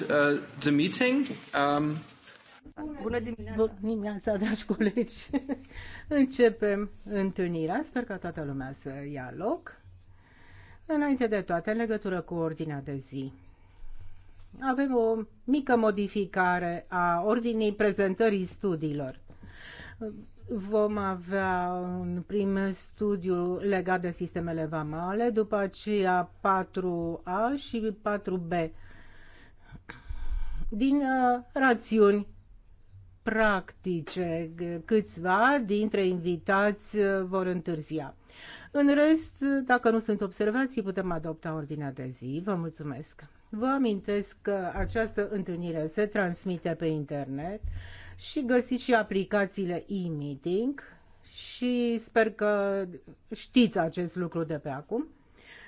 Uh, the meeting. Um... Bună dimineața, dragi colegi! Începem întâlnirea. Sper ca toată lumea să ia loc. Înainte de toate, în legătură cu ordinea de zi, avem o mică modificare a ordinii prezentării studiilor. Vom avea un prim studiu legat de sistemele vamale, după aceea 4A și 4B din uh, rațiuni practice. Câțiva dintre invitați uh, vor întârzia. În rest, uh, dacă nu sunt observații, putem adopta ordinea de zi. Vă mulțumesc. Vă amintesc că această întâlnire se transmite pe internet și găsiți și aplicațiile e-meeting și sper că știți acest lucru de pe acum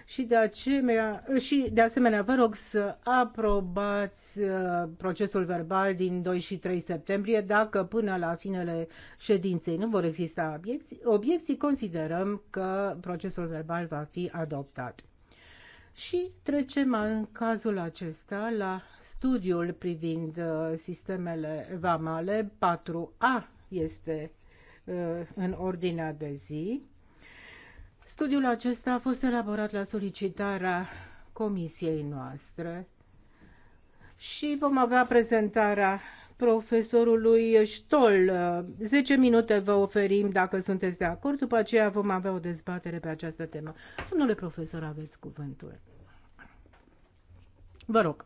și de, aceea, și de asemenea vă rog să aprobați uh, procesul verbal din 2 și 3 septembrie. Dacă până la finele ședinței nu vor exista obiecții, obiecții considerăm că procesul verbal va fi adoptat. Și trecem în cazul acesta la studiul privind uh, sistemele vamale 4A este uh, în ordinea de zi. Studiul acesta a fost elaborat la solicitarea comisiei noastre și vom avea prezentarea profesorului Stoll. 10 minute vă oferim dacă sunteți de acord, după aceea vom avea o dezbatere pe această temă. Domnule profesor, aveți cuvântul. Vă rog.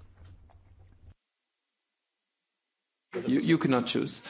You, you cannot choose.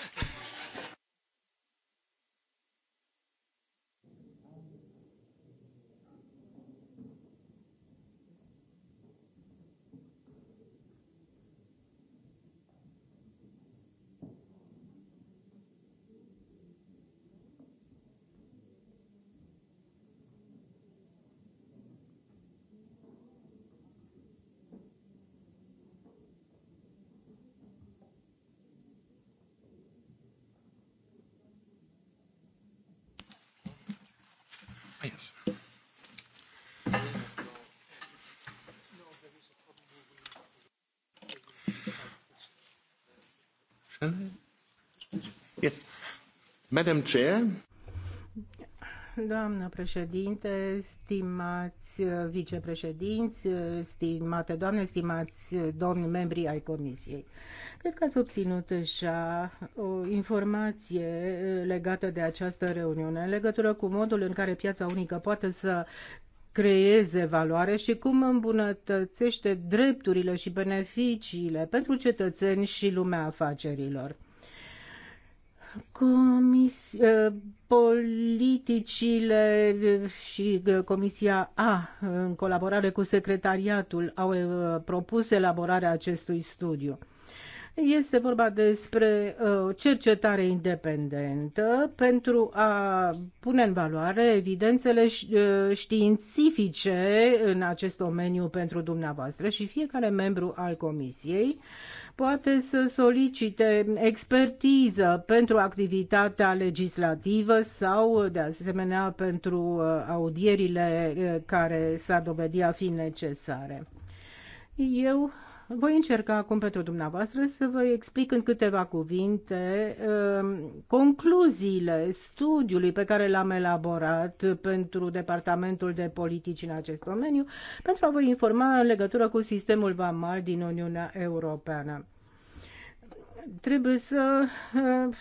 Doamnă președinte, stimați vicepreședinți, stimate doamne, stimați domni membri ai comisiei. Cred că ați obținut deja o informație legată de această reuniune, în legătură cu modul în care piața unică poate să creeze valoare și cum îmbunătățește drepturile și beneficiile pentru cetățeni și lumea afacerilor. Comis, eh, politicile eh, și eh, Comisia A, în colaborare cu secretariatul, au propus elaborarea acestui studiu. Este vorba despre cercetare independentă pentru a pune în valoare evidențele științifice în acest domeniu pentru dumneavoastră și fiecare membru al comisiei poate să solicite expertiză pentru activitatea legislativă sau, de asemenea, pentru uh, audierile uh, care s-ar dovedi a fi necesare. Eu voi încerca acum pentru dumneavoastră să vă explic în câteva cuvinte um, concluziile studiului pe care l-am elaborat pentru Departamentul de Politici în acest domeniu, pentru a vă informa în legătură cu sistemul VAMAL din Uniunea Europeană. Trebuie să uh,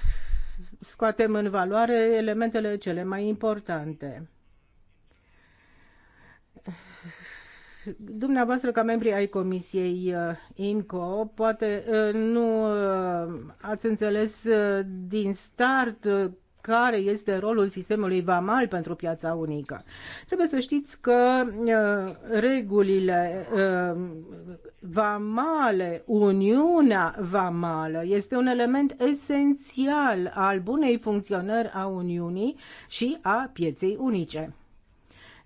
scoatem în valoare elementele cele mai importante dumneavoastră ca membri ai Comisiei uh, INCO, poate uh, nu uh, ați înțeles din start care este rolul sistemului VAMAL pentru piața unică. Trebuie să știți că regulile VAMALE, Uniunea VAMALă, este un element esențial al bunei funcționări a Uniunii și a pieței unice.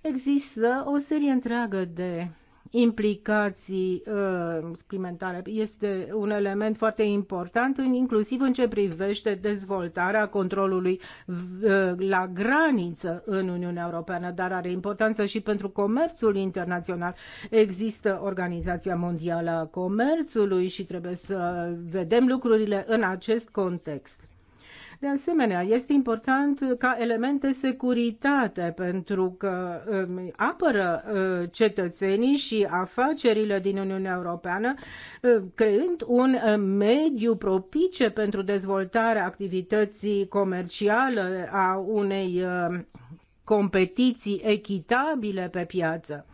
Există o serie întreagă de implicații uh, suplimentare. Este un element foarte important, în, inclusiv în ce privește dezvoltarea controlului uh, la graniță în Uniunea Europeană, dar are importanță și pentru comerțul internațional. Există Organizația Mondială a Comerțului și trebuie să vedem lucrurile în acest context. De asemenea, este important ca element de securitate pentru că um, apără uh, cetățenii și afacerile din Uniunea Europeană, uh, creând un uh, mediu propice pentru dezvoltarea activității comerciale a unei competiții echitabile pe piață.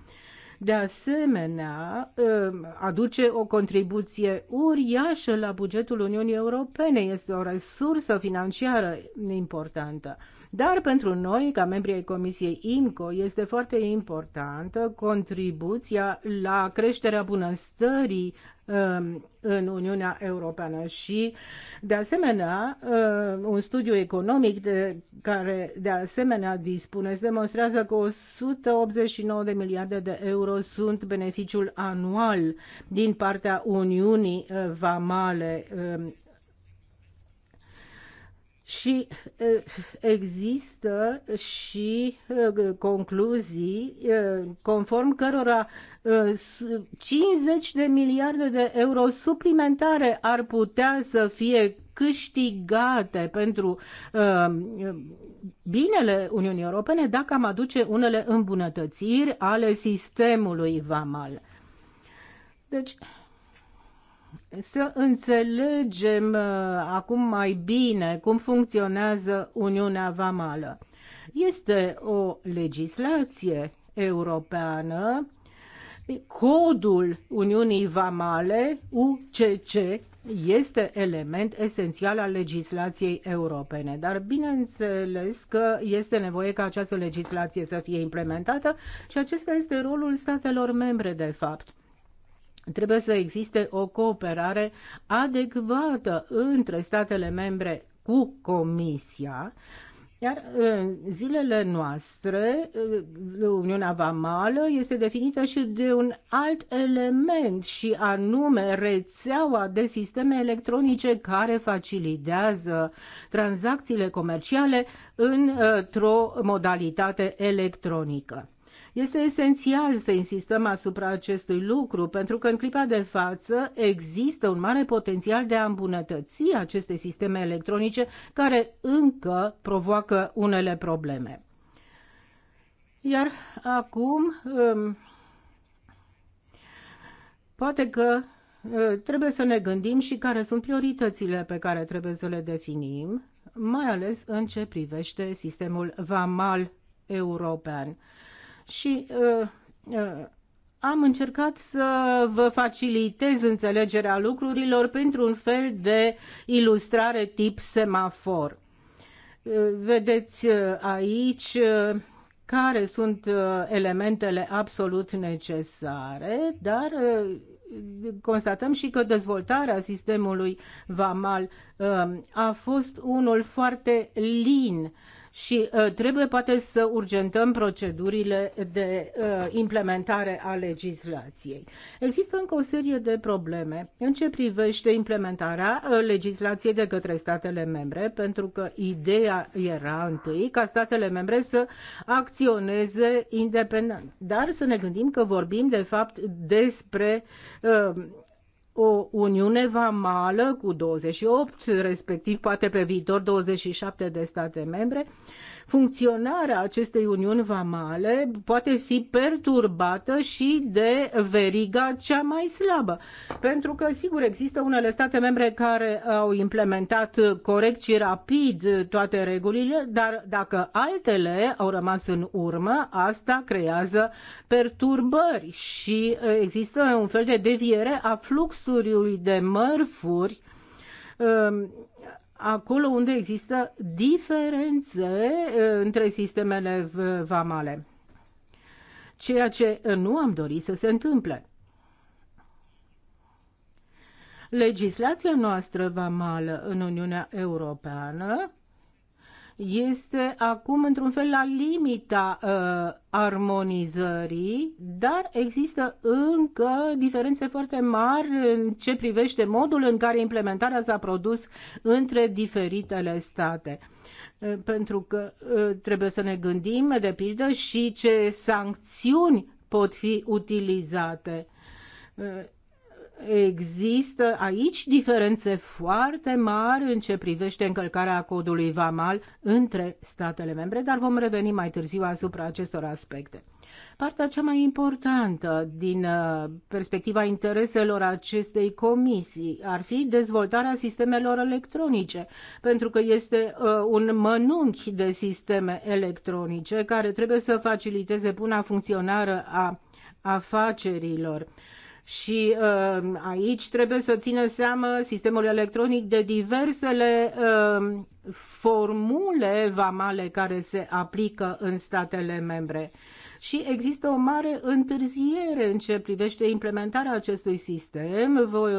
De asemenea, um, aduce o contribuție uriașă la bugetul Uniunii Europene. Este o resursă financiară importantă. Dar pentru noi, ca membri ai Comisiei IMCO, este foarte importantă contribuția la creșterea bunăstării Um, în Uniunea Europeană și, de asemenea, um, un studiu economic de, care, de asemenea, dispune, demonstrează că 189 de miliarde de euro sunt beneficiul anual din partea Uniunii uh, Vamale um, și există și concluzii conform cărora 50 de miliarde de euro suplimentare ar putea să fie câștigate pentru binele Uniunii Europene dacă am aduce unele îmbunătățiri ale sistemului VAMAL. Deci, să înțelegem uh, acum mai bine cum funcționează Uniunea Vamală. Este o legislație europeană, codul Uniunii Vamale, UCC, este element esențial al legislației europene, dar bineînțeles că este nevoie ca această legislație să fie implementată și acesta este rolul statelor membre, de fapt. Trebuie să existe o cooperare adecvată între statele membre cu Comisia, iar în ă, zilele noastre, ă, Uniunea Vamală este definită și de un alt element și anume rețeaua de sisteme electronice care facilitează tranzacțiile comerciale într-o modalitate electronică. Este esențial să insistăm asupra acestui lucru, pentru că în clipa de față există un mare potențial de a îmbunătăți aceste sisteme electronice care încă provoacă unele probleme. Iar acum, um, poate că uh, trebuie să ne gândim și care sunt prioritățile pe care trebuie să le definim, mai ales în ce privește sistemul VAMAL european și uh, uh, am încercat să vă facilitez înțelegerea lucrurilor pentru un fel de ilustrare tip semafor. Uh, vedeți uh, aici uh, care sunt elementele absolut necesare, dar constatăm și că dezvoltarea sistemului VAMAL a fost unul foarte lin și uh, trebuie poate să urgentăm procedurile de uh, implementare a legislației. Există încă o serie de probleme în ce privește implementarea uh, legislației de către statele membre, pentru că ideea era întâi ca statele membre să acționeze independent. Dar să ne gândim că vorbim de fapt despre uh, o uniune vamală cu 28, respectiv poate pe viitor 27 de state membre, funcționarea acestei uniuni vamale poate fi perturbată și de veriga cea mai slabă. Pentru că, sigur, există unele state membre care au implementat corect și rapid toate regulile, dar dacă altele au rămas în urmă, asta creează perturbări și există un fel de deviere a fluxului de mărfuri um, acolo unde există diferențe între sistemele vamale. Ceea ce nu am dorit să se întâmple. Legislația noastră vamală în Uniunea Europeană este acum într-un fel la limita uh, armonizării, dar există încă diferențe foarte mari în ce privește modul în care implementarea s-a produs între diferitele state uh, pentru că uh, trebuie să ne gândim, de pildă, și ce sancțiuni pot fi utilizate. Uh, Există aici diferențe foarte mari în ce privește încălcarea codului VAMAL între statele membre, dar vom reveni mai târziu asupra acestor aspecte. Partea cea mai importantă din uh, perspectiva intereselor acestei comisii ar fi dezvoltarea sistemelor electronice, pentru că este uh, un mănunchi de sisteme electronice care trebuie să faciliteze buna funcționare a afacerilor și uh, aici trebuie să țină seama sistemul electronic de diversele uh, formule vamale care se aplică în statele membre. Și există o mare întârziere în ce privește implementarea acestui sistem. Voi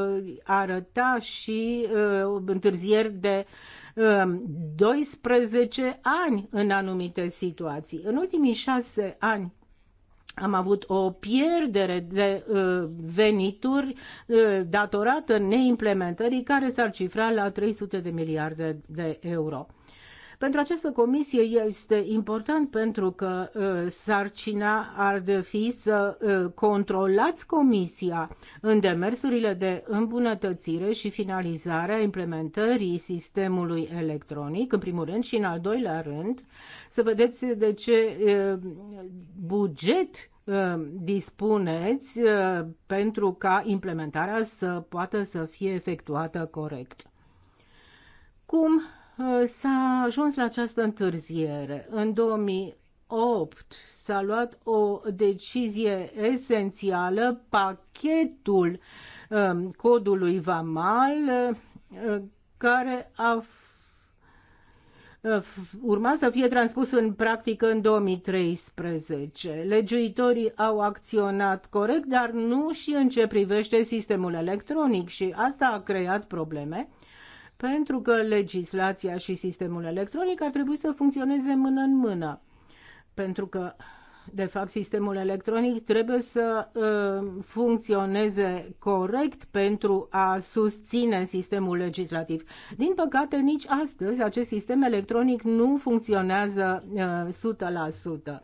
arăta și uh, întârzieri de 12 ani în anumite situații. În ultimii șase ani am avut o pierdere de uh, venituri uh, datorată neimplementării care s-ar cifra la 300 de miliarde de euro. Pentru această comisie este important pentru că uh, sarcina ar fi să controlați comisia în demersurile de îmbunătățire și finalizare a implementării sistemului electronic, în primul rând și în al doilea rând, să vedeți de ce buget Um, dispuneți uh, pentru ca implementarea să poată să fie efectuată corect. Cum uh, s-a ajuns la această întârziere? În 2008 s-a luat o decizie esențială, pachetul um, codului VAMAL, uh, care a Uh, urma să fie transpus în practică în 2013. Legiuitorii au acționat corect, dar nu și în ce privește sistemul electronic și asta a creat probleme pentru că legislația și sistemul electronic ar trebui să funcționeze mână în mână. Pentru că de fapt, sistemul electronic trebuie să uh, funcționeze corect pentru a susține sistemul legislativ. Din păcate, nici astăzi acest sistem electronic nu funcționează 100%. Uh,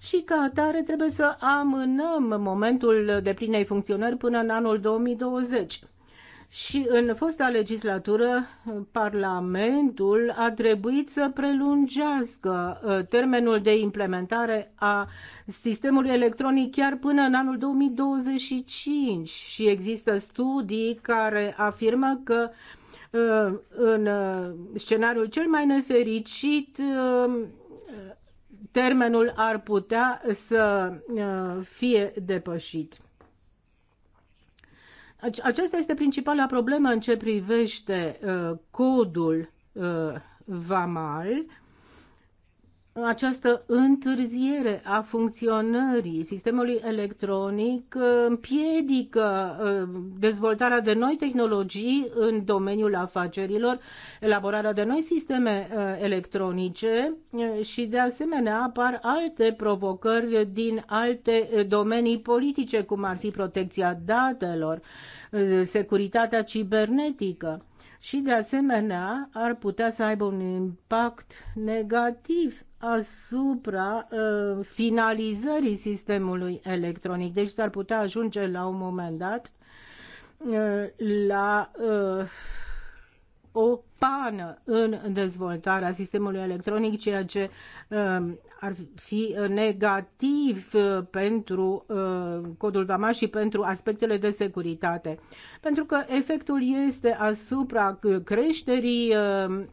Și ca atare trebuie să amânăm momentul de plinei funcționări până în anul 2020 și în fosta legislatură, Parlamentul a trebuit să prelungească uh, termenul de implementare a sistemului electronic chiar până în anul 2025 și există studii care afirmă că uh, în uh, scenariul cel mai nefericit termenul ar putea să fie depășit. Aceasta este principala problemă în ce privește uh, codul uh, vamal această întârziere a funcționării sistemului electronic uh, împiedică uh, dezvoltarea de noi tehnologii în domeniul afacerilor, elaborarea de noi sisteme uh, electronice și de asemenea apar alte provocări din alte domenii politice, cum ar fi protecția datelor, securitatea cibernetică și de asemenea ar putea să aibă un impact negativ asupra uh, finalizării sistemului electronic. Deci s-ar putea ajunge la un moment dat uh, la uh, o pană în dezvoltarea sistemului electronic, ceea ce um, ar fi negativ uh, pentru uh, codul VAMA și pentru aspectele de securitate. Pentru că efectul este asupra creșterii um,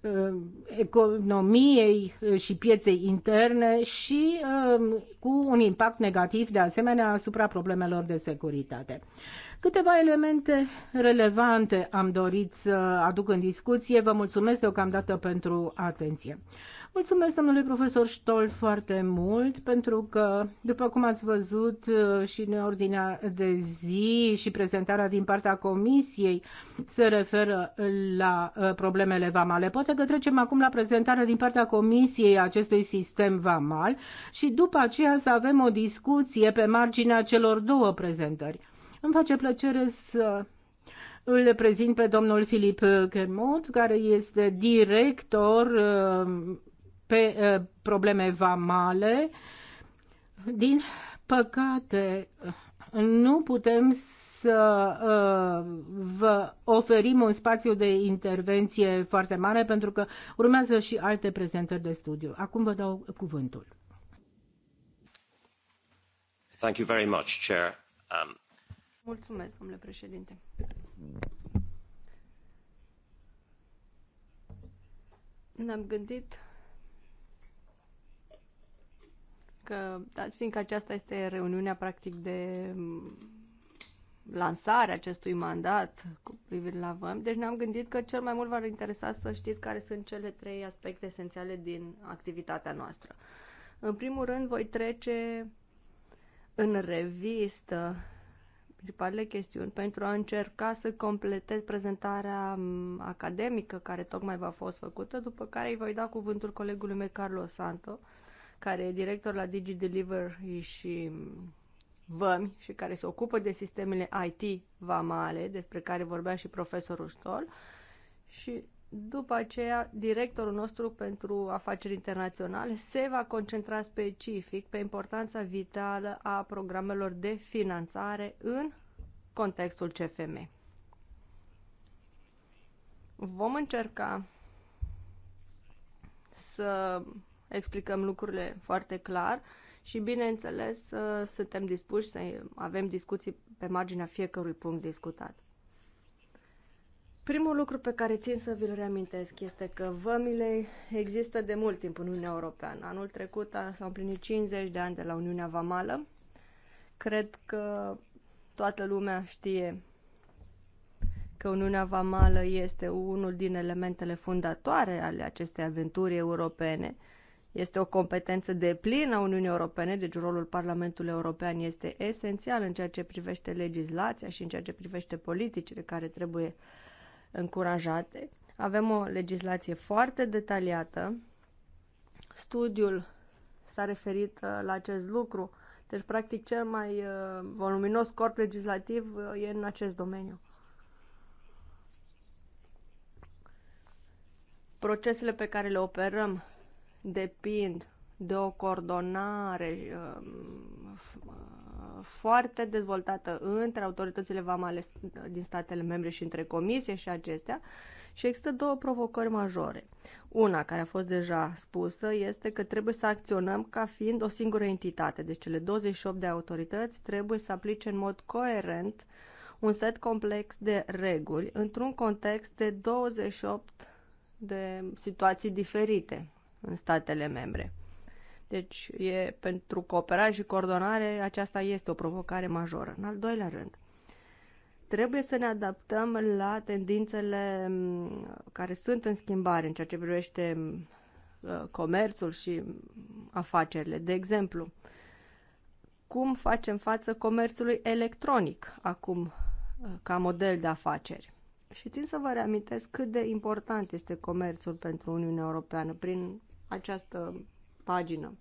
uh, economiei și pieței interne și um, cu un impact negativ de asemenea asupra problemelor de securitate. Câteva elemente relevante am dorit să aduc în discuție. Vă mulțumesc deocamdată pentru atenție. Mulțumesc, domnule profesor Stoll, foarte mult, pentru că, după cum ați văzut uh, și în ordinea de zi și prezentarea din partea comisiei, se referă la uh, problemele vamale. Poate că trecem acum la prezentarea din partea comisiei acestui sistem vamal și după aceea să avem o discuție pe marginea celor două prezentări. Îmi face plăcere să îl prezint pe domnul Filip Kermut, care este director uh, pe uh, probleme vamale. Din păcate, nu putem să uh, vă oferim un spațiu de intervenție foarte mare, pentru că urmează și alte prezentări de studiu. Acum vă dau cuvântul. Thank you very much, Chair. Um... Mulțumesc, domnule președinte. Ne-am gândit că, dat fiindcă aceasta este reuniunea practic de mm, lansare acestui mandat cu privire la VAM, deci ne-am gândit că cel mai mult v-ar interesa să știți care sunt cele trei aspecte esențiale din activitatea noastră. În primul rând, voi trece în revistă principalele chestiuni pentru a încerca să completez prezentarea academică care tocmai v-a fost făcută, după care îi voi da cuvântul colegului meu Carlos Santo, care e director la Digi Deliver și VAMI și care se ocupă de sistemele IT vamale, despre care vorbea și profesorul Stol. Și după aceea, directorul nostru pentru afaceri internaționale se va concentra specific pe importanța vitală a programelor de finanțare în contextul CFM. Vom încerca să explicăm lucrurile foarte clar și, bineînțeles, suntem dispuși să avem discuții pe marginea fiecărui punct discutat. Primul lucru pe care țin să vi-l reamintesc este că vămile există de mult timp în Uniunea Europeană. Anul trecut s-au împlinit 50 de ani de la Uniunea Vamală. Cred că toată lumea știe că Uniunea Vamală este unul din elementele fundatoare ale acestei aventuri europene. Este o competență de plin a Uniunii Europene, deci rolul Parlamentului European este esențial în ceea ce privește legislația și în ceea ce privește politicile care trebuie uh, încurajate. Avem o legislație foarte detaliată. Studiul s-a referit uh, la acest lucru. Deci, practic, cel mai uh, voluminos corp legislativ uh, e în acest domeniu. Procesele pe care le operăm depind de o coordonare um, foarte dezvoltată între autoritățile vamale din statele membre și între comisie și acestea și există două provocări majore. Una, care a fost deja spusă, este că trebuie să acționăm ca fiind o singură entitate, deci cele 28 de autorități trebuie să aplice în mod coerent un set complex de reguli într-un context de 28 de situații diferite în statele membre. Deci e pentru cooperare și coordonare aceasta este o provocare majoră. În al doilea rând, trebuie să ne adaptăm la tendințele care sunt în schimbare în ceea ce privește comerțul și afacerile. De exemplu, cum facem față comerțului electronic acum ca model de afaceri? Și țin să vă reamintesc cât de important este comerțul pentru Uniunea Europeană prin această pagină.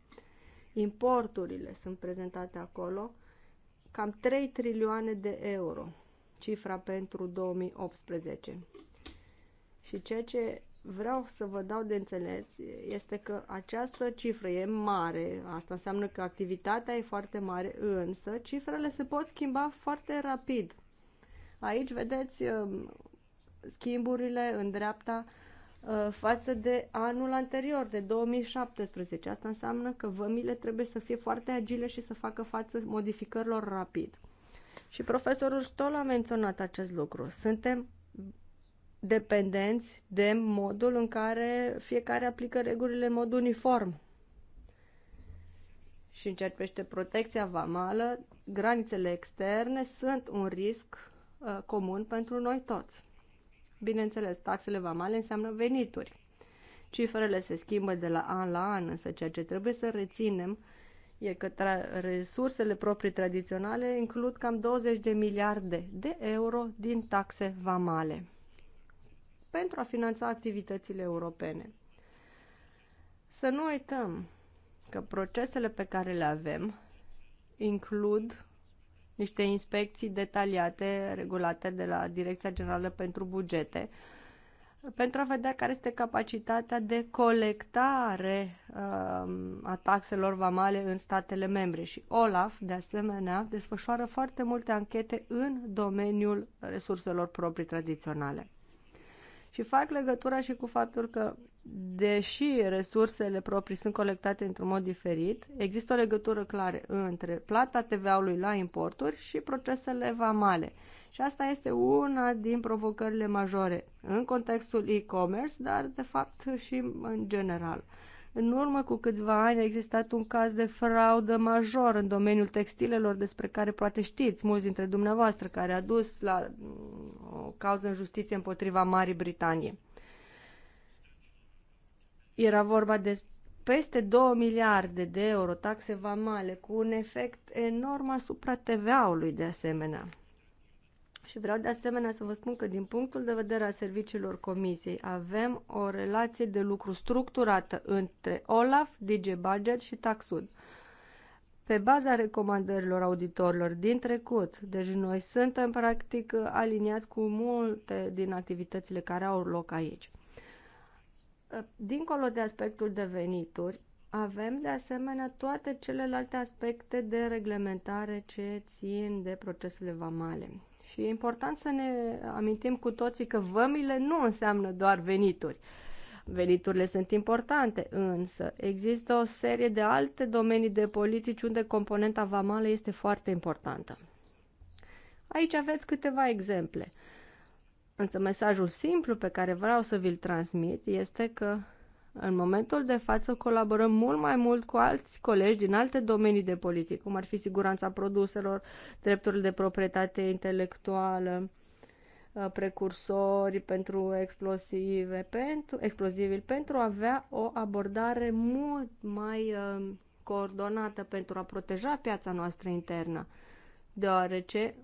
Importurile sunt prezentate acolo, cam 3 trilioane de euro, cifra pentru 2018. Și ceea ce vreau să vă dau de înțeles este că această cifră e mare, asta înseamnă că activitatea e foarte mare, însă cifrele se pot schimba foarte rapid. Aici vedeți um, schimburile în dreapta Uh, față de anul anterior, de 2017. Asta înseamnă că vămile trebuie să fie foarte agile și să facă față modificărilor rapid. Și profesorul Stoll a menționat acest lucru. Suntem dependenți de modul în care fiecare aplică regulile în mod uniform. Și în ceea ce privește protecția vamală, granițele externe sunt un risc uh, comun pentru noi toți. Bineînțeles, taxele vamale înseamnă venituri. Cifrele se schimbă de la an la an, însă ceea ce trebuie să reținem e că resursele proprii tradiționale includ cam 20 de miliarde de euro din taxe vamale pentru a finanța activitățile europene. Să nu uităm că procesele pe care le avem includ niște inspecții detaliate regulate de la Direcția Generală pentru Bugete pentru a vedea care este capacitatea de colectare um, a taxelor vamale în statele membre. Și OLAF, de asemenea, desfășoară foarte multe anchete în domeniul resurselor proprii tradiționale. Și fac legătura și cu faptul că, deși resursele proprii sunt colectate într-un mod diferit, există o legătură clară între plata TVA-ului la importuri și procesele vamale. Și asta este una din provocările majore în contextul e-commerce, dar de fapt și în general. În urmă cu câțiva ani a existat un caz de fraudă major în domeniul textilelor despre care poate știți mulți dintre dumneavoastră, care a dus la mm, o cauză în justiție împotriva Marii Britanie. Era vorba de peste 2 miliarde de euro taxe vamale, cu un efect enorm asupra TVA-ului de asemenea și vreau de asemenea să vă spun că din punctul de vedere al serviciilor comisiei avem o relație de lucru structurată între OLAF, DG Budget și Taxud. Pe baza recomandărilor auditorilor din trecut, deci noi suntem practic aliniați cu multe din activitățile care au loc aici. Dincolo de aspectul de venituri, avem de asemenea toate celelalte aspecte de reglementare ce țin de procesele vamale. Și e important să ne amintim cu toții că vămile nu înseamnă doar venituri. Veniturile sunt importante, însă există o serie de alte domenii de politici unde componenta vamală este foarte importantă. Aici aveți câteva exemple. Însă mesajul simplu pe care vreau să vi-l transmit este că în momentul de față colaborăm mult mai mult cu alți colegi din alte domenii de politică, cum ar fi siguranța produselor, drepturile de proprietate intelectuală, uh, precursori pentru explosive, pentru explozivili, pentru a avea o abordare mult mai uh, coordonată pentru a proteja piața noastră internă, deoarece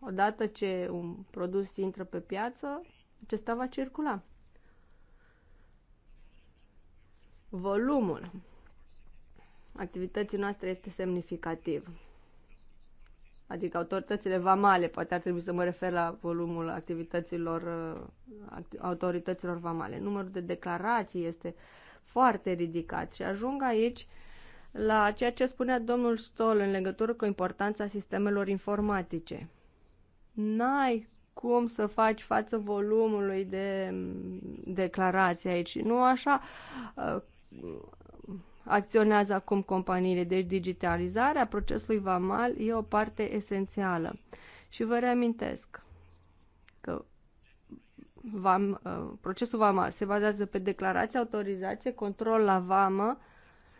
odată ce un produs intră pe piață, acesta va circula. volumul activității noastre este semnificativ. Adică autoritățile vamale, poate ar trebui să mă refer la volumul activităților uh, autorităților vamale. Numărul de declarații este foarte ridicat și ajung aici la ceea ce spunea domnul Stol în legătură cu importanța sistemelor informatice. N-ai cum să faci față volumului de mm, declarații aici. Nu așa uh, acționează acum companiile. Deci digitalizarea procesului VAMAL e o parte esențială. Și vă reamintesc că vam, uh, procesul VAMAL se bazează pe declarație, autorizație, control la VAMA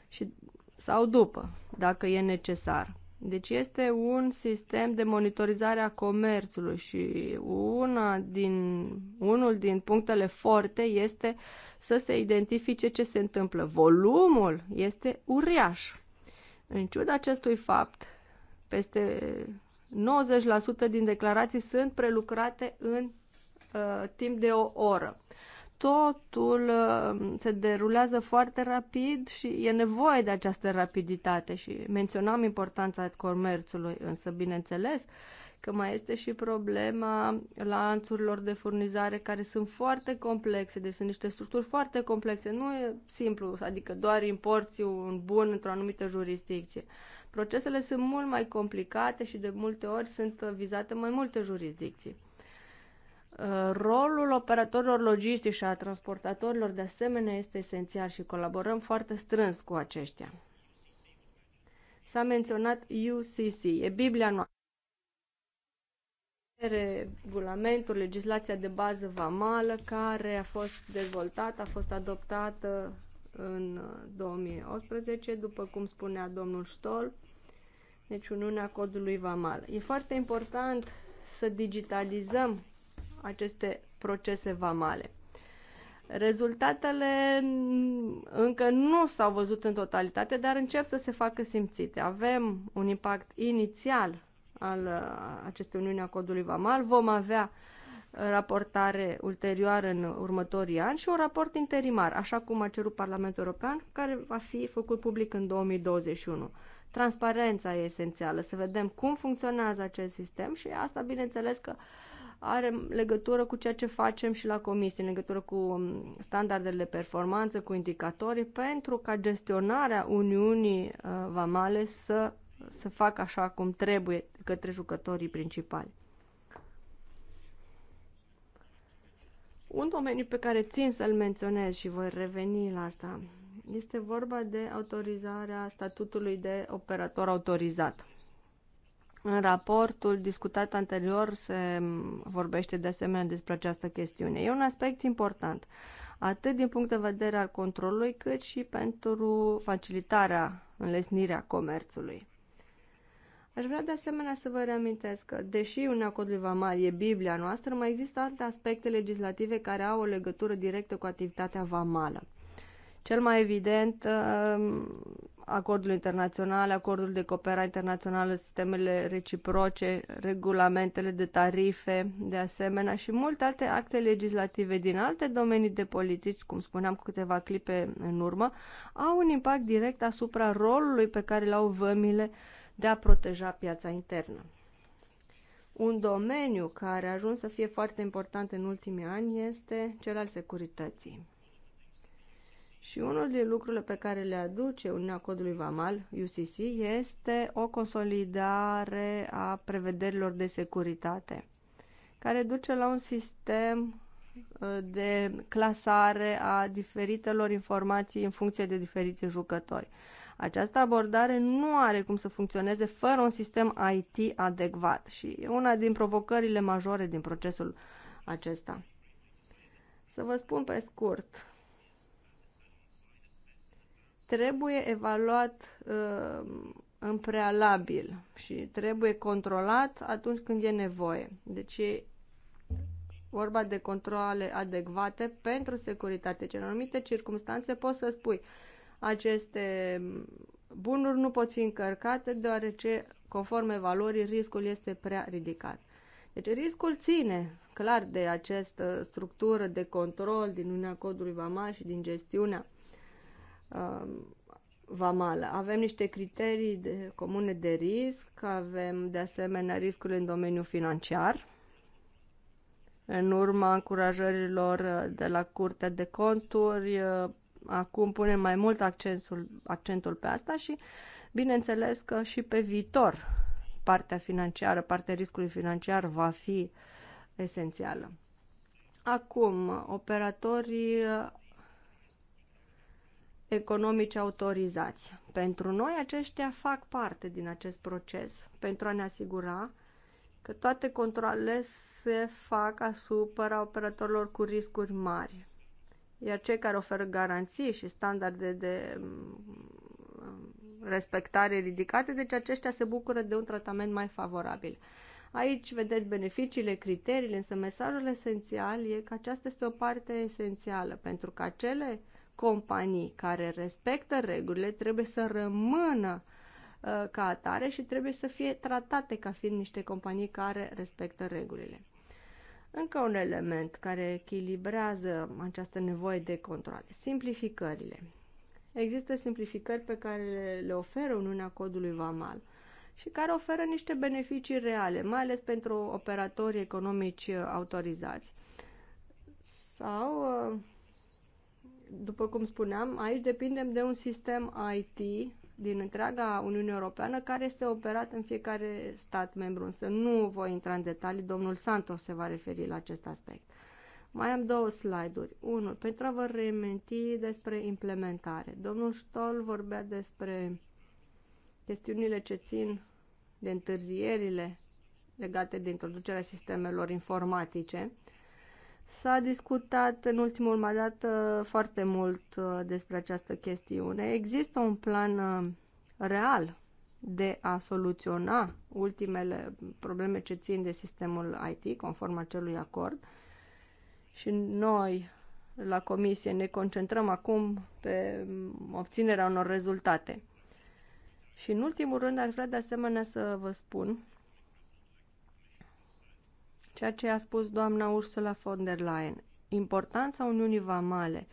și, sau după, dacă e necesar. Deci este un sistem de monitorizare a comerțului și una din, unul din punctele forte este să se identifice ce se întâmplă. Volumul este uriaș. În ciuda acestui fapt, peste 90% din declarații sunt prelucrate în uh, timp de o oră totul uh, se derulează foarte rapid și e nevoie de această rapiditate și menționam importanța comerțului, însă bineînțeles că mai este și problema lanțurilor de furnizare care sunt foarte complexe, deci sunt niște structuri foarte complexe, nu e simplu, adică doar importi un bun într-o anumită jurisdicție. Procesele sunt mult mai complicate și de multe ori sunt vizate mai multe jurisdicții. Uh, rolul operatorilor logistici și a transportatorilor de asemenea este esențial și colaborăm foarte strâns cu aceștia. S-a menționat UCC, e Biblia noastră. Regulamentul, legislația de bază vamală care a fost dezvoltată, a fost adoptată în 2018, după cum spunea domnul Stol, deci Uniunea Codului Vamal. E foarte important să digitalizăm aceste procese vamale. Rezultatele încă nu s-au văzut în totalitate, dar încep să se facă simțite. Avem un impact inițial al uh, acestei uniuni a codului vamal, vom avea uh, raportare ulterioară în următorii ani și un raport interimar, așa cum a cerut Parlamentul European, care va fi făcut public în 2021. Transparența e esențială, să vedem cum funcționează acest sistem și asta, bineînțeles, că uh, are legătură cu ceea ce facem și la comisie, în legătură cu um, standardele de performanță, cu indicatorii, pentru ca gestionarea Uniunii uh, Vamale să se facă așa cum trebuie către jucătorii principali. Un domeniu pe care țin să-l menționez și voi reveni la asta este vorba de autorizarea statutului de operator autorizat. În raportul discutat anterior se vorbește de asemenea despre această chestiune. E un aspect important, atât din punct de vedere al controlului, cât și pentru facilitarea, înlesnirea comerțului. Aș vrea de asemenea să vă reamintesc că, deși Uniunea Codului Vamal e Biblia noastră, mai există alte aspecte legislative care au o legătură directă cu activitatea vamală. Cel mai evident acordurile internaționale, acordul de cooperare internațională, sistemele reciproce, regulamentele de tarife, de asemenea, și multe alte acte legislative din alte domenii de politici, cum spuneam cu câteva clipe în urmă, au un impact direct asupra rolului pe care îl au vămile de a proteja piața internă. Un domeniu care a ajuns să fie foarte important în ultimii ani este cel al securității. Și unul din lucrurile pe care le aduce Uniunea Codului Vamal, UCC, este o consolidare a prevederilor de securitate, care duce la un sistem uh, de clasare a diferitelor informații în funcție de diferiți jucători. Această abordare nu are cum să funcționeze fără un sistem IT adecvat și e una din provocările majore din procesul acesta. Să vă spun pe scurt, trebuie evaluat uh, în prealabil și trebuie controlat atunci când e nevoie. Deci e vorba de controle adecvate pentru securitate. Ce în anumite circunstanțe poți să spui aceste bunuri nu pot fi încărcate deoarece, conform evaluării, riscul este prea ridicat. Deci riscul ține clar de această structură de control din Uniunea Codului Vama și din gestiunea Um, vamală. Avem niște criterii de, comune de risc, avem de asemenea riscurile în domeniul financiar, în urma încurajărilor uh, de la Curtea de Conturi, uh, acum punem mai mult accentul, accentul pe asta și, bineînțeles, că și pe viitor partea financiară, partea riscului financiar va fi esențială. Acum, operatorii economice autorizați. Pentru noi aceștia fac parte din acest proces pentru a ne asigura că toate controlele se fac asupra operatorilor cu riscuri mari. Iar cei care oferă garanții și standarde de mm, mm, respectare ridicate, deci aceștia se bucură de un tratament mai favorabil. Aici vedeți beneficiile, criteriile, însă mesajul esențial e că aceasta este o parte esențială, pentru că acele uh, companii care respectă regulile trebuie să rămână uh, ca atare și trebuie să fie tratate ca fiind niște companii care respectă regulile. Încă un element care echilibrează această nevoie de control: simplificările. Există simplificări pe care le oferă Uniunea Codului Vamal și care oferă niște beneficii reale, mai ales pentru operatorii economici autorizați. Sau uh, după cum spuneam, aici depindem de un sistem IT din întreaga Uniune Europeană care este operat în fiecare stat membru, însă nu voi intra în detalii, domnul Santos se va referi la acest aspect. Mai am două slide-uri. Unul, pentru a vă reminti despre implementare. Domnul Stoll vorbea despre chestiunile ce țin de întârzierile legate de introducerea sistemelor informatice. S-a discutat în ultimul mandat foarte mult uh, despre această chestiune. Există un plan uh, real de a soluționa ultimele probleme ce țin de sistemul IT, conform acelui acord. Și noi, la comisie, ne concentrăm acum pe mm, obținerea unor rezultate. Și în ultimul rând, aș vrea de asemenea să vă spun ceea ce a spus doamna Ursula von der Leyen, importanța Uniunii Vamale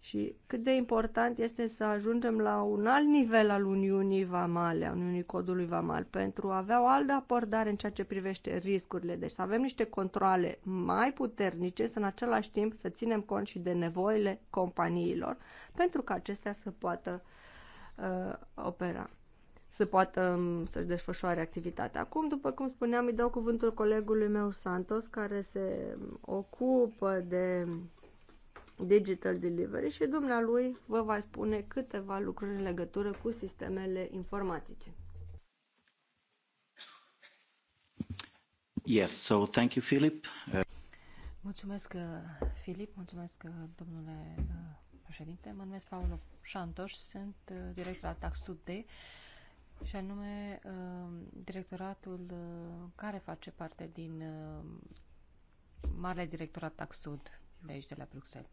și cât de important este să ajungem la un alt nivel al Uniunii Vamale, a Uniunii Codului Vamal, pentru a avea o altă abordare în ceea ce privește riscurile. Deci să avem niște controle mai puternice, să în același timp să ținem cont și de nevoile companiilor, pentru că acestea să poată uh, opera să poată um, să-și desfășoare activitatea. Acum, după cum spuneam, îi dau cuvântul colegului meu Santos, care se um, ocupă de um, Digital Delivery și dumnealui vă va spune câteva lucruri în legătură cu sistemele informatice. Yes, so thank you, Philip. Mulțumesc, Filip, mulțumesc, uh, uh, domnule uh, președinte. Mă numesc Paolo Santos, sunt director al Tax Today și anume uh, directoratul uh, care face parte din uh, Marele Directorat Taxud de aici, de la Bruxelles.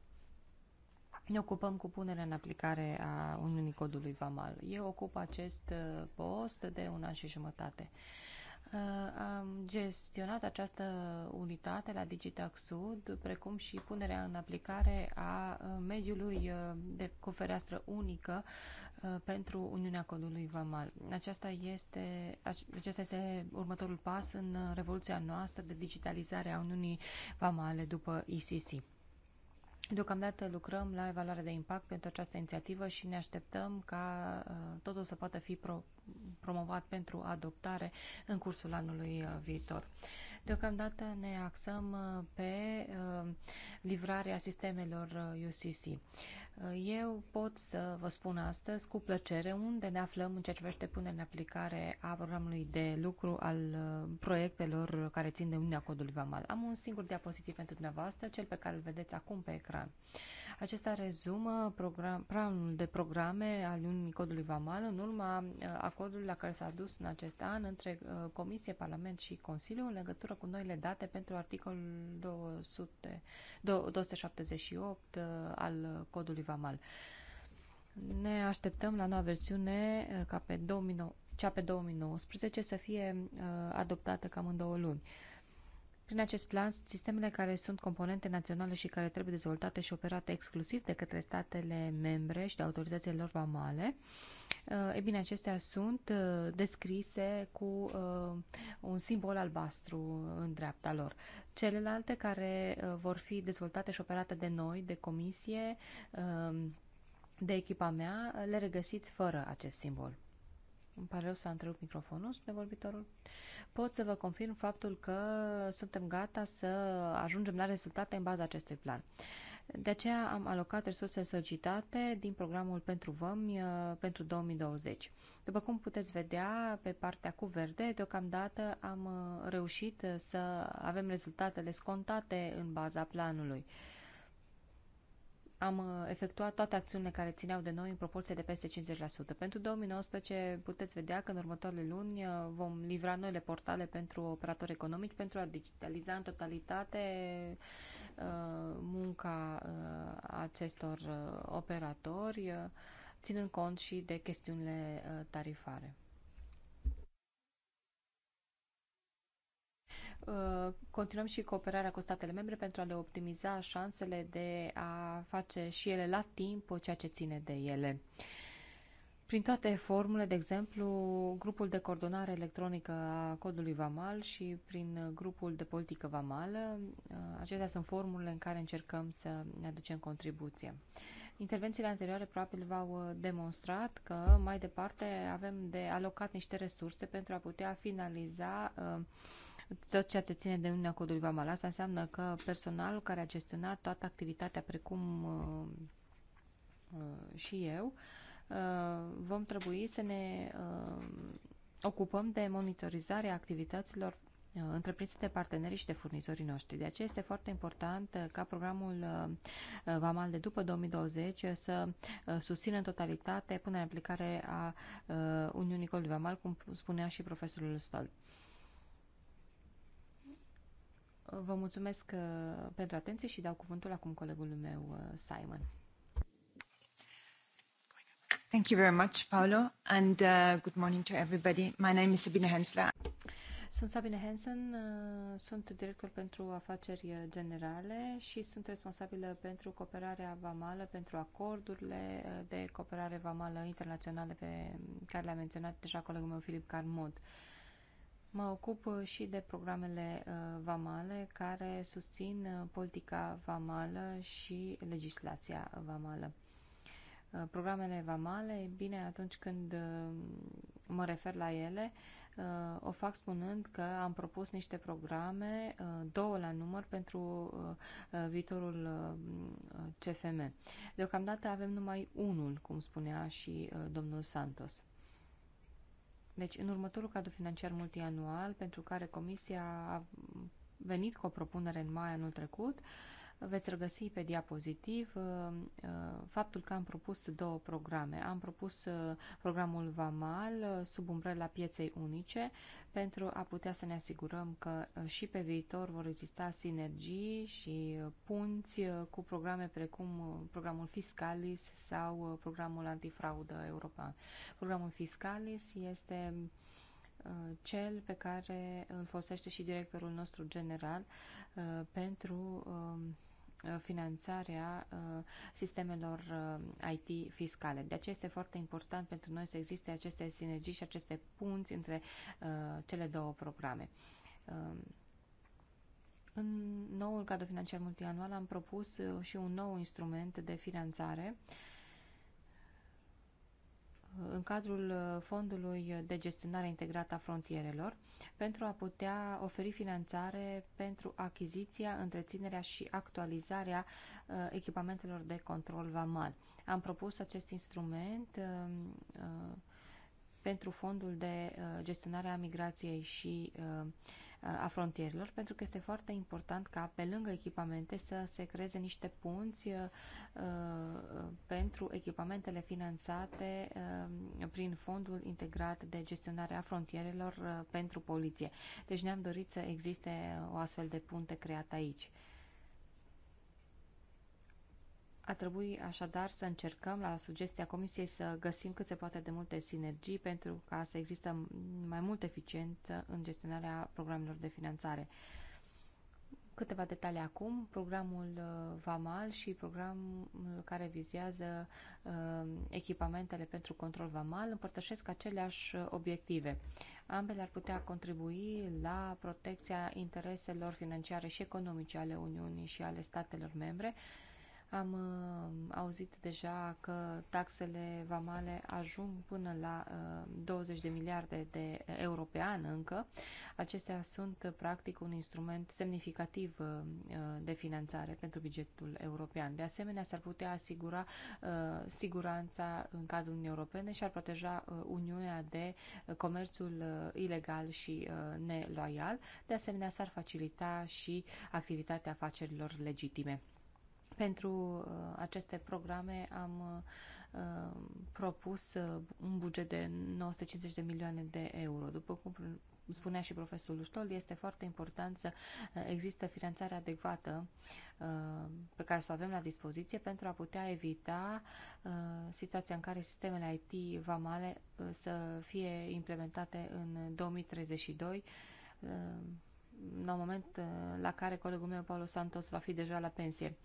Ne ocupăm cu punerea în aplicare a unui codului VAMAL. Eu ocup acest post de un an și jumătate. Uh, Uh, am gestionat această unitate la Digitax Sud, precum și punerea în aplicare a uh, mediului uh, de, cu fereastră unică pentru Uniunea Codului Vamal. Aceasta este, acesta este următorul pas în revoluția noastră de digitalizare a Uniunii Vamale după ICC. Deocamdată lucrăm la evaluarea de impact pentru această inițiativă și ne așteptăm ca uh, totul să poată fi pro promovat pentru adoptare în cursul anului uh, viitor. Deocamdată ne axăm uh, pe uh, livrarea sistemelor UCC. Uh, eu pot să vă spun astăzi cu plăcere unde ne aflăm în ceea ce privește punerea în aplicare a programului de lucru al proiectelor care țin de Uniunea Codului Vamal. Am un singur diapozitiv pentru dumneavoastră, cel pe care îl vedeți acum pe ecran. Acesta rezumă program, planul de programe al Uniunii Codului Vamal în urma uh, acordului la care s-a dus în acest an între uh, Comisie, Parlament și Consiliu în legătură cu noile date pentru articolul 200, 278 uh, al Codului Vamal. Ne așteptăm la noua versiune ca pe 2009, cea pe 2019 să fie adoptată cam în două luni. Prin acest plan, sistemele care sunt componente naționale și care trebuie dezvoltate și operate exclusiv de către statele membre și de autorizațiile lor vamale, uh, e bine, acestea sunt uh, descrise cu uh, un simbol albastru în dreapta lor. Celelalte care vor fi dezvoltate și operate de noi, de comisie, de echipa mea, le regăsiți fără acest simbol. Îmi pare rău să întrerup microfonul, spune vorbitorul. Pot să vă confirm faptul că suntem gata să ajungem la rezultate în baza acestui plan. De aceea am alocat resurse solicitate din programul pentru vămi uh, pentru 2020. După cum puteți vedea, pe partea cu verde, deocamdată am uh, reușit să avem rezultatele scontate în baza planului am uh, efectuat toate acțiunile care țineau de noi în proporție de peste 50%. Pentru 2019 puteți vedea că în următoarele luni uh, vom livra noile portale pentru operatori economici pentru a digitaliza în totalitate uh, munca acestor operatori, ținând cont și de chestiunile tarifare. Uh, continuăm și cooperarea cu statele membre pentru a le optimiza șansele de a face și ele la timp ceea ce ține de ele. Prin toate formule, de exemplu, grupul de coordonare electronică a codului VAMAL și prin grupul de politică VAMAL, uh, acestea sunt formulele în care încercăm să ne aducem contribuție. Intervențiile anterioare probabil v-au uh, demonstrat că mai departe avem de alocat niște resurse pentru a putea finaliza uh, tot ceea ce ține de Uniunea Codului Vamal, asta înseamnă că personalul care a gestionat toată activitatea, precum uh, uh, și eu, uh, vom trebui să ne ocupăm de monitorizarea activităților întreprinse de partenerii și de furnizorii noștri. De aceea este foarte important ca programul VAMAL de după 2020 să susțină în totalitate punerea în aplicare a Uniunii Codului VAMAL, cum spunea și profesorul Stolt. Vă mulțumesc uh, pentru atenție și dau cuvântul acum colegului meu, uh, Simon. Thank you very much, Paolo, and uh, good morning to everybody. My name is Sabine Hensler. Sunt Sabine Hansen, uh, sunt director pentru afaceri generale și sunt responsabilă pentru cooperarea vamală, pentru acordurile de cooperare vamală internaționale pe care le-a menționat deja colegul meu Filip Carmod. Uh, Mă ocup și de programele uh, vamale care susțin uh, politica vamală și legislația vamală. Uh, programele vamale, bine, atunci când mă refer la ele, o fac spunând că am propus niște programe, două la număr, pentru viitorul CFM. Deocamdată avem numai unul, cum spunea și domnul Santos. Deci, în următorul cadru financiar multianual, pentru care Comisia a venit cu o propunere în mai anul trecut, uh, veți regăsi pe diapozitiv uh, uh, faptul că am propus două programe. Am propus uh, programul VAMAL sub umbrela pieței unice pentru a putea să ne asigurăm că și pe viitor vor exista sinergii și punți cu programe precum programul Fiscalis sau programul antifraudă european. Programul Fiscalis este uh, Uh, cel pe care îl folosește și directorul nostru general uh, pentru um, uh, finanțarea sistemelor IT fiscale. De aceea este foarte important pentru noi să existe aceste sinergii și aceste punți între cele două programe. Um, în noul cadru financiar multianual am propus și un nou instrument de finanțare uh, în cadrul uh, Fondului de Gestionare Integrată a Frontierelor pentru a putea oferi finanțare pentru achiziția, întreținerea și actualizarea uh, echipamentelor de control vamal. Am propus acest instrument uh, pentru Fondul de Gestionare a Migrației și a frontierilor, pentru că este foarte important ca pe lângă echipamente să se creeze niște punți uh, uh, pentru echipamentele finanțate uh, prin Fondul Integrat de Gestionare a Frontierelor pentru Poliție. Deci ne-am dorit să existe o astfel de punte creată aici. A trebui așadar să încercăm, la sugestia Comisiei, să găsim cât se poate de multe sinergii pentru ca să există mai multă eficiență în gestionarea programelor de finanțare. Câteva detalii acum. Programul uh, VAMAL și programul uh, care vizează uh, echipamentele pentru control VAMAL împărtășesc aceleași obiective. Ambele ar putea contribui la protecția intereselor financiare și economice ale Uniunii și ale statelor membre, am uh, auzit deja că taxele vamale ajung până la 20 uh, de miliarde de uh, euro pe an încă. Acestea sunt practic un instrument semnificativ de finanțare pentru bugetul european. De asemenea, s-ar putea asigura siguranța în cadrul Uniunii Europene și ar proteja Uniunea de comerțul ilegal și neloial. De asemenea, s-ar facilita și activitatea afacerilor legitime. Pentru uh, aceste programe am uh, propus uh, un buget de 950 de milioane de euro. După cum spunea și profesorul Ștol, este foarte important să există finanțare adecvată pe care să o avem la dispoziție pentru a putea evita situația în care sistemele IT vamale să fie implementate în 2032 la moment la care colegul meu, Paulo Santos, va fi deja la pensie.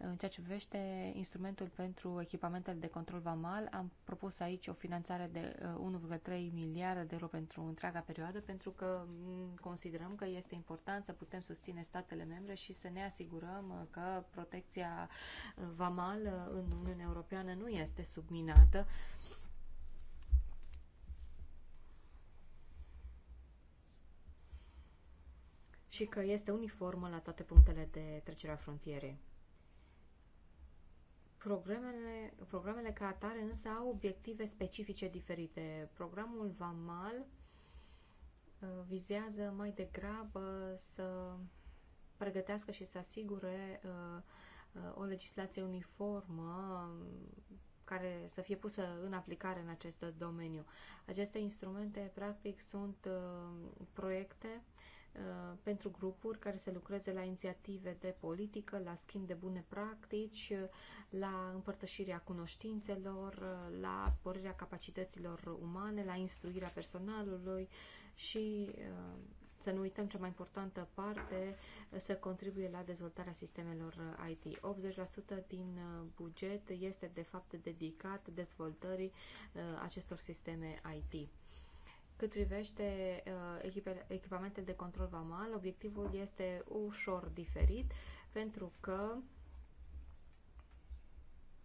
În ceea ce privește instrumentul pentru echipamentele de control vamal, am propus aici o finanțare de 1,3 uh, miliarde de euro pentru întreaga perioadă, pentru că mm, considerăm că este important să putem susține statele membre și să ne asigurăm uh, că protecția uh, vamală în Uniunea Europeană nu este subminată. și că este uniformă la toate punctele de trecere a frontierei. Programele, programele ca atare însă au obiective specifice diferite. Programul VAMAL uh, vizează mai degrabă să pregătească și să asigure uh, uh, o legislație uniformă care să fie pusă în aplicare în acest domeniu. Aceste instrumente, practic, sunt proiecte Uh, pentru grupuri care să lucreze la inițiative de politică, la schimb de bune practici, uh, la împărtășirea cunoștințelor, uh, la sporirea capacităților umane, la instruirea personalului și să nu uităm cea mai importantă parte, să contribuie la dezvoltarea sistemelor IT. 80% din buget este de fapt dedicat dezvoltării acestor sisteme IT. Cât privește uh, echipe, echipamentele de control vamal, obiectivul este ușor diferit pentru că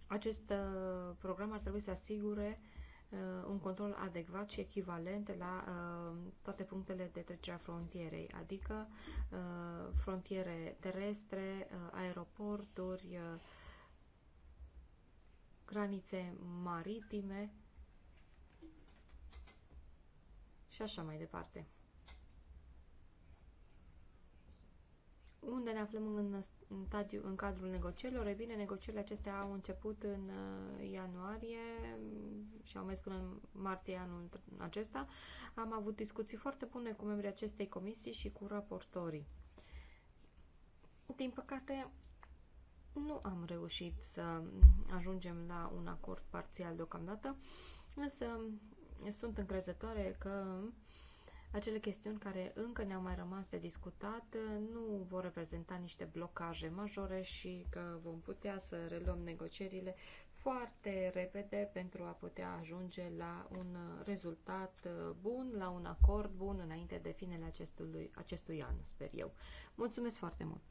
acest uh, program ar trebui să asigure uh, un control adecvat și echivalent la toate punctele de trecere a frontierei, adică frontiere terestre, aeroporturi, granițe maritime și așa mai departe. Unde ne aflăm în, în, tadiu, în cadrul negocierilor? E bine, negocierile acestea au început în uh, ianuarie și au mers până în martie anul acesta. Am avut discuții foarte bune cu membrii acestei comisii și cu raportorii. Din păcate, nu am reușit să ajungem la un acord parțial deocamdată, însă sunt încrezătoare că acele chestiuni care încă ne-au mai rămas de discutat uh, nu vor reprezenta niște blocaje majore și că vom putea să reluăm negocierile foarte repede pentru a putea ajunge la un rezultat uh, bun, la un acord bun înainte de finele acestui, acestui an, sper eu. Mulțumesc foarte mult!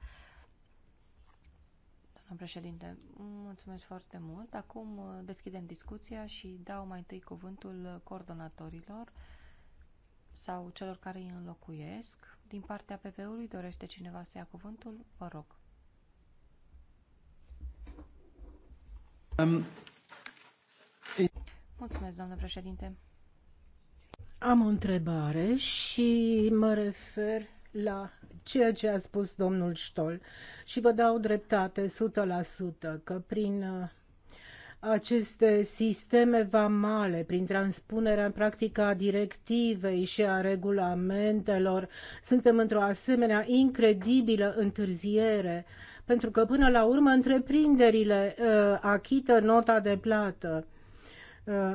doamna președinte. Mulțumesc foarte mult. Acum uh, deschidem discuția și dau mai întâi cuvântul coordonatorilor sau celor care îi înlocuiesc. Din partea PP-ului dorește cineva să ia cuvântul? Vă rog. Um. Mulțumesc, doamnă președinte. Am o întrebare și mă refer la ceea ce a spus domnul Stoll și vă dau dreptate 100% că prin uh, aceste sisteme vamale, prin transpunerea în practică a directivei și a regulamentelor, suntem într-o asemenea incredibilă întârziere, pentru că până la urmă întreprinderile uh, achită nota de plată Uh,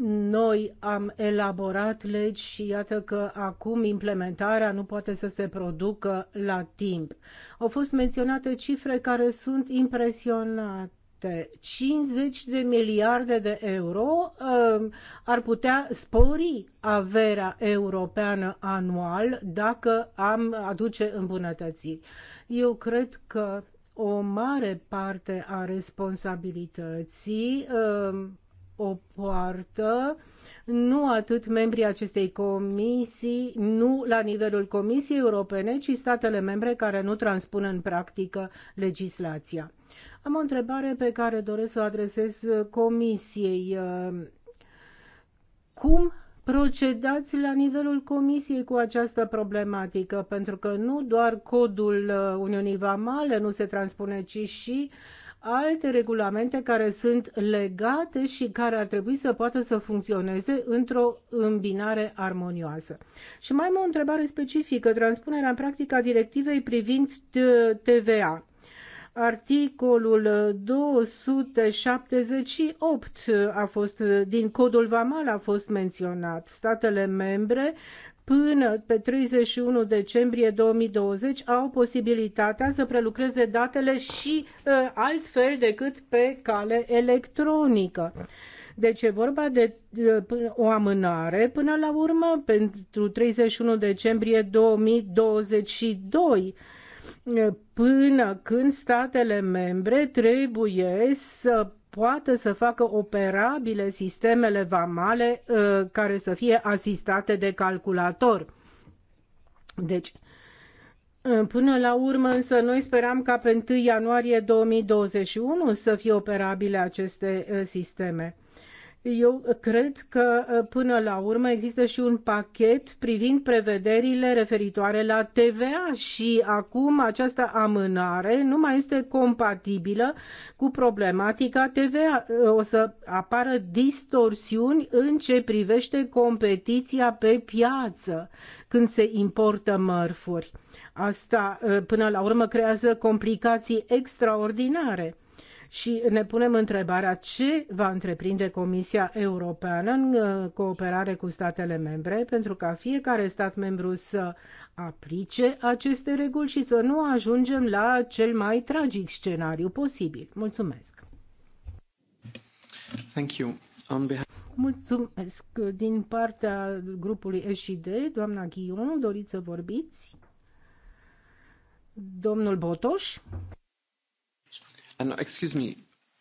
noi am elaborat legi și iată că acum implementarea nu poate să se producă la timp. Au fost menționate cifre care sunt impresionate 50 de miliarde de euro uh, ar putea spori averea europeană anual dacă am aduce îmbunătățiri. Eu cred că o mare parte a responsabilității uh, o poartă, nu atât membrii acestei comisii, nu la nivelul Comisiei Europene, ci statele membre care nu transpun în practică legislația. Am o întrebare pe care doresc să o adresez Comisiei. Cum procedați la nivelul Comisiei cu această problematică, pentru că nu doar codul uh, Uniunii Vamale nu se transpune, ci și alte regulamente care sunt legate și care ar trebui să poată să funcționeze într-o îmbinare armonioasă. Și mai am o întrebare specifică, transpunerea în practică a directivei privind TVA. Articolul 278 a fost din codul VAMAL a fost menționat. Statele membre până pe 31 decembrie 2020 au posibilitatea să prelucreze datele și uh, altfel decât pe cale electronică. Deci e vorba de uh, o amânare până la urmă pentru 31 decembrie 2022 uh, până când statele membre trebuie să poată să facă operabile sistemele vamale uh, care să fie asistate de calculator. Deci, uh, Până la urmă, însă, noi speram ca pe 1 ianuarie 2021 să fie operabile aceste uh, sisteme. Eu uh, cred că uh, până la urmă există și un pachet privind prevederile referitoare la TVA și acum această amânare nu mai este compatibilă cu problematica TVA. Uh, o să apară distorsiuni în ce privește competiția pe piață când se importă mărfuri. Asta până la urmă creează complicații extraordinare și ne punem întrebarea ce va întreprinde Comisia Europeană în uh, cooperare cu statele membre pentru ca fiecare stat membru să aplice aceste reguli și să nu ajungem la cel mai tragic scenariu posibil. Mulțumesc! Thank you. On behalf... Mulțumesc. Din partea grupului SID, doamna Ghion, doriți să vorbiți? Domnul Botoș? And excuse me,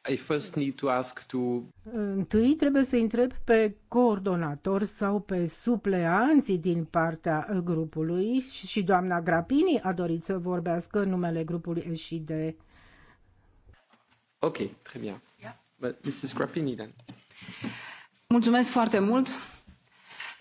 I first need to ask to... Întâi trebuie să întreb pe coordonator sau pe supleanții din partea grupului și doamna Grapini a dorit să vorbească în numele grupului și de... Ok, très bien. Yeah. But Mrs. Grapini, then. Mulțumesc foarte mult.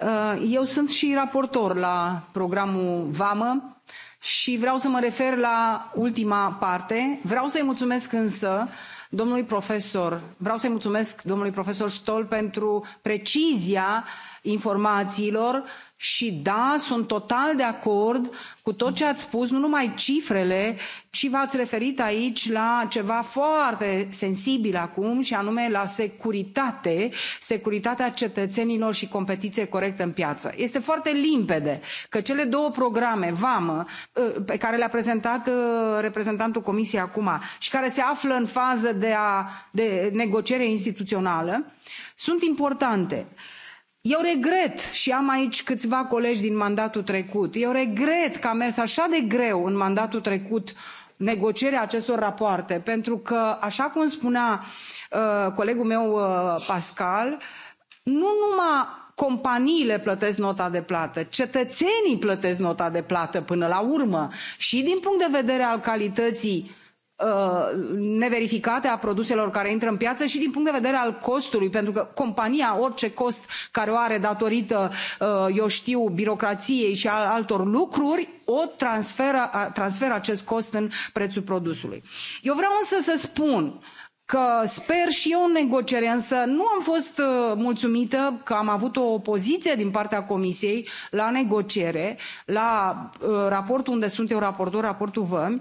Uh, eu sunt și raportor la programul VAMA și vreau să mă refer la ultima parte vreau să i mulțumesc însă domnului profesor vreau să i mulțumesc domnului profesor stoll pentru precizia cu informațiilor și da sunt total de acord cu tot ce ați spus nu numai cifrele ci v ați referit aici la ceva foarte sensibil acum și anume la securitate securitatea cetățenilor și competiție corectă în piață. este foarte limpede că cele două programe vamă uh, pe care le a prezentat uh, reprezentantul comisiei acum și care se află în fază de, a, de negociere instituțională sunt importante eu regret și am aici câțiva colegi din mandatul trecut eu regret că a mers așa de greu în mandatul trecut negocierea acestor rapoarte pentru că așa cum spunea uh, colegul meu uh, pascal nu numai companiile plătesc nota de plată cetățenii plătesc nota de plată până la urmă și din punct de vedere al calității Uh, neverificate a produselor care intră în piață și din punct de vedere al costului pentru că compania orice cost care o are datorită uh, eu știu birocrației și al altor lucruri o transferă, transferă acest cost în prețul produsului. eu vreau însă să spun că sper și eu în negociere însă nu am fost uh, mulțumită că am avut o opoziție din partea comisiei la negociere la raportul unde sunt eu raportor raportul vămi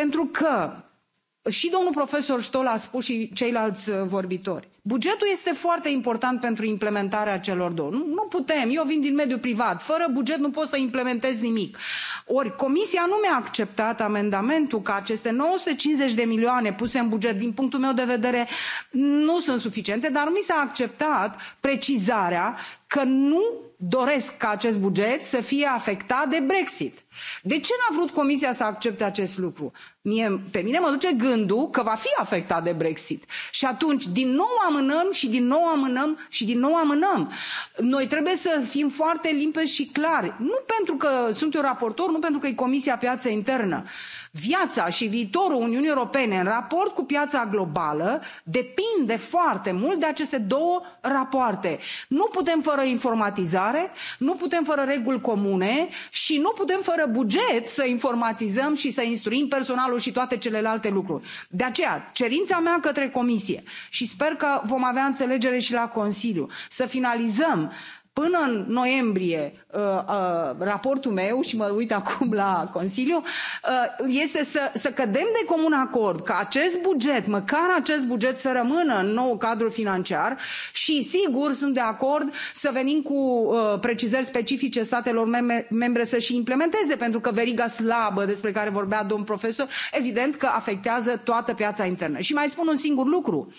pentru că și domnul profesor stoll a spus și ceilalți uh, vorbitori bugetul este foarte important pentru implementarea celor două. Nu, nu putem eu vin din mediul privat fără buget nu pot să implementez nimic. ori comisia nu mi a acceptat amendamentul că aceste nouă sute cincizeci de milioane puse în buget din punctul meu de vedere nu sunt suficiente dar mi s a acceptat precizarea că nu doresc ca acest buget să fie afectat de brexit. de ce n a vrut comisia să accepte acest lucru? Mie, pe mine mă duce gândul că va fi afectat de brexit și atunci din nou am amânăm și din nou amânăm și din nou amânăm. noi trebuie să fim foarte limpezi și clari nu pentru că sunt eu raportor nu pentru că e comisia pentru piața internă viața și viitorul uniunii europene în raport cu piața globală depinde foarte mult de aceste două rapoarte. nu putem fără informatizare nu putem fără reguli comune și nu putem fără buget să informatizăm și să instruim personalul și toate celelalte lucruri. de aceea cerința mea către comisie și sper că vom avea înțelegere și la consiliu să finalizăm până în noiembrie uh, uh, raportul meu și mă uit acum la consiliu uh, este să, să cădem de comun acord ca acest buget măcar acest buget să rămână în nou cadru financiar și sigur sunt de acord să venim cu precizări specifice statelor mem membre să și implementeze pentru că veriga slabă despre care vorbea domnul profesor evident că afectează toată piața internă. și mai spun un singur lucru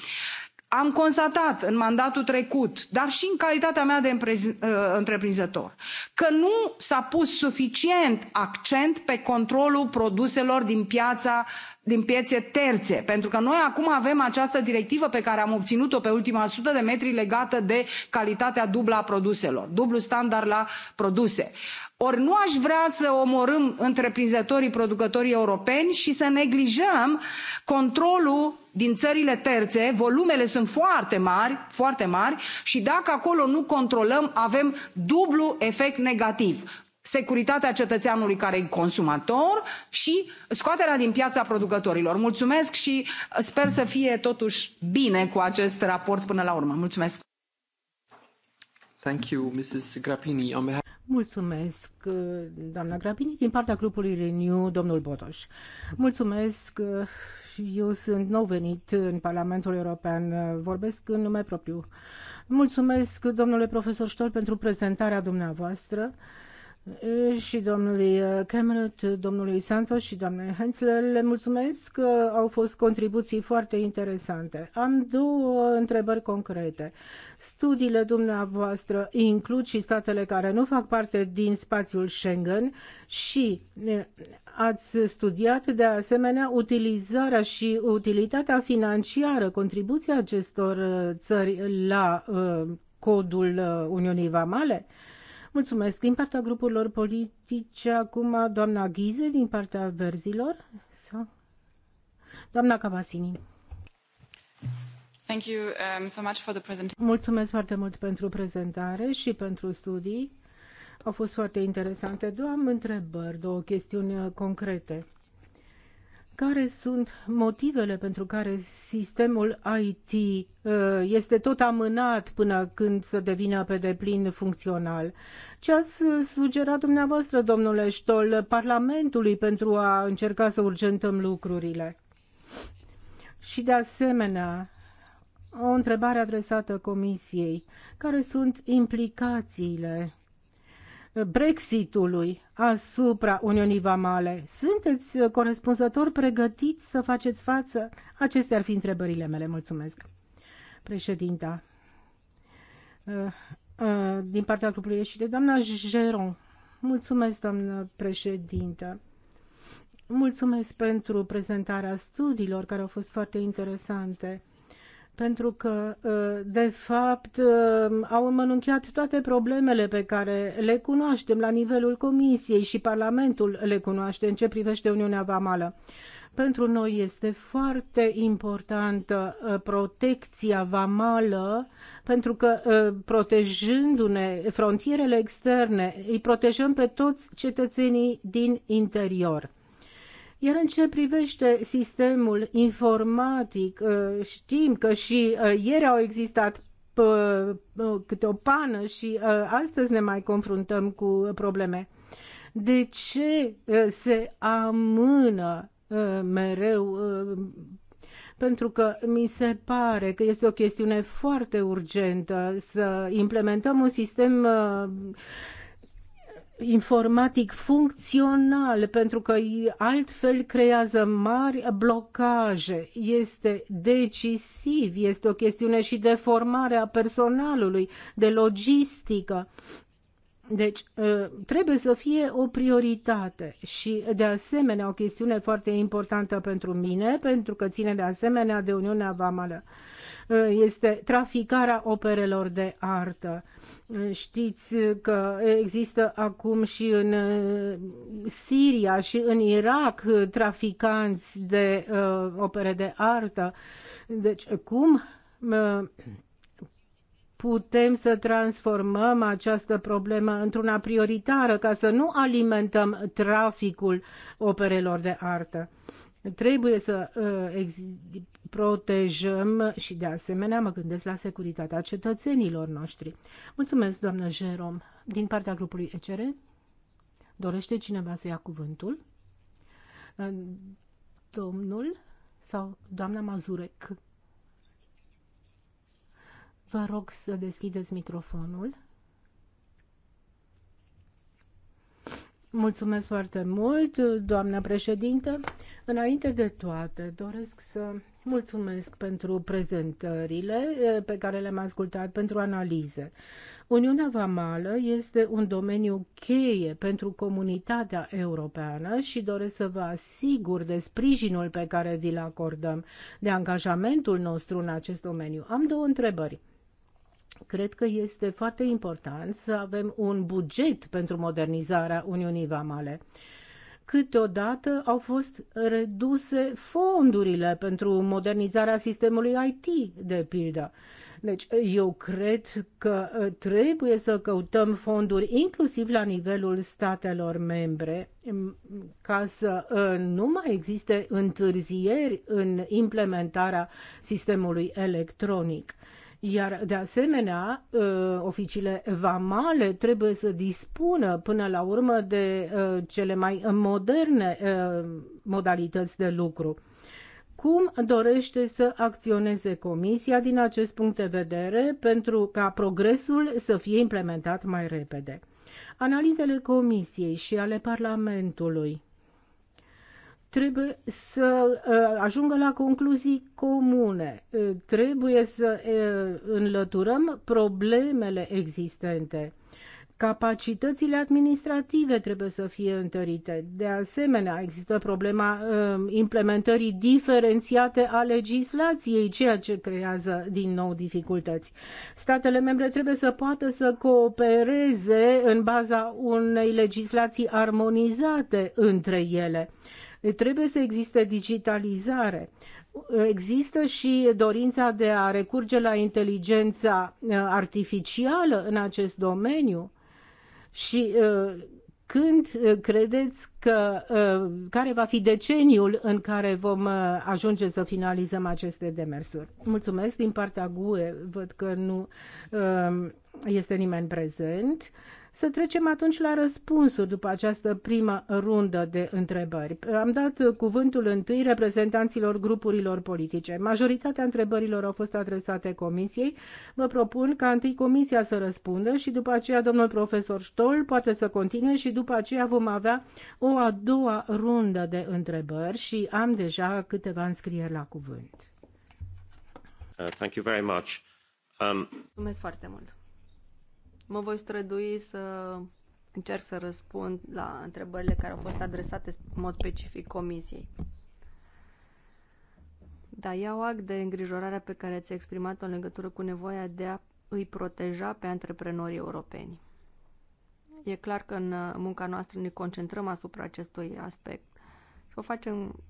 am constatat în mandatul trecut dar și în calitatea mea de uh, întreprinzător că nu s a pus suficient accent pe controlul produselor din piața din piețe terțe pentru că noi acum avem această directivă pe care am obținut o pe ultima sută de metri legată de calitatea dublă a produselor dublu standard la produse ori nu aș vrea să omorâm întreprinzătorii producătorii europeni și să neglijăm controlul din țările terțe volumele sunt foarte mari foarte mari și dacă acolo nu controlăm avem dublu efect negativ securitatea cetățeanului care e consumator și scoaterea din piața producătorilor. mulțumesc și sper să fie totuși bine cu acest raport până la urmă. mulțumesc. Thank you, Mrs. Grappini. Mulțumesc, uh, doamna Grabini. Din partea grupului Renew, domnul Botoș. Mulțumesc. Uh, eu sunt nou venit în Parlamentul European. Uh, vorbesc în nume propriu. Mulțumesc, domnule profesor Ștol, pentru prezentarea dumneavoastră. Uh, și domnului uh, Cameron, domnului Santos și doamnei Hensler. Le mulțumesc că au fost contribuții foarte interesante. Am două întrebări concrete. Studiile dumneavoastră includ și statele care nu fac parte din spațiul Schengen și uh, ați studiat de asemenea utilizarea și utilitatea financiară, contribuția acestor uh, țări la codul Uniunii Vamale? Mulțumesc. Din partea grupurilor politice, acum doamna Ghize, din partea verzilor. Sau? Doamna Cavasini. Thank you, um, so much for the presentation. Mulțumesc foarte mult pentru prezentare și pentru studii. Au fost foarte interesante. Două am întrebări, două chestiuni uh, concrete care sunt motivele pentru care sistemul IT uh, este tot amânat până când să devină pe deplin funcțional. Ce ați sugerat dumneavoastră, domnule Ștol, Parlamentului pentru a încerca să urgentăm lucrurile? Și de asemenea, o întrebare adresată Comisiei. Care sunt implicațiile Brexitului asupra Uniunii Vamale. Sunteți uh, corespunzător pregătiți să faceți față? Acestea ar fi întrebările mele. Mulțumesc. Președinta, uh, uh, din partea grupului ieșite, doamna Geron. Mulțumesc, doamnă președinte. Mulțumesc pentru prezentarea studiilor care au fost foarte interesante pentru că, ă, de fapt, ă, au înmănunchiat toate problemele pe care le cunoaștem la nivelul Comisiei și Parlamentul le cunoaște în ce privește Uniunea Vamală. Pentru noi este foarte importantă ă, protecția vamală, pentru că protejându-ne frontierele externe, îi protejăm pe toți cetățenii din interior. Iar în ce privește sistemul informatic, uh, știm că și uh, ieri au existat uh, câte o pană și astăzi ne mai confruntăm cu probleme. De ce se amână mereu? Pentru că mi se pare că este o chestiune foarte urgentă să implementăm un sistem informatic funcțional, pentru că altfel creează mari blocaje. Este decisiv, este o chestiune și de formare a personalului, de logistică. Deci, ă, trebuie să fie o prioritate și, de asemenea, o chestiune foarte importantă pentru mine, pentru că ține de asemenea de Uniunea Vamală. Uh, este traficarea operelor de artă. Uh, știți că există acum și în uh, Siria și în Irak traficanți de opere de artă. Deci cum putem să transformăm această problemă într-una prioritară ca să nu alimentăm traficul operelor de artă. Trebuie să protejăm și de asemenea mă gândesc la securitatea cetățenilor noștri. Mulțumesc, doamnă Jerom. Din partea grupului ECR, dorește cineva să ia cuvântul? Domnul sau doamna Mazurek? Vă rog să deschideți microfonul. Mulțumesc foarte mult, doamna președintă. Înainte de toate, doresc să Mulțumesc pentru prezentările eh, pe care le-am ascultat, pentru analize. Uniunea Vamală este un domeniu cheie pentru comunitatea europeană și doresc să vă asigur de sprijinul pe care vi-l acordăm, de angajamentul nostru în acest domeniu. Am două întrebări. Cred că este foarte important să avem un buget pentru modernizarea Uniunii Vamale câteodată au fost reduse fondurile pentru modernizarea sistemului IT, de pildă. Deci eu cred că uh, trebuie să căutăm fonduri inclusiv la nivelul statelor membre mm, ca să uh, nu mai existe întârzieri în implementarea sistemului electronic. Iar, de asemenea, uh, oficiile vamale trebuie să dispună până la urmă de uh, cele mai moderne uh, modalități de lucru. Cum dorește să acționeze Comisia din acest punct de vedere pentru ca progresul să fie implementat mai repede? Analizele Comisiei și ale Parlamentului trebuie să uh, ajungă la concluzii comune. Uh, trebuie să uh, înlăturăm problemele existente. Capacitățile administrative trebuie să fie întărite. De asemenea, există problema um, implementării diferențiate a legislației, ceea ce creează din nou dificultăți. Statele membre trebuie să poată să coopereze în baza unei legislații armonizate între ele. Trebuie să existe digitalizare. Există și dorința de a recurge la inteligența uh, artificială în acest domeniu și uh, când uh, credeți că care va fi deceniul în care vom ajunge să finalizăm aceste demersuri? Mulțumesc din partea GUE, văd că nu este nimeni prezent. Să trecem atunci la răspunsuri după această primă rundă de întrebări. Am dat cuvântul întâi reprezentanților grupurilor politice. Majoritatea întrebărilor au fost adresate comisiei. Vă propun ca întâi comisia să răspundă și după aceea domnul profesor Stoll poate să continue și după aceea vom avea o a doua rundă de întrebări și am deja câteva înscrieri la cuvânt. Uh, thank you very much. Um... Mulțumesc foarte mult. Mă voi strădui să încerc să răspund la întrebările care au fost adresate în mod specific comisiei. Da, iau act de îngrijorarea pe care ați exprimat-o în legătură cu nevoia de a îi proteja pe antreprenorii europeni. E clar că în munca noastră ne concentrăm asupra acestui aspect și o facem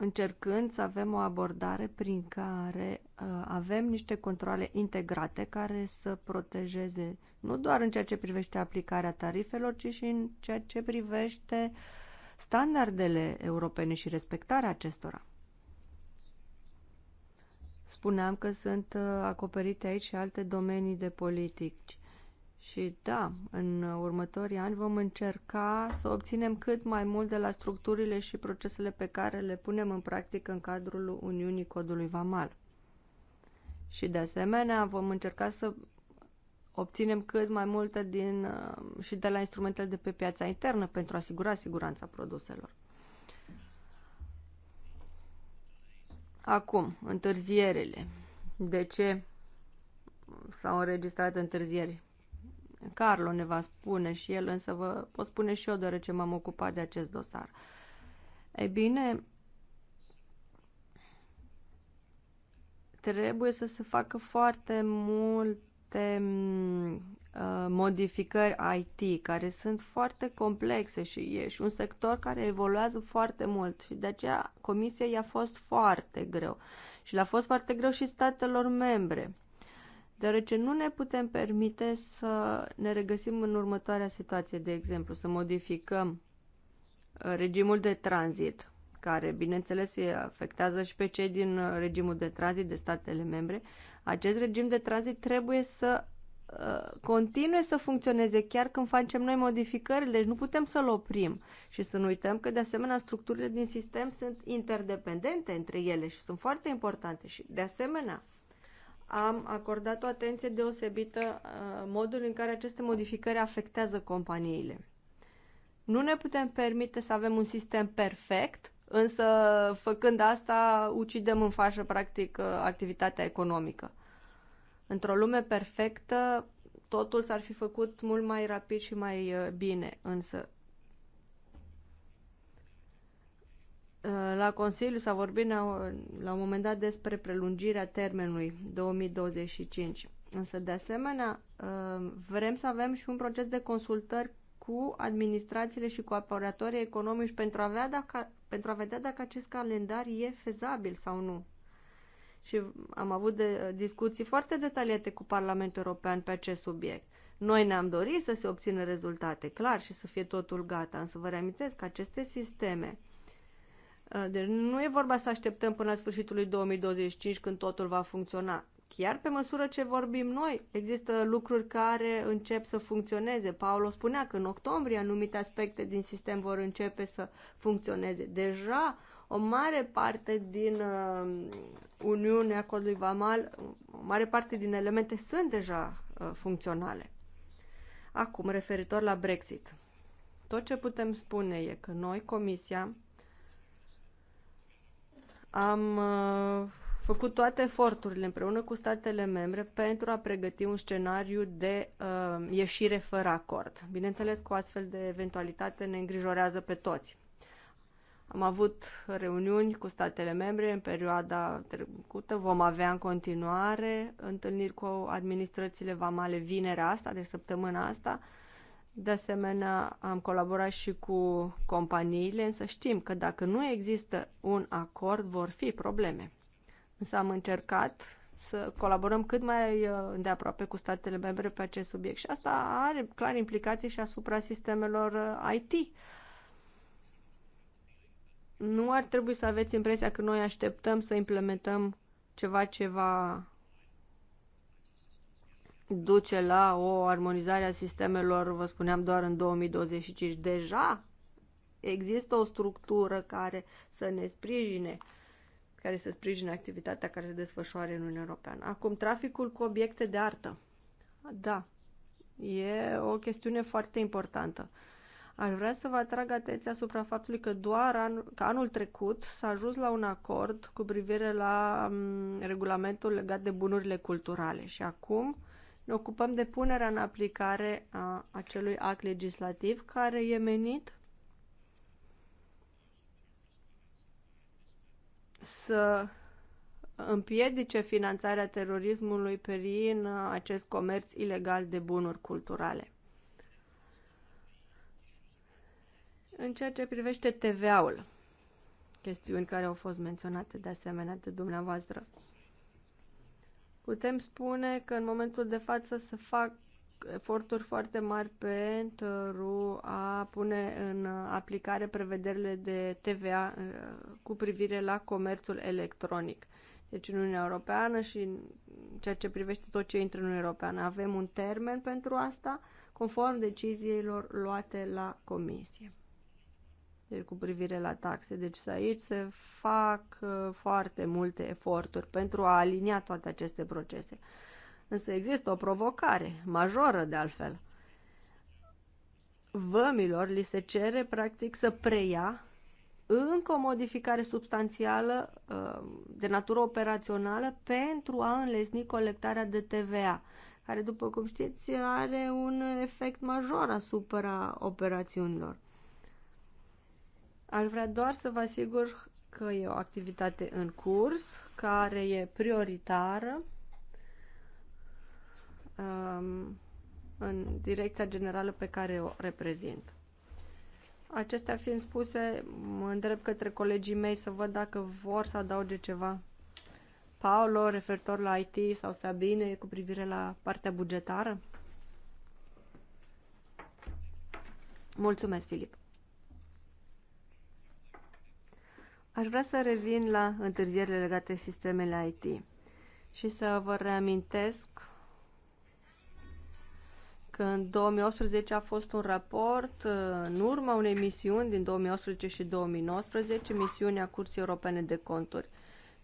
încercând să avem o abordare prin care uh, avem niște controle integrate care să protejeze nu doar în ceea ce privește aplicarea tarifelor, ci și în ceea ce privește standardele europene și respectarea acestora. Spuneam că sunt uh, acoperite aici și alte domenii de politici și da, în următorii ani vom încerca să obținem cât mai mult de la structurile și procesele pe care le punem în practică în cadrul Uniunii Codului Vamal. Și de asemenea vom încerca să obținem cât mai multe din, uh, și de la instrumentele de pe piața internă pentru a asigura siguranța produselor. Acum, întârzierile. De ce s-au înregistrat întârzierile? Carlo ne va spune și el, însă vă pot spune și eu, deoarece m-am ocupat de acest dosar. Ei bine, trebuie să se facă foarte multe uh, modificări IT care sunt foarte complexe și e și un sector care evoluează foarte mult și de aceea comisia i-a fost foarte greu și l-a fost foarte greu și statelor membre deoarece nu ne putem permite să ne regăsim în următoarea situație, de exemplu, să modificăm uh, regimul de tranzit, care, bineînțeles, îi afectează și pe cei din uh, regimul de tranzit de statele membre. Acest regim de tranzit trebuie să uh, continue să funcționeze chiar când facem noi modificări, deci nu putem să-l oprim și să nu uităm că de asemenea structurile din sistem sunt interdependente între ele și sunt foarte importante și de asemenea am acordat o atenție deosebită uh, modul în care aceste modificări afectează companiile. Nu ne putem permite să avem un sistem perfect, însă făcând asta ucidem în fașă practic uh, activitatea economică. Într-o lume perfectă, totul s-ar fi făcut mult mai rapid și mai uh, bine, însă La Consiliu s-a vorbit la un moment dat despre prelungirea termenului 2025. Însă, de asemenea, ă, vrem să avem și un proces de consultări cu administrațiile și cu operatorii economici pentru a, avea dacă, pentru a vedea dacă acest calendar e fezabil sau nu. Și am avut de, discuții foarte detaliate cu Parlamentul European pe acest subiect. Noi ne-am dorit să se obțină rezultate, clar, și să fie totul gata, însă vă reamintesc că aceste sisteme Uh, deci nu e vorba să așteptăm până la sfârșitul lui 2025 când totul va funcționa. Chiar pe măsură ce vorbim noi, există lucruri care încep să funcționeze. Paolo spunea că în octombrie anumite aspecte din sistem vor începe să funcționeze. Deja o mare parte din uh, Uniunea Codului Vamal, o mare parte din elemente sunt deja uh, funcționale. Acum, referitor la Brexit. Tot ce putem spune e că noi, Comisia, am uh, făcut toate eforturile împreună cu statele membre pentru a pregăti un scenariu de uh, ieșire fără acord. Bineînțeles că o astfel de eventualitate ne îngrijorează pe toți. Am avut reuniuni cu statele membre în perioada trecută, vom avea în continuare întâlniri cu administrațiile vamale vinerea asta, deci săptămâna asta, uh, de asemenea, am colaborat și cu companiile, însă știm că dacă nu există un acord, vor fi probleme. Însă am încercat să colaborăm cât mai uh, de aproape cu statele membre pe acest subiect și asta are clar implicații și asupra sistemelor uh, IT. Nu ar trebui să aveți impresia că noi așteptăm să implementăm ceva ce va duce la o armonizare a sistemelor, vă spuneam, doar în 2025. Deja există o structură care să ne sprijine, care să sprijine activitatea care se desfășoare în Uniunea Europeană. Acum, traficul cu obiecte de artă. Da, e o chestiune foarte importantă. Aș vrea să vă atrag atenția asupra faptului că doar anul, că anul trecut s-a ajuns la un acord cu privire la mm, regulamentul legat de bunurile culturale și acum ne ocupăm de punerea în aplicare a acelui act legislativ care e menit să împiedice finanțarea terorismului prin acest comerț ilegal de bunuri culturale. În ceea ce privește TVA-ul, chestiuni care au fost menționate de asemenea de dumneavoastră, Putem spune că în momentul de față se fac eforturi foarte mari pentru a pune în aplicare prevederile de TVA uh, cu privire la comerțul electronic. Deci în Uniunea Europeană și în ceea ce privește tot ce intră în Uniunea Europeană. Avem un termen pentru asta, conform deciziilor luate la Comisie deci cu privire la taxe. Deci aici se fac uh, foarte multe eforturi pentru a alinia toate aceste procese. Însă există o provocare majoră de altfel. Vămilor li se cere practic să preia încă o modificare substanțială uh, de natură operațională pentru a înlesni colectarea de TVA, care, după cum știți, are un efect major asupra operațiunilor. Aș vrea doar să vă asigur că e o activitate în curs, care e prioritară um, în direcția generală pe care o reprezint. Acestea fiind spuse, mă întreb către colegii mei să văd dacă vor să adauge ceva. Paolo, referitor la IT, sau Sabine, cu privire la partea bugetară? Mulțumesc, Filip. Aș vrea să revin la întârzierile legate de sistemele IT și să vă reamintesc că în 2018 a fost un raport uh, în urma unei misiuni din 2018 și 2019, misiunea Curții Europene de Conturi.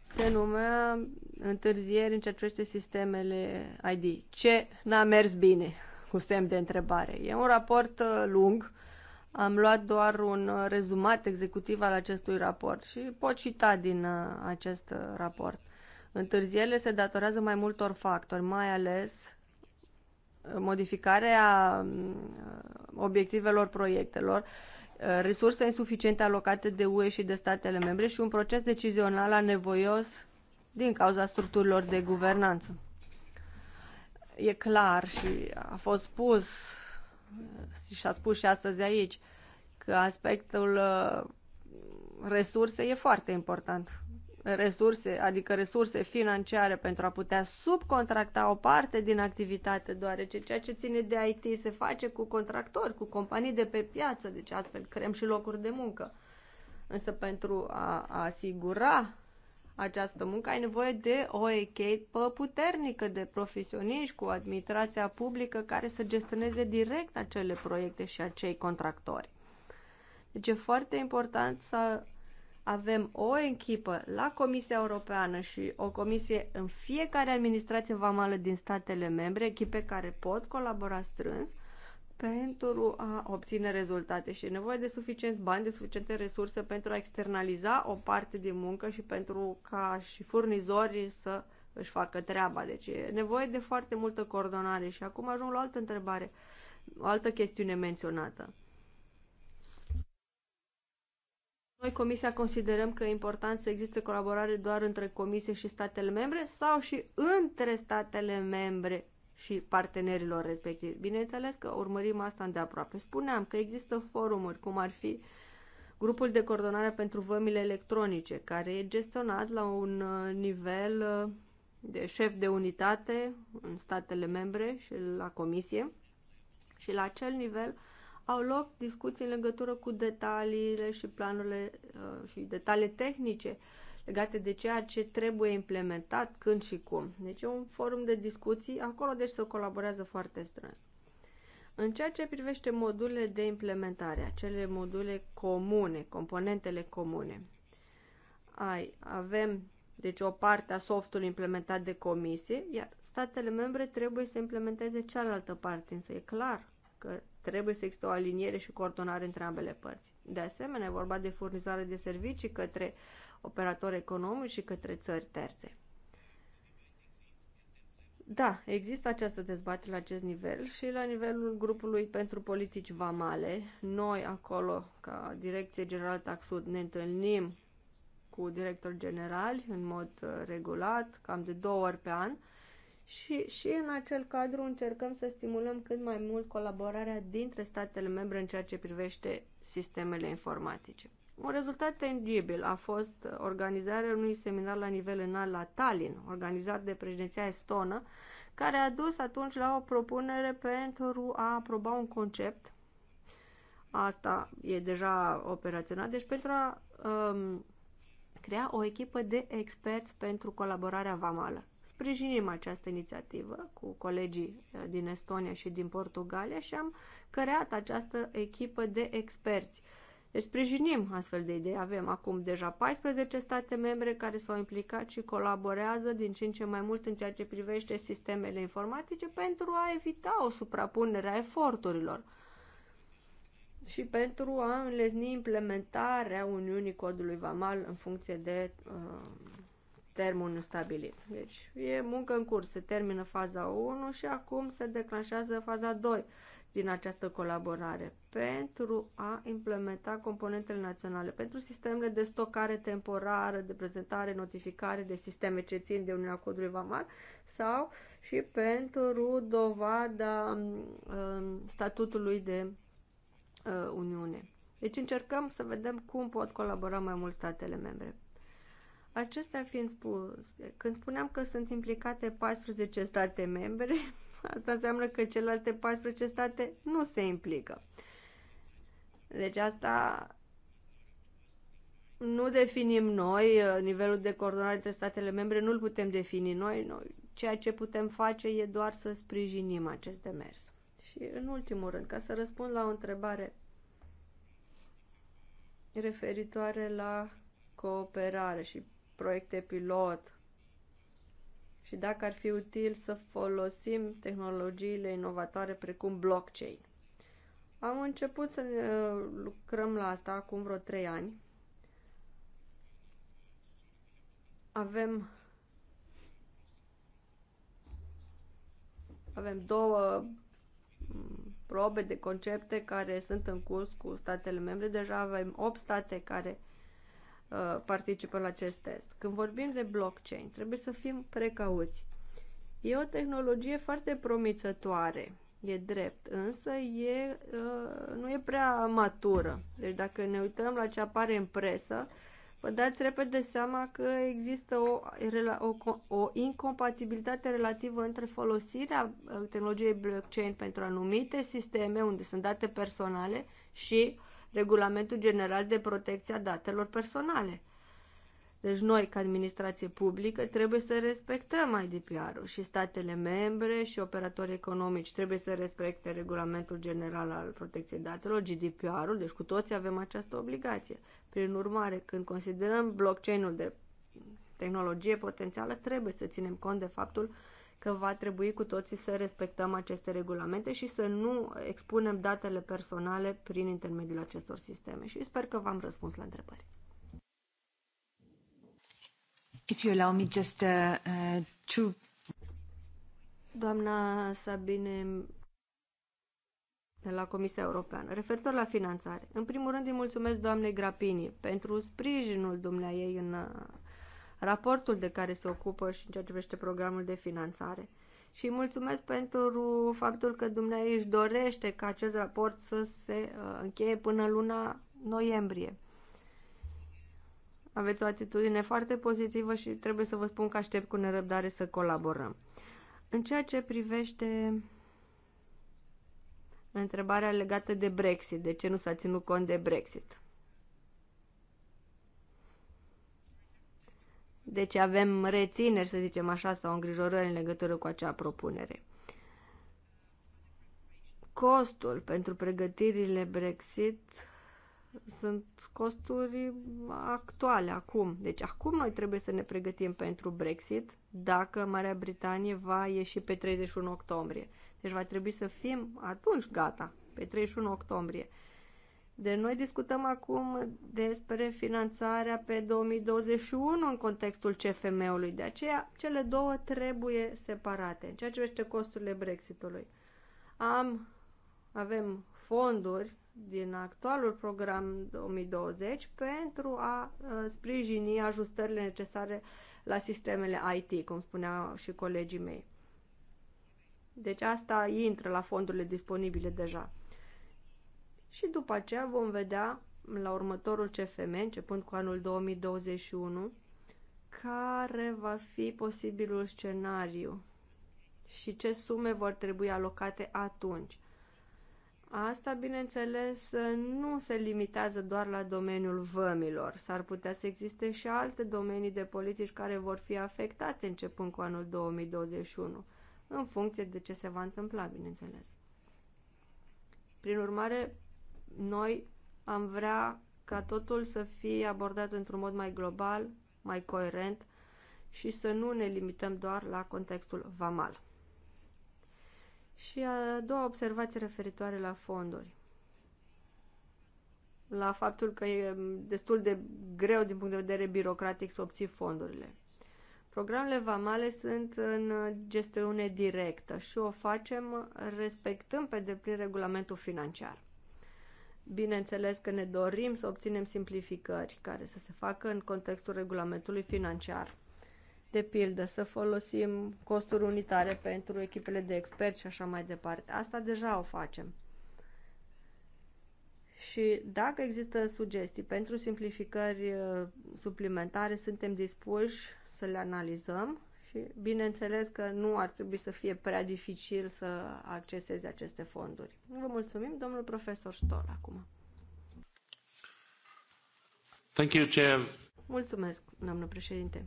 Se numea întârzieri în ceea ce privește sistemele ID. Ce n-a mers bine? Cu semn de întrebare. E un raport uh, lung, am luat doar un uh, rezumat executiv al acestui raport și pot cita din uh, acest uh, raport. Întârzierile se datorează mai multor factori, mai ales modificarea mm, obiectivelor proiectelor, resurse insuficiente alocate de UE și de statele membre și un proces decizional anevoios din cauza structurilor de guvernanță. E clar și a fost spus și a spus și astăzi aici că aspectul uh, resurse e foarte important. Resurse, adică resurse financiare pentru a putea subcontracta o parte din activitate, deoarece ceea ce ține de IT se face cu contractori, cu companii de pe piață, deci astfel creăm și locuri de muncă. Însă pentru a, a asigura această muncă, ai nevoie de o echipă puternică de profesioniști cu administrația publică care să gestioneze direct acele proiecte și acei contractori. Deci e foarte important să avem o echipă la Comisia Europeană și o comisie în fiecare administrație vamală din statele membre, echipe care pot colabora strâns pentru a obține rezultate și e nevoie de suficienți bani, de suficiente resurse pentru a externaliza o parte din muncă și pentru ca și furnizorii să își facă treaba. Deci e nevoie de foarte multă coordonare și acum ajung la o altă întrebare, o altă chestiune menționată. Noi, Comisia, considerăm că e important să existe colaborare doar între Comisie și statele membre sau și între statele membre și partenerilor respectivi. Bineînțeles că urmărim asta îndeaproape. Spuneam că există forumuri, cum ar fi grupul de coordonare pentru vămile electronice, care e gestionat la un uh, nivel uh, de șef de unitate în statele membre și la comisie. Și la acel nivel au loc discuții în legătură cu detaliile și planurile uh, și detalii tehnice uh, legate de ceea ce trebuie implementat, când și cum. Deci e un forum de discuții, acolo deci se colaborează foarte strâns. În ceea ce privește modulele de implementare, acele module comune, componentele comune, ai, avem deci o parte a softului implementat de comisie, iar statele membre trebuie să implementeze cealaltă parte, însă e clar că trebuie să existe o aliniere și coordonare între ambele părți. De asemenea, e vorba de furnizare de servicii către operatori economici și către țări terțe. Da, există această dezbatere la acest nivel și la nivelul grupului pentru politici vamale. Noi acolo, ca Direcție Generală Taxud, ne întâlnim cu directori generali în mod uh, regulat, cam de două ori pe an. Și, și în acel cadru încercăm să stimulăm cât mai mult colaborarea dintre statele membre în ceea ce privește sistemele informatice. Un rezultat tangibil a fost organizarea unui seminar la nivel înalt la Tallinn, organizat de președinția estonă, care a dus atunci la o propunere pentru a aproba un concept. Asta e deja operațional, deci pentru a um, crea o echipă de experți pentru colaborarea vamală. Sprijinim această inițiativă cu colegii uh, din Estonia și din Portugalia și am creat această echipă de experți. Uh, deci sprijinim astfel de idei. Avem acum deja 14 state membre care s-au implicat și colaborează din ce în ce mai mult în ceea ce privește sistemele informatice pentru a evita o suprapunere a eforturilor și pentru a înlezni implementarea Uniunii Codului Vamal în funcție de uh, termenul stabilit. Deci e muncă în curs, se termină faza 1 și acum se declanșează faza 2 din această colaborare pentru a implementa componentele naționale, pentru sistemele de stocare temporară, de prezentare, notificare de sisteme ce țin de Uniunea Codului Vamal sau și pentru dovada um, statutului de uh, Uniune. Deci încercăm să vedem cum pot colabora mai mult statele membre. Acestea fiind spuse, când spuneam că sunt implicate 14 state membre, Asta înseamnă că celelalte 14 state nu se implică. Deci asta nu definim noi nivelul de coordonare între statele membre, nu-l putem defini noi, noi. Ceea ce putem face e doar să sprijinim acest demers. Și în ultimul rând, ca să răspund la o întrebare referitoare la cooperare și proiecte pilot și dacă ar fi util să folosim tehnologiile inovatoare precum blockchain. Am început să uh, lucrăm la asta acum vreo 3 ani. Avem avem două mm, probe de concepte care sunt în curs cu statele membre. Deja avem 8 state care Uh, participă la acest test. Când vorbim de blockchain, trebuie să fim precauți. E o tehnologie foarte promițătoare, e drept, însă e, uh, nu e prea matură. Deci dacă ne uităm la ce apare în presă, vă dați repede seama că există o, o, o incompatibilitate relativă între folosirea uh, tehnologiei blockchain pentru anumite sisteme unde sunt date personale și uh, Regulamentul General de Protecție a Datelor Personale. Deci noi, ca administrație publică, trebuie să respectăm IDPR-ul și statele membre și operatorii economici trebuie să respecte Regulamentul General al Protecției Datelor, GDPR-ul, deci cu toții avem această obligație. Prin urmare, când considerăm blockchain-ul de tehnologie potențială, trebuie să ținem cont de faptul că va trebui cu toții să respectăm aceste regulamente și să nu expunem datele personale prin intermediul acestor sisteme. Și sper că v-am răspuns la întrebări. If you allow me just uh, uh to... Doamna Sabine de la Comisia Europeană. Referitor la finanțare, în primul rând îi mulțumesc doamnei Grapini pentru sprijinul dumneai în raportul de care se ocupă și în ceea ce privește programul de finanțare. Și mulțumesc pentru faptul că dumneavoastră își dorește ca acest raport să se uh, încheie până luna noiembrie. Aveți o atitudine foarte pozitivă și trebuie să vă spun că aștept cu nerăbdare să colaborăm. În ceea ce privește întrebarea legată de Brexit, de ce nu s-a ținut cont de Brexit? Deci avem rețineri, să zicem așa, sau îngrijorări în legătură cu acea propunere. Costul pentru pregătirile Brexit sunt costuri actuale acum. Deci acum noi trebuie să ne pregătim pentru Brexit dacă Marea Britanie va ieși pe 31 octombrie. Deci va trebui să fim atunci gata, pe 31 octombrie. De noi discutăm acum despre finanțarea pe 2021 în contextul CFM-ului. De aceea, cele două trebuie separate. În ceea ce vește costurile Brexitului. Am, avem fonduri din actualul program 2020 pentru a ă, sprijini ajustările necesare la sistemele IT, cum spuneau și colegii mei. Deci asta intră la fondurile disponibile deja și după aceea vom vedea la următorul CFM, începând cu anul 2021, care va fi posibilul scenariu și ce sume vor trebui alocate atunci. Asta, bineînțeles, nu se limitează doar la domeniul vămilor. S-ar putea să existe și alte domenii de politici care vor fi afectate începând cu anul 2021, în funcție de ce se va întâmpla, bineînțeles. Prin urmare, noi am vrea ca totul să fie abordat într-un mod mai global, mai coerent și să nu ne limităm doar la contextul vamal. Și a doua observație referitoare la fonduri. La faptul că e destul de greu din punct de vedere birocratic să obții fondurile. Programele vamale sunt în gestiune directă și o facem respectând pe deplin regulamentul financiar. Bineînțeles că ne dorim să obținem simplificări care să se facă în contextul regulamentului financiar. De pildă, să folosim costuri unitare pentru echipele de experți și așa mai departe. Asta deja o facem. Și dacă există sugestii pentru simplificări uh, suplimentare, suntem dispuși să le analizăm și bineînțeles că nu ar trebui să fie prea dificil să acceseze aceste fonduri. Vă mulțumim, domnul profesor Stol, acum. Thank you, Chair. Mulțumesc, domnul președinte.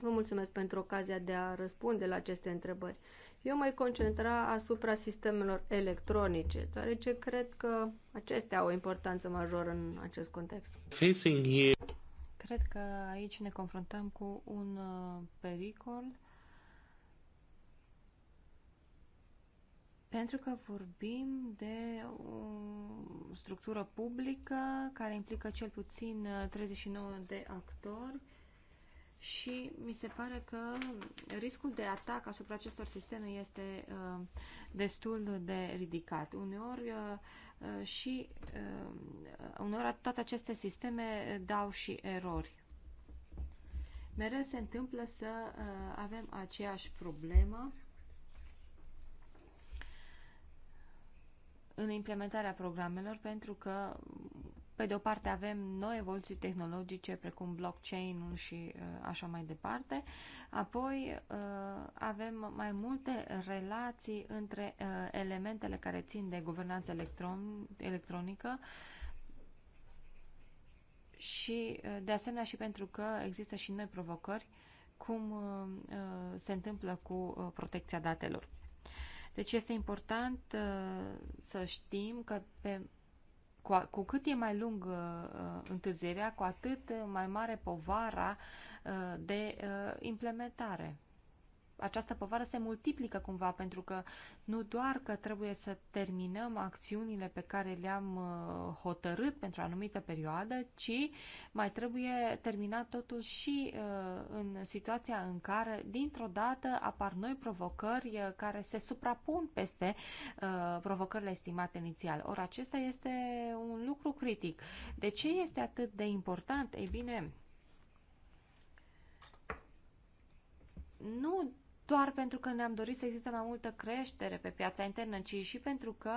Vă mulțumesc pentru ocazia de a răspunde la aceste întrebări. Eu mai concentra asupra sistemelor electronice, deoarece cred că acestea au o importanță majoră în acest context. Facing here Cred că aici ne confruntăm cu un uh, pericol pentru că vorbim de o structură publică care implică cel puțin 39 uh, de actori și mi se pare că riscul de atac asupra acestor sisteme este uh, destul de ridicat. Uneori uh, Uh, și uh, uneori toate aceste sisteme uh, dau și erori. Mereu se întâmplă să avem aceeași problemă în implementarea programelor pentru că pe de o parte avem noi evoluții tehnologice precum blockchain-ul și uh, așa mai departe. Apoi uh, avem mai multe relații între uh, elementele care țin de guvernanță electron electronică și de asemenea și pentru că există și noi provocări cum se întâmplă cu protecția datelor. Deci este important să știm că pe cu, a, cu cât e mai lung uh, uh întârzierea, cu atât uh, mai mare povara uh, de uh, implementare această povară se multiplică cumva, pentru că nu doar că trebuie să terminăm acțiunile pe care le-am uh, hotărât pentru o anumită perioadă, ci mai trebuie terminat totul și uh, în situația în care, dintr-o dată, apar noi provocări uh, care se suprapun peste provocările estimate inițial. Ori acesta este un lucru critic. De ce este atât de important? Ei bine, nu doar pentru că ne-am dorit să existe mai multă creștere pe piața internă, ci și pentru că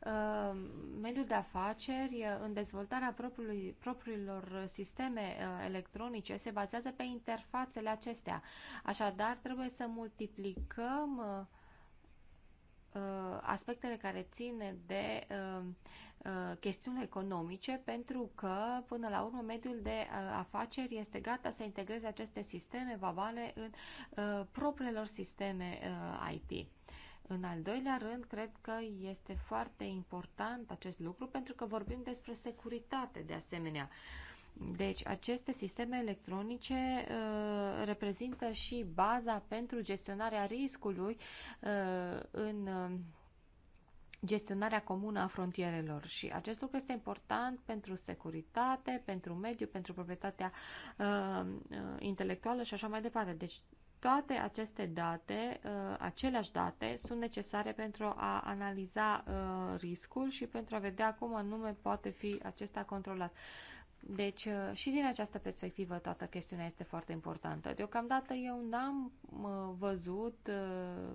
uh, mediul de afaceri uh, în dezvoltarea propriului, propriilor sisteme uh, electronice se bazează pe interfațele acestea. Așadar, trebuie să multiplicăm uh, uh aspectele care ține de uh, Uh, chestiuni economice pentru că, până la urmă, mediul de uh, afaceri este gata să integreze aceste sisteme vamale în uh, propriilor sisteme IT. În al doilea rând, cred că este foarte important acest lucru pentru că vorbim despre securitate de asemenea. Deci, aceste sisteme electronice uh, reprezintă și baza pentru gestionarea riscului uh, în uh, gestionarea comună a frontierelor și acest lucru este important pentru securitate, pentru mediu, pentru proprietatea uh, uh, intelectuală și așa mai departe. Deci toate aceste date, uh, aceleași date, sunt necesare pentru a analiza uh, riscul și pentru a vedea cum anume poate fi acesta controlat. Uh, deci, uh, și din această perspectivă, toată chestiunea este foarte importantă. Deocamdată eu n-am uh, văzut uh,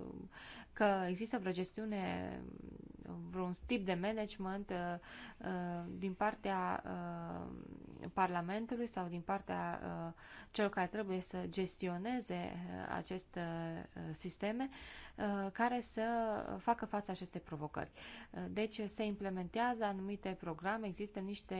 că există vreo gestiune, vreun tip de management din partea Parlamentului sau din partea celor care trebuie să gestioneze aceste sisteme, care să facă față aceste provocări. Deci, se implementează anumite programe, există niște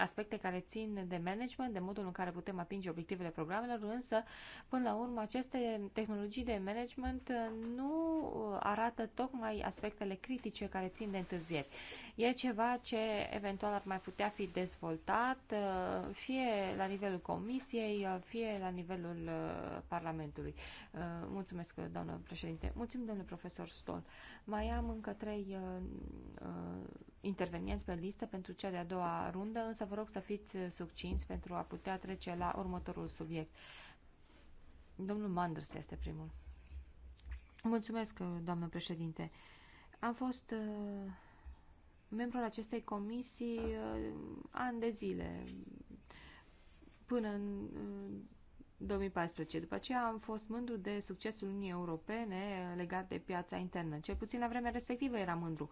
aspecte care țin de management, de modul în care putem atinge obiectivele programelor, însă, până la urmă, aceste tehnologii de management uh, nu uh, arată tocmai aspectele critice care țin de întârzieri. E ceva ce eventual ar mai putea fi dezvoltat, uh, fie la nivelul Comisiei, fie la nivelul Parlamentului. Mulțumesc, doamnă președinte. Mulțumim, domnule profesor Stol. Mai am încă trei interveniați pe listă pentru cea de-a doua rundă, însă vă rog să fiți succinți pentru a putea trece la următorul subiect. Domnul Manders este primul. Mulțumesc, doamnă președinte. Am fost uh, membru al acestei comisii uh, ani de zile, până în uh, 2014. După aceea am fost mândru de succesul Uniunii Europene legat de piața internă. Cel puțin la vremea respectivă eram mândru.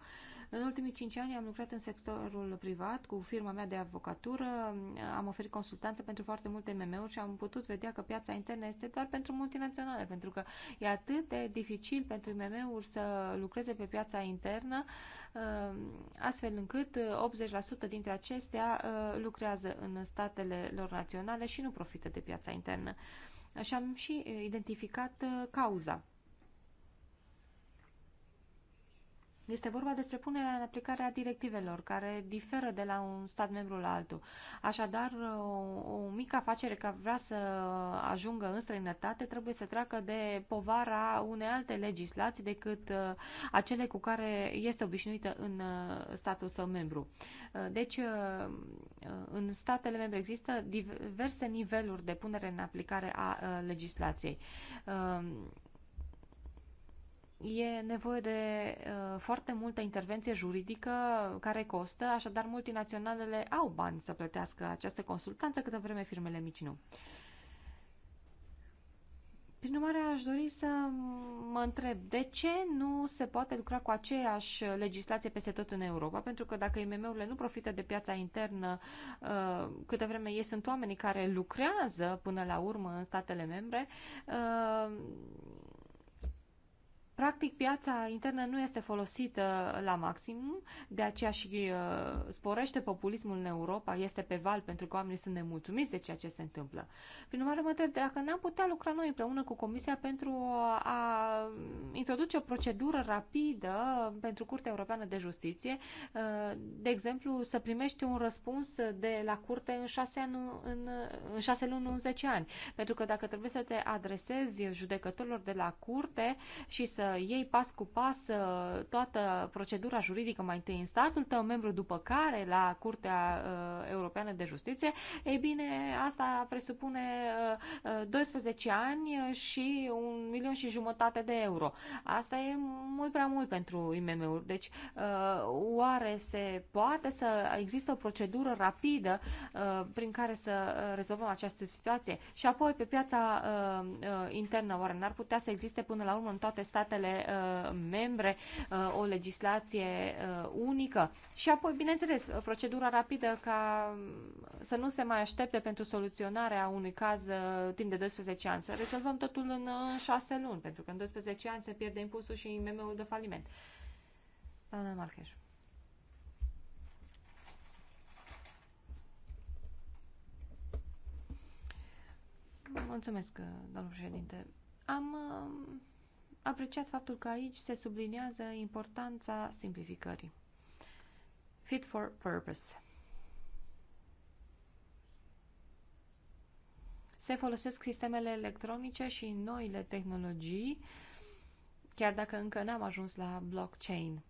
În ultimii cinci ani am lucrat în sectorul privat cu firma mea de avocatură, am oferit consultanță pentru foarte multe MM-uri și am putut vedea că piața internă este doar pentru multinaționale, pentru că e atât de dificil pentru MM-uri să lucreze pe piața internă Ehm, astfel încât 80% eh, dintre acestea eh, lucrează în statele lor naționale și nu profită de piața internă. Așa am și eh, identificat cauza Este vorba despre punerea în aplicare a directivelor, care diferă de la un stat membru la altul. Așadar, o, o mică afacere care vrea să ajungă în străinătate trebuie să treacă de povara unei alte legislații decât uh, acele cu care este obișnuită în uh, statul său membru. Uh, deci, în statele membre există diverse niveluri de punere în aplicare a legislației e nevoie de uh, foarte multă intervenție juridică care costă, așadar multinaționalele au bani să plătească această consultanță câtă vreme firmele mici nu. Prin urmare, aș dori să mă întreb de ce nu se poate lucra cu aceeași legislație peste tot în Europa? Pentru că dacă IMM-urile nu profită de piața internă, uh, câte vreme ei sunt oamenii care lucrează până la urmă în statele membre, uh, Practic, piața internă nu este folosită la maxim, de aceea și uh, sporește populismul în Europa, este pe val pentru că oamenii sunt nemulțumiți de ceea ce se întâmplă. Prin urmare, mă întreb dacă n-am putea lucra noi împreună cu Comisia pentru a introduce o procedură rapidă pentru Curtea Europeană de Justiție, uh, de exemplu, să primești un răspuns de la curte în șase, anu, în, în șase luni, în zece ani. Pentru că dacă trebuie să te adresezi judecătorilor de la curte și să să iei pas cu pas uh, toată procedura juridică mai întâi în statul tău, membru după care la Curtea uh, Europeană de Justiție, ei bine, asta presupune 12 uh, ani și un milion și jumătate de euro. Asta e mult prea mult pentru IMM-uri. Deci, oare se poate să există o procedură rapidă prin care să rezolvăm această situație? Și apoi, pe piața internă, oare n-ar putea să existe până la urmă în toate statele statele uh, membre uh, o legislație uh, unică și apoi, bineînțeles, procedura rapidă ca să nu se mai aștepte pentru soluționarea unui caz timp de 12 ani, să rezolvăm totul în 6 luni, pentru că în 12 ani se pierde impulsul și meme-ul de faliment. Doamna Marcheș. Mulțumesc, domnul președinte. Am apreciat faptul că aici se subliniază importanța simplificării. Fit for purpose. Se folosesc sistemele electronice și noile tehnologii, chiar dacă încă n-am ajuns la blockchain.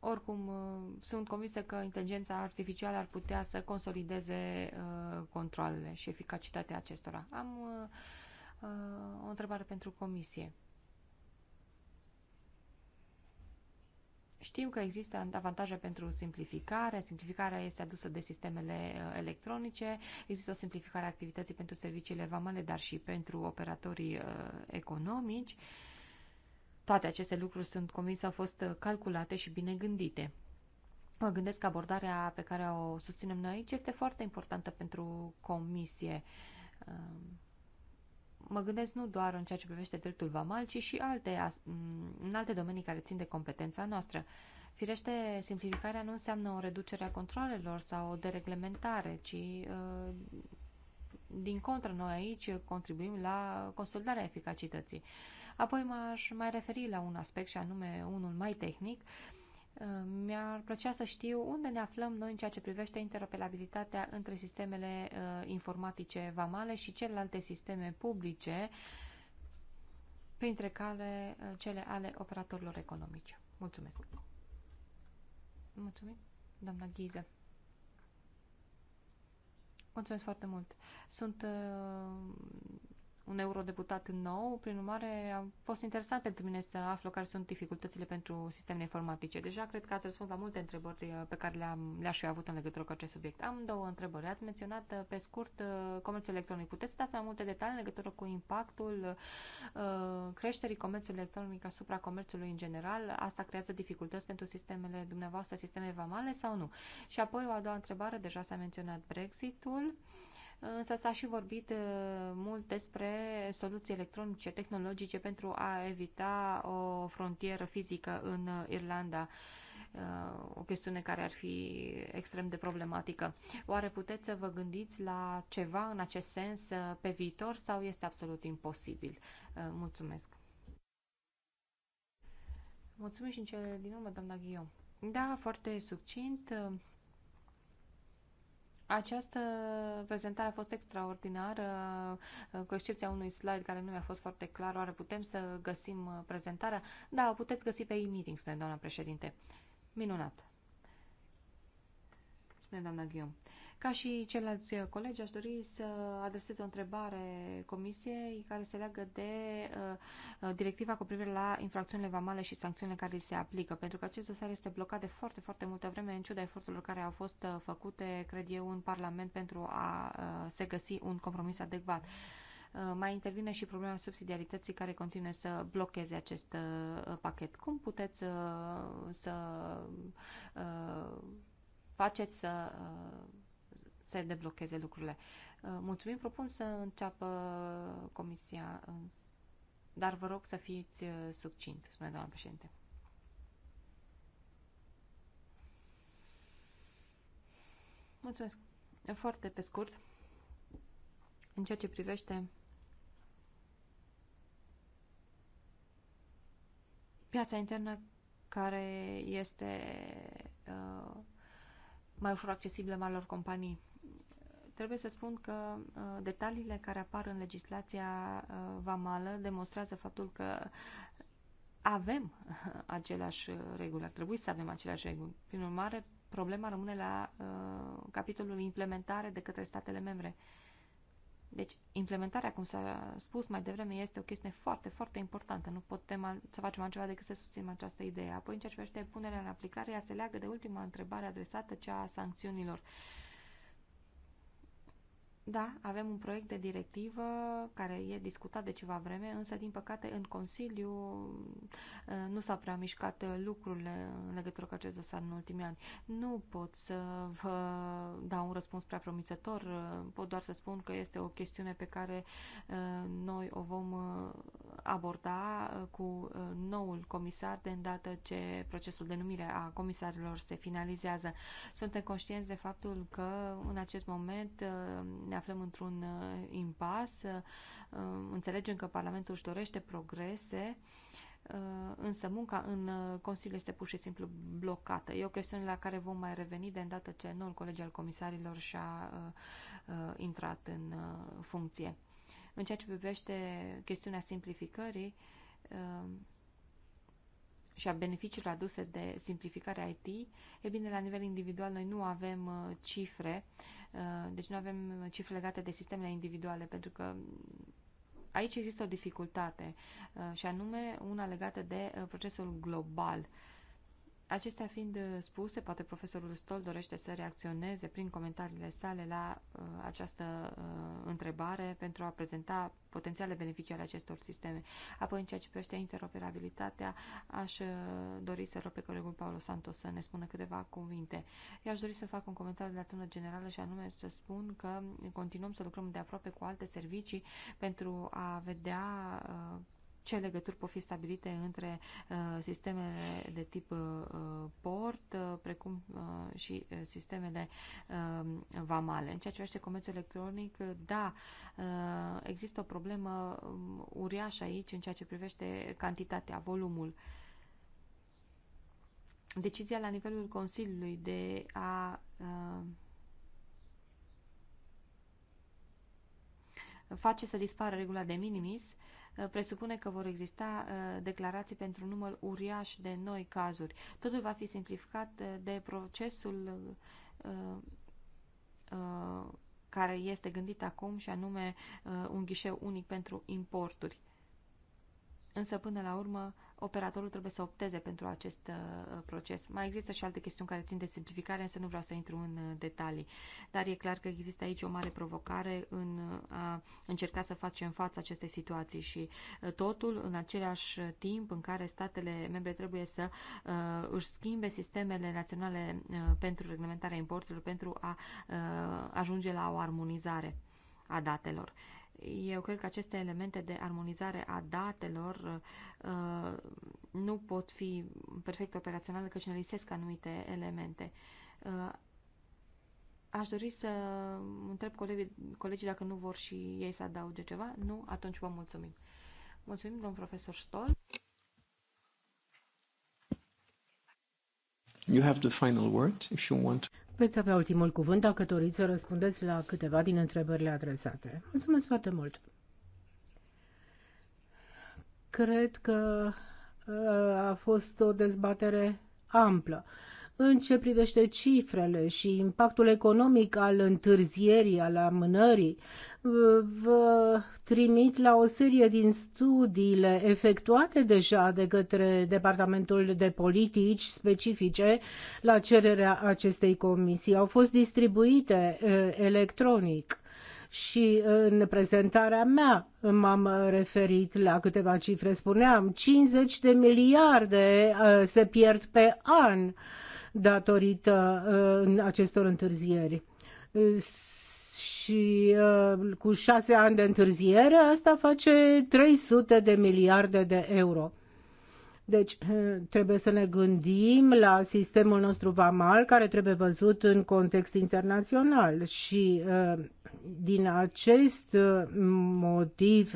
Oricum, uh, sunt convinsă că inteligența artificială ar putea să consolideze uh, controlele și eficacitatea acestora. Am uh, Uh, o întrebare pentru comisie. Știm că există avantaje pentru simplificare. Simplificarea este adusă de sistemele uh, electronice, există o simplificare a activității pentru serviciile vamale, dar și pentru operatorii uh, economici. Toate aceste lucruri sunt convins au fost calculate și bine gândite. Mă gândesc că abordarea pe care o susținem noi aici este foarte importantă pentru comisie mă gândesc nu doar în ceea ce privește dreptul vamal, ci și alte, în alte domenii care țin de competența noastră. Firește, simplificarea nu înseamnă o reducere a controlelor sau o dereglementare, ci ă, din contră noi aici contribuim la consolidarea eficacității. Apoi m-aș mai referi la un aspect și anume unul mai tehnic, uh, Uh, mi-ar plăcea să știu unde ne aflăm noi în ceea ce privește interoperabilitatea între sistemele uh, informatice vamale și celelalte sisteme publice, printre care uh, cele ale operatorilor economici. Mulțumesc! Mulțumim, doamna Ghiză. Mulțumesc foarte mult. Sunt uh, un eurodeputat nou, prin urmare a fost interesant pentru mine să aflu care sunt dificultățile pentru sistemele informatice. Deja cred că ați răspuns la multe întrebări uh, pe care le-am, le-aș fi avut în legătură cu acest subiect. Am două întrebări. Ați menționat uh, pe scurt uh, comerțul electronic. Puteți dați mai multe detalii în legătură cu impactul uh, creșterii comerțului electronic asupra comerțului în general? Asta creează dificultăți pentru sistemele dumneavoastră, sistemele vamale sau nu? Și apoi o a doua întrebare, deja s-a menționat Brexitul însă s-a și vorbit uh, mult despre soluții electronice, tehnologice pentru a evita o frontieră fizică în Irlanda uh, o chestiune care ar fi extrem de problematică. Oare puteți să vă gândiți la ceva în acest sens uh, pe viitor sau este absolut imposibil? Mulțumesc! Mulțumesc și în cele din urmă, doamna Ghiu. Da, foarte succint. Această prezentare a fost extraordinară, uh, cu excepția unui slide care nu mi-a fost foarte clar. Oare putem să găsim uh, prezentarea? Da, o puteți găsi pe e-meeting, spune doamna președinte. Minunat. Spune doamna Ghiom. Ca și ceilalți colegi, aș dori să adresez o întrebare comisiei care se leagă de uh, uh directiva cu privire la infracțiunile vamale și sancțiunile care se aplică, pentru că acest dosar este blocat de foarte, foarte multă vreme, în ciuda eforturilor care au fost uh, făcute, cred eu, în Parlament pentru a uh, se găsi un compromis adecvat. Uh, mai intervine și problema subsidiarității care continuă să blocheze acest uh, pachet. Cum puteți să faceți să se deblocheze lucrurile. Uh, mulțumim, propun să înceapă comisia, dar vă rog să fiți uh, succint, spune doamna președinte. Mulțumesc. Foarte pe scurt, în ceea ce privește piața internă care este uh, mai ușor accesibilă marilor companii. Trebuie să spun că uh, detaliile care apar în legislația uh, vamală demonstrează faptul că avem aceleași uh, reguli, ar trebui să avem aceleași reguli. Prin urmare, problema rămâne la uh, capitolul implementare de către statele membre. Deci, implementarea, cum s-a spus mai devreme, este o chestiune foarte, foarte importantă. Nu putem să facem altceva decât să susținem această idee. Apoi, în ceea ce privește punerea în aplicare, ea se leagă de ultima întrebare adresată, cea a sancțiunilor. Uh, da, avem un proiect de directivă care e discutat de ceva vreme, însă, din păcate, în Consiliu uh, nu s-au prea mișcat uh, lucrurile în legătură cu acest dosar în ultimii ani. Nu pot să vă dau un răspuns prea promițător, uh, pot doar să spun că este o chestiune pe care noi o vom aborda cu noul comisar de îndată ce procesul de numire a comisarilor se finalizează. Suntem conștienți de faptul că în acest moment ne aflăm într-un uh, impas. Uh, uh, înțelegem că Parlamentul își dorește progrese, însă munca în Consiliu este pur și simplu blocată. E o chestiune la care vom mai reveni de îndată ce noul colegi al comisarilor și-a intrat în funcție. În ceea ce privește chestiunea simplificării, și a beneficiilor aduse de simplificarea IT, e bine, la nivel individual noi nu avem cifre uh, Uh, deci nu avem cifre legate de sistemele individuale, pentru că aici există o dificultate, uh, și anume una legată de uh, procesul global Acestea fiind uh, spuse, poate profesorul Stol dorește să reacționeze prin comentariile sale la uh, această uh, întrebare pentru a prezenta potențiale beneficii ale acestor sisteme. Apoi, în ceea ce privește interoperabilitatea, aș uh, dori să rog pe colegul Paolo Santos să ne spună câteva cuvinte. Eu aș dori să fac un comentariu de la tună generală și anume să spun că continuăm să lucrăm de aproape cu alte servicii pentru a vedea uh, ce legături pot fi stabilite între uh, sistemele de tip uh, port, uh, precum și sistemele vamale. În ceea ce privește comerțul electronic, da, există o problemă um, uriașă aici în ceea ce privește cantitatea, volumul decizia la nivelul Consiliului de a face să dispară regula de minimis Uh, presupune că vor exista uh, declarații pentru număr uriaș de noi cazuri. Totul va fi simplificat uh, de procesul care este gândit acum și anume un ghișeu unic pentru importuri. Însă, până la urmă, operatorul trebuie să opteze pentru acest uh, proces. Mai există și alte chestiuni care țin de simplificare, însă nu vreau să intru în uh, detalii. Dar e clar că există aici o mare provocare în uh, a încerca să facem față acestei situații și totul în același timp în care statele membre trebuie să își schimbe sistemele naționale pentru reglementarea importurilor pentru a ajunge la o armonizare a datelor. Eu cred că aceste elemente de armonizare a datelor uh, nu pot fi perfect operaționale, căci ne lisesc anumite elemente. Uh, aș dori să întreb colegii, colegii dacă nu vor și ei să adauge ceva. Nu? Atunci vă mulțumim. Mulțumim, domn profesor Stoll. You have the final word if you want. Veți avea ultimul cuvânt dacă doriți să răspundeți la câteva din întrebările adresate. Mulțumesc foarte mult! Cred că uh, a fost o dezbatere amplă. În ce privește cifrele și impactul economic al întârzierii, al amânării, vă trimit la o serie din studiile efectuate deja de către Departamentul de Politici specifice la cererea acestei comisii. Au fost distribuite electronic și în prezentarea mea m-am referit la câteva cifre. Spuneam, 50 de miliarde se pierd pe an datorită uh, acestor întârzieri. Și uh, cu șase ani de întârziere, asta face 300 de miliarde de euro. Deci uh, trebuie să ne gândim la sistemul nostru vamal care trebuie văzut în context internațional și din acest motiv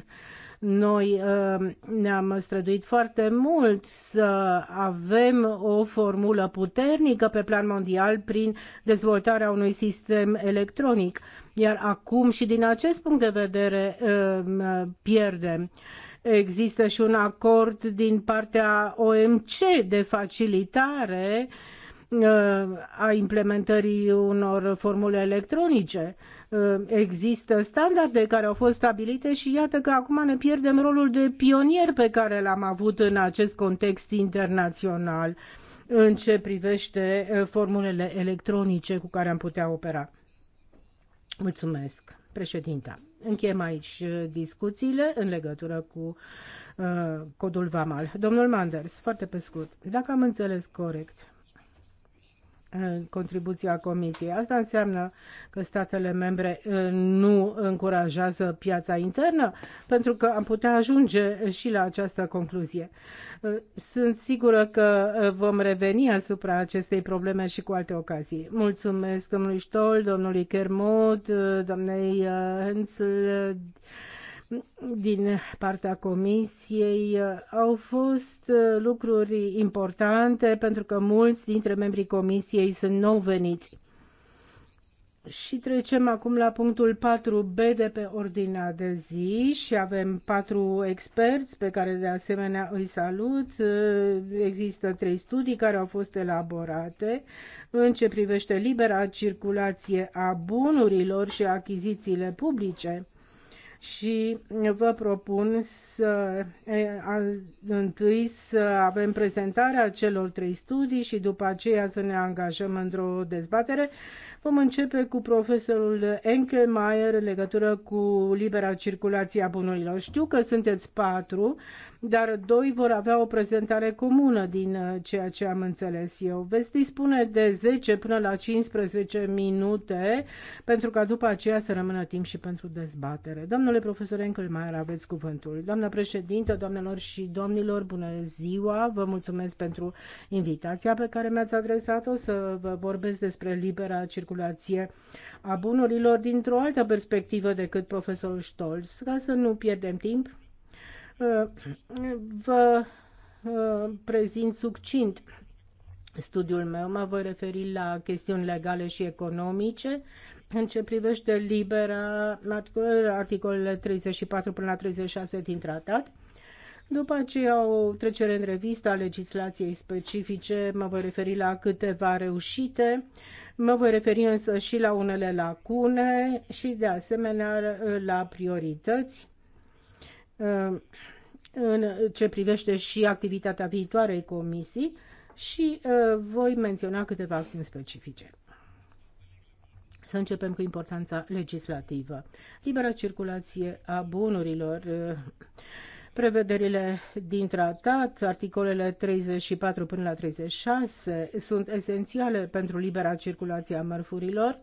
noi uh, ne-am străduit foarte mult să avem o formulă puternică pe plan mondial prin dezvoltarea unui sistem electronic. Iar acum și din acest punct de vedere uh, pierdem. Există și un acord din partea OMC de facilitare uh, a implementării unor formule electronice. Ă, există standarde care au fost stabilite și iată că acum ne pierdem rolul de pionier pe care l-am avut în acest context internațional în ce privește ă, formulele electronice cu care am putea opera. Mulțumesc, președinta. Încheiem aici ă, discuțiile în legătură cu uh, codul VAMAL. Domnul Manders, foarte pe scurt, dacă am înțeles corect, contribuția Comisiei. Asta înseamnă că statele membre uh, nu încurajează piața internă, pentru că am putea ajunge și la această concluzie. Uh, sunt sigură că uh, vom reveni asupra acestei probleme și cu alte ocazii. Mulțumesc domnului Stoll, domnului Kermod, doamnei Hensel, din partea comisiei uh, au fost uh, lucruri importante pentru că mulți dintre membrii comisiei sunt nou veniți. Și trecem acum la punctul 4b de pe ordinea de zi și avem patru experți pe care de asemenea îi salut. Uh, există trei studii care au fost elaborate în ce privește libera circulație a bunurilor și achizițiile publice și vă propun să întâi să avem prezentarea celor trei studii și după aceea să ne angajăm într-o dezbatere. Vom începe cu profesorul Enkelmeier în legătură cu libera circulație a bunurilor. Știu că sunteți patru, dar doi vor avea o prezentare comună din uh, ceea ce am înțeles eu. Veți dispune de 10 până la 15 minute pentru ca după aceea să rămână timp și pentru dezbatere. Domnule profesor Enkelmeier, aveți cuvântul. Doamna președintă, doamnelor și domnilor, bună ziua! Vă mulțumesc pentru invitația pe care mi-ați adresat-o să vă vorbesc despre libera circulație circulație a bunurilor dintr-o altă perspectivă decât profesorul Stolz. Ca să nu pierdem timp, uh, vă uh, prezint succint studiul meu. Mă voi referi la chestiuni legale și economice, în ce privește libera articolele 34 până la 36 din tratat după aceea, o trecere în revistă a legislației specifice, mă voi referi la câteva reușite, mă voi referi însă și la unele lacune și, de asemenea, la priorități în ce privește și activitatea viitoarei comisii și uh, voi menționa câteva acțiuni specifice. Să începem cu importanța legislativă. Libera circulație a bunurilor uh, Prevederile din tratat, articolele 34 până la 36, sunt esențiale pentru libera circulație a mărfurilor,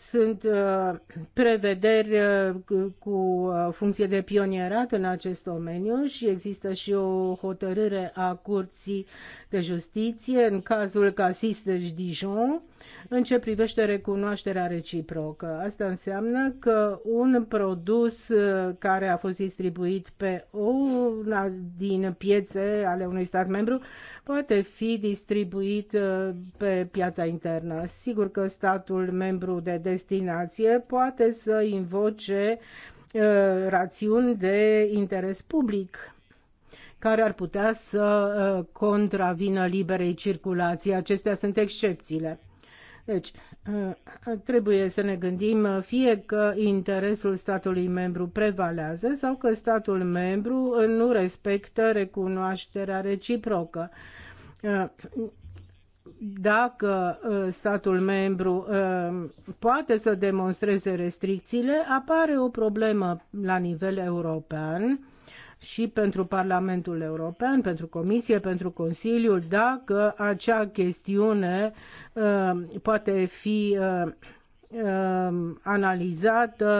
sunt uh, prevederi uh, cu uh, funcție de pionierat în acest domeniu și există și o hotărâre a Curții de Justiție în cazul Casis de Dijon în ce privește recunoașterea reciprocă. Asta înseamnă că un produs care a fost distribuit pe una din piețe ale unui stat membru poate fi distribuit uh, pe piața internă. Sigur că statul membru de destinație poate să invoce uh, rațiuni de interes public care ar putea să uh, contravină liberei circulații. Acestea sunt excepțiile. Deci, uh, trebuie să ne gândim uh, fie că interesul statului membru prevalează sau că statul membru uh, nu respectă recunoașterea reciprocă. Dacă statul membru poate să demonstreze restricțiile, apare o problemă la nivel european și pentru Parlamentul European, pentru Comisie, pentru Consiliu, dacă acea chestiune uh, poate fi uh, uh analizată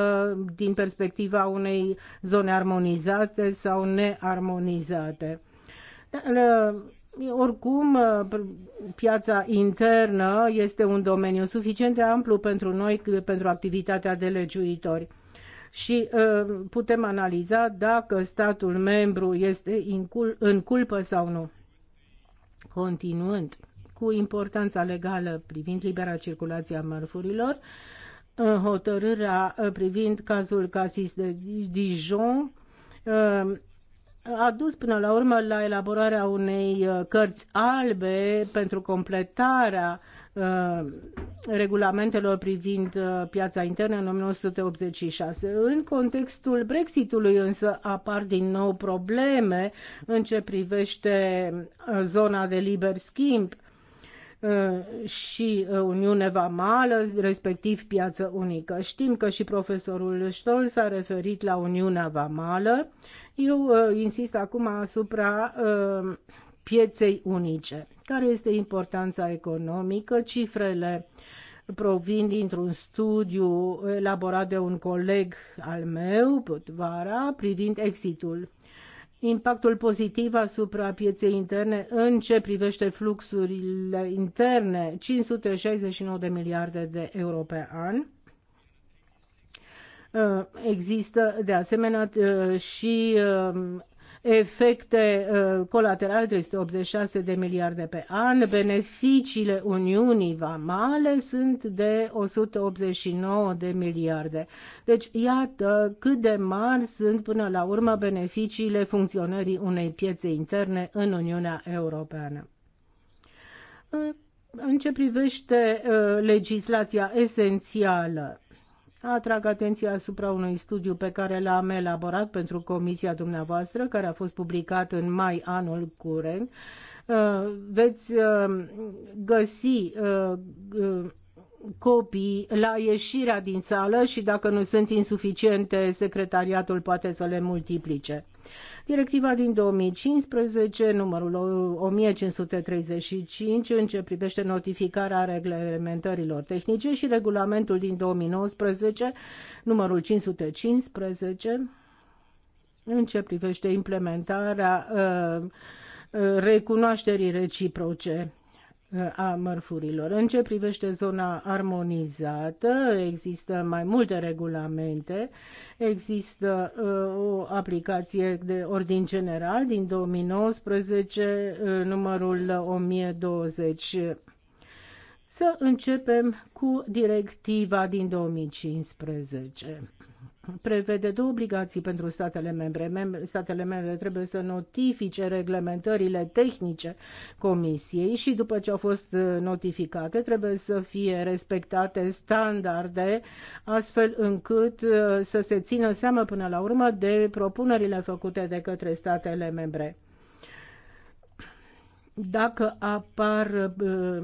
din perspectiva unei zone armonizate sau nearmonizate. Uh, oricum, uh, piața internă este un domeniu suficient de amplu pentru noi pentru activitatea de legiuitori și uh, putem analiza dacă statul membru este în culpă sau nu. Continuând cu importanța legală privind libera circulație a mărfurilor, hotărârea uh, privind cazul Casis de Dijon uh, a dus până la urmă la elaborarea unei cărți albe pentru completarea uh, Uh, regulamentelor privind uh, piața internă în 1986. În contextul Brexitului însă apar din nou probleme în ce privește uh, zona de liber schimb și Uniune Vamală, respectiv piață unică. Știm că și profesorul Stoll s-a referit la Uniunea Vamală. Eu insist acum asupra pieței unice. Care este importanța economică? Cifrele provin dintr-un studiu elaborat de un coleg al meu, Putvara, privind exitul impactul pozitiv asupra pieței interne în ce privește fluxurile interne, 569 de miliarde de euro pe an. Uh, există de asemenea uh, și uh, efecte uh, colaterale 386 de miliarde pe an, beneficiile Uniunii Vamale sunt de 189 de miliarde. Deci iată cât de mari sunt până la urmă beneficiile funcționării unei piețe interne în Uniunea Europeană. În ce privește uh, legislația esențială, Atrag atenția asupra unui studiu pe care l-am elaborat pentru comisia dumneavoastră, care a fost publicat în mai anul curent. Uh, veți uh, găsi uh, copii la ieșirea din sală și dacă nu sunt insuficiente, secretariatul poate să le multiplice. Directiva din 2015, numărul 1535, în ce privește notificarea reglementărilor tehnice și regulamentul din 2019, numărul 515, în ce privește implementarea uh, uh recunoașterii reciproce a mărfurilor. În ce privește zona armonizată, există mai multe regulamente, există uh, o aplicație de ordin general din 2019, uh, numărul 1020. Să începem cu directiva din 2015 prevede două obligații pentru statele membre. Mem- statele membre trebuie să notifice reglementările tehnice Comisiei și după ce au fost uh, notificate trebuie să fie respectate standarde astfel încât uh, să se țină seama până la urmă de propunerile făcute de către statele membre dacă apar uh,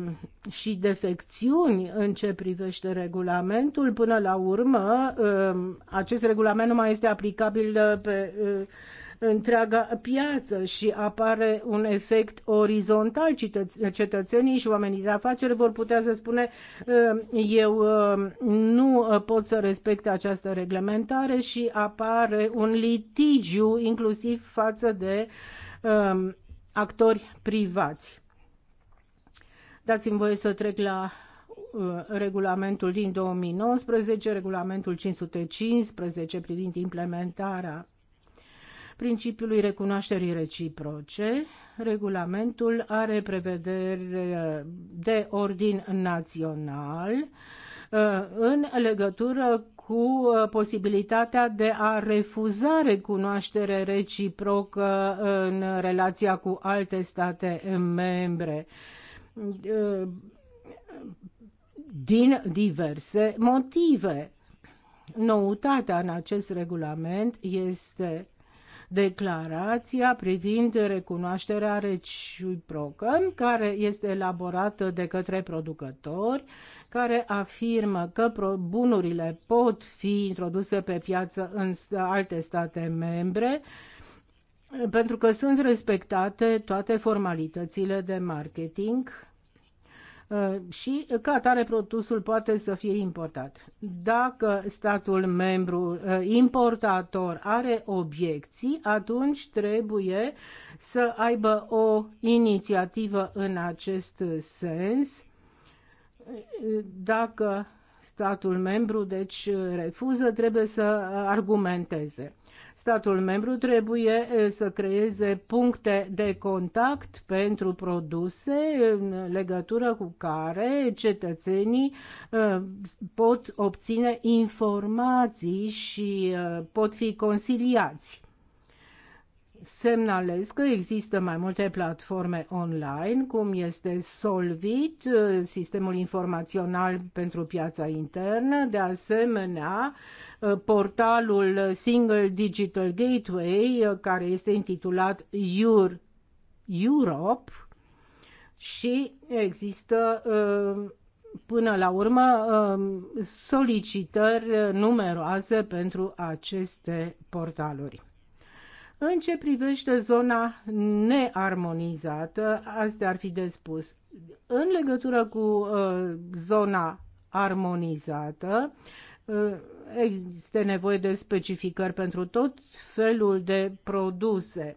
și defecțiuni în ce privește regulamentul, până la urmă uh, acest regulament nu mai este aplicabil uh, pe întreaga piață și apare un efect orizontal. Cetăț- cetățenii și oamenii de afaceri vor putea să spune eu nu pot să respect această reglementare și apare un litigiu inclusiv față de actori privați. Dați-mi voie să trec la uh, regulamentul din 2019, regulamentul 515 privind implementarea principiului recunoașterii reciproce. Regulamentul are prevederi de ordin național uh, în legătură cu uh, posibilitatea de a refuza recunoaștere reciprocă în relația cu alte state membre uh, din diverse motive. Noutatea în acest regulament este declarația privind recunoașterea reciprocă, care este elaborată de către producători care afirmă că bunurile pot fi introduse pe piață în alte state membre pentru că sunt respectate toate formalitățile de marketing uh, și ca atare produsul poate să fie importat. Dacă statul membru uh, importator are obiecții, atunci trebuie să aibă o inițiativă în acest sens dacă statul membru deci refuză, trebuie să argumenteze. Statul membru trebuie să creeze puncte de contact pentru produse în legătură cu care cetățenii pot obține informații și pot fi consiliați semnalez că există mai multe platforme online, cum este Solvit, sistemul informațional pentru piața internă, de asemenea portalul Single Digital Gateway, care este intitulat Your Europe și există uh, până la urmă uh, solicitări numeroase pentru aceste portaluri. În ce privește zona nearmonizată, astea ar fi de spus. În legătură cu uh, zona armonizată, uh, există nevoie de specificări pentru tot felul de produse.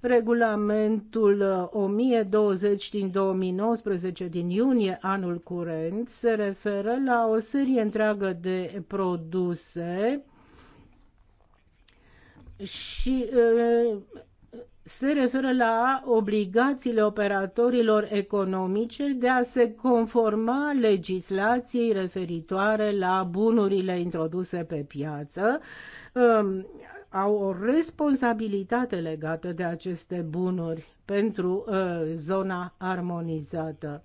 Regulamentul 1020 uh, din 2019 din iunie anul curent se referă la o serie întreagă de produse și uh, se referă la obligațiile operatorilor economice de a se conforma legislației referitoare la bunurile introduse pe piață. Um, au o responsabilitate legată de aceste bunuri pentru uh, zona armonizată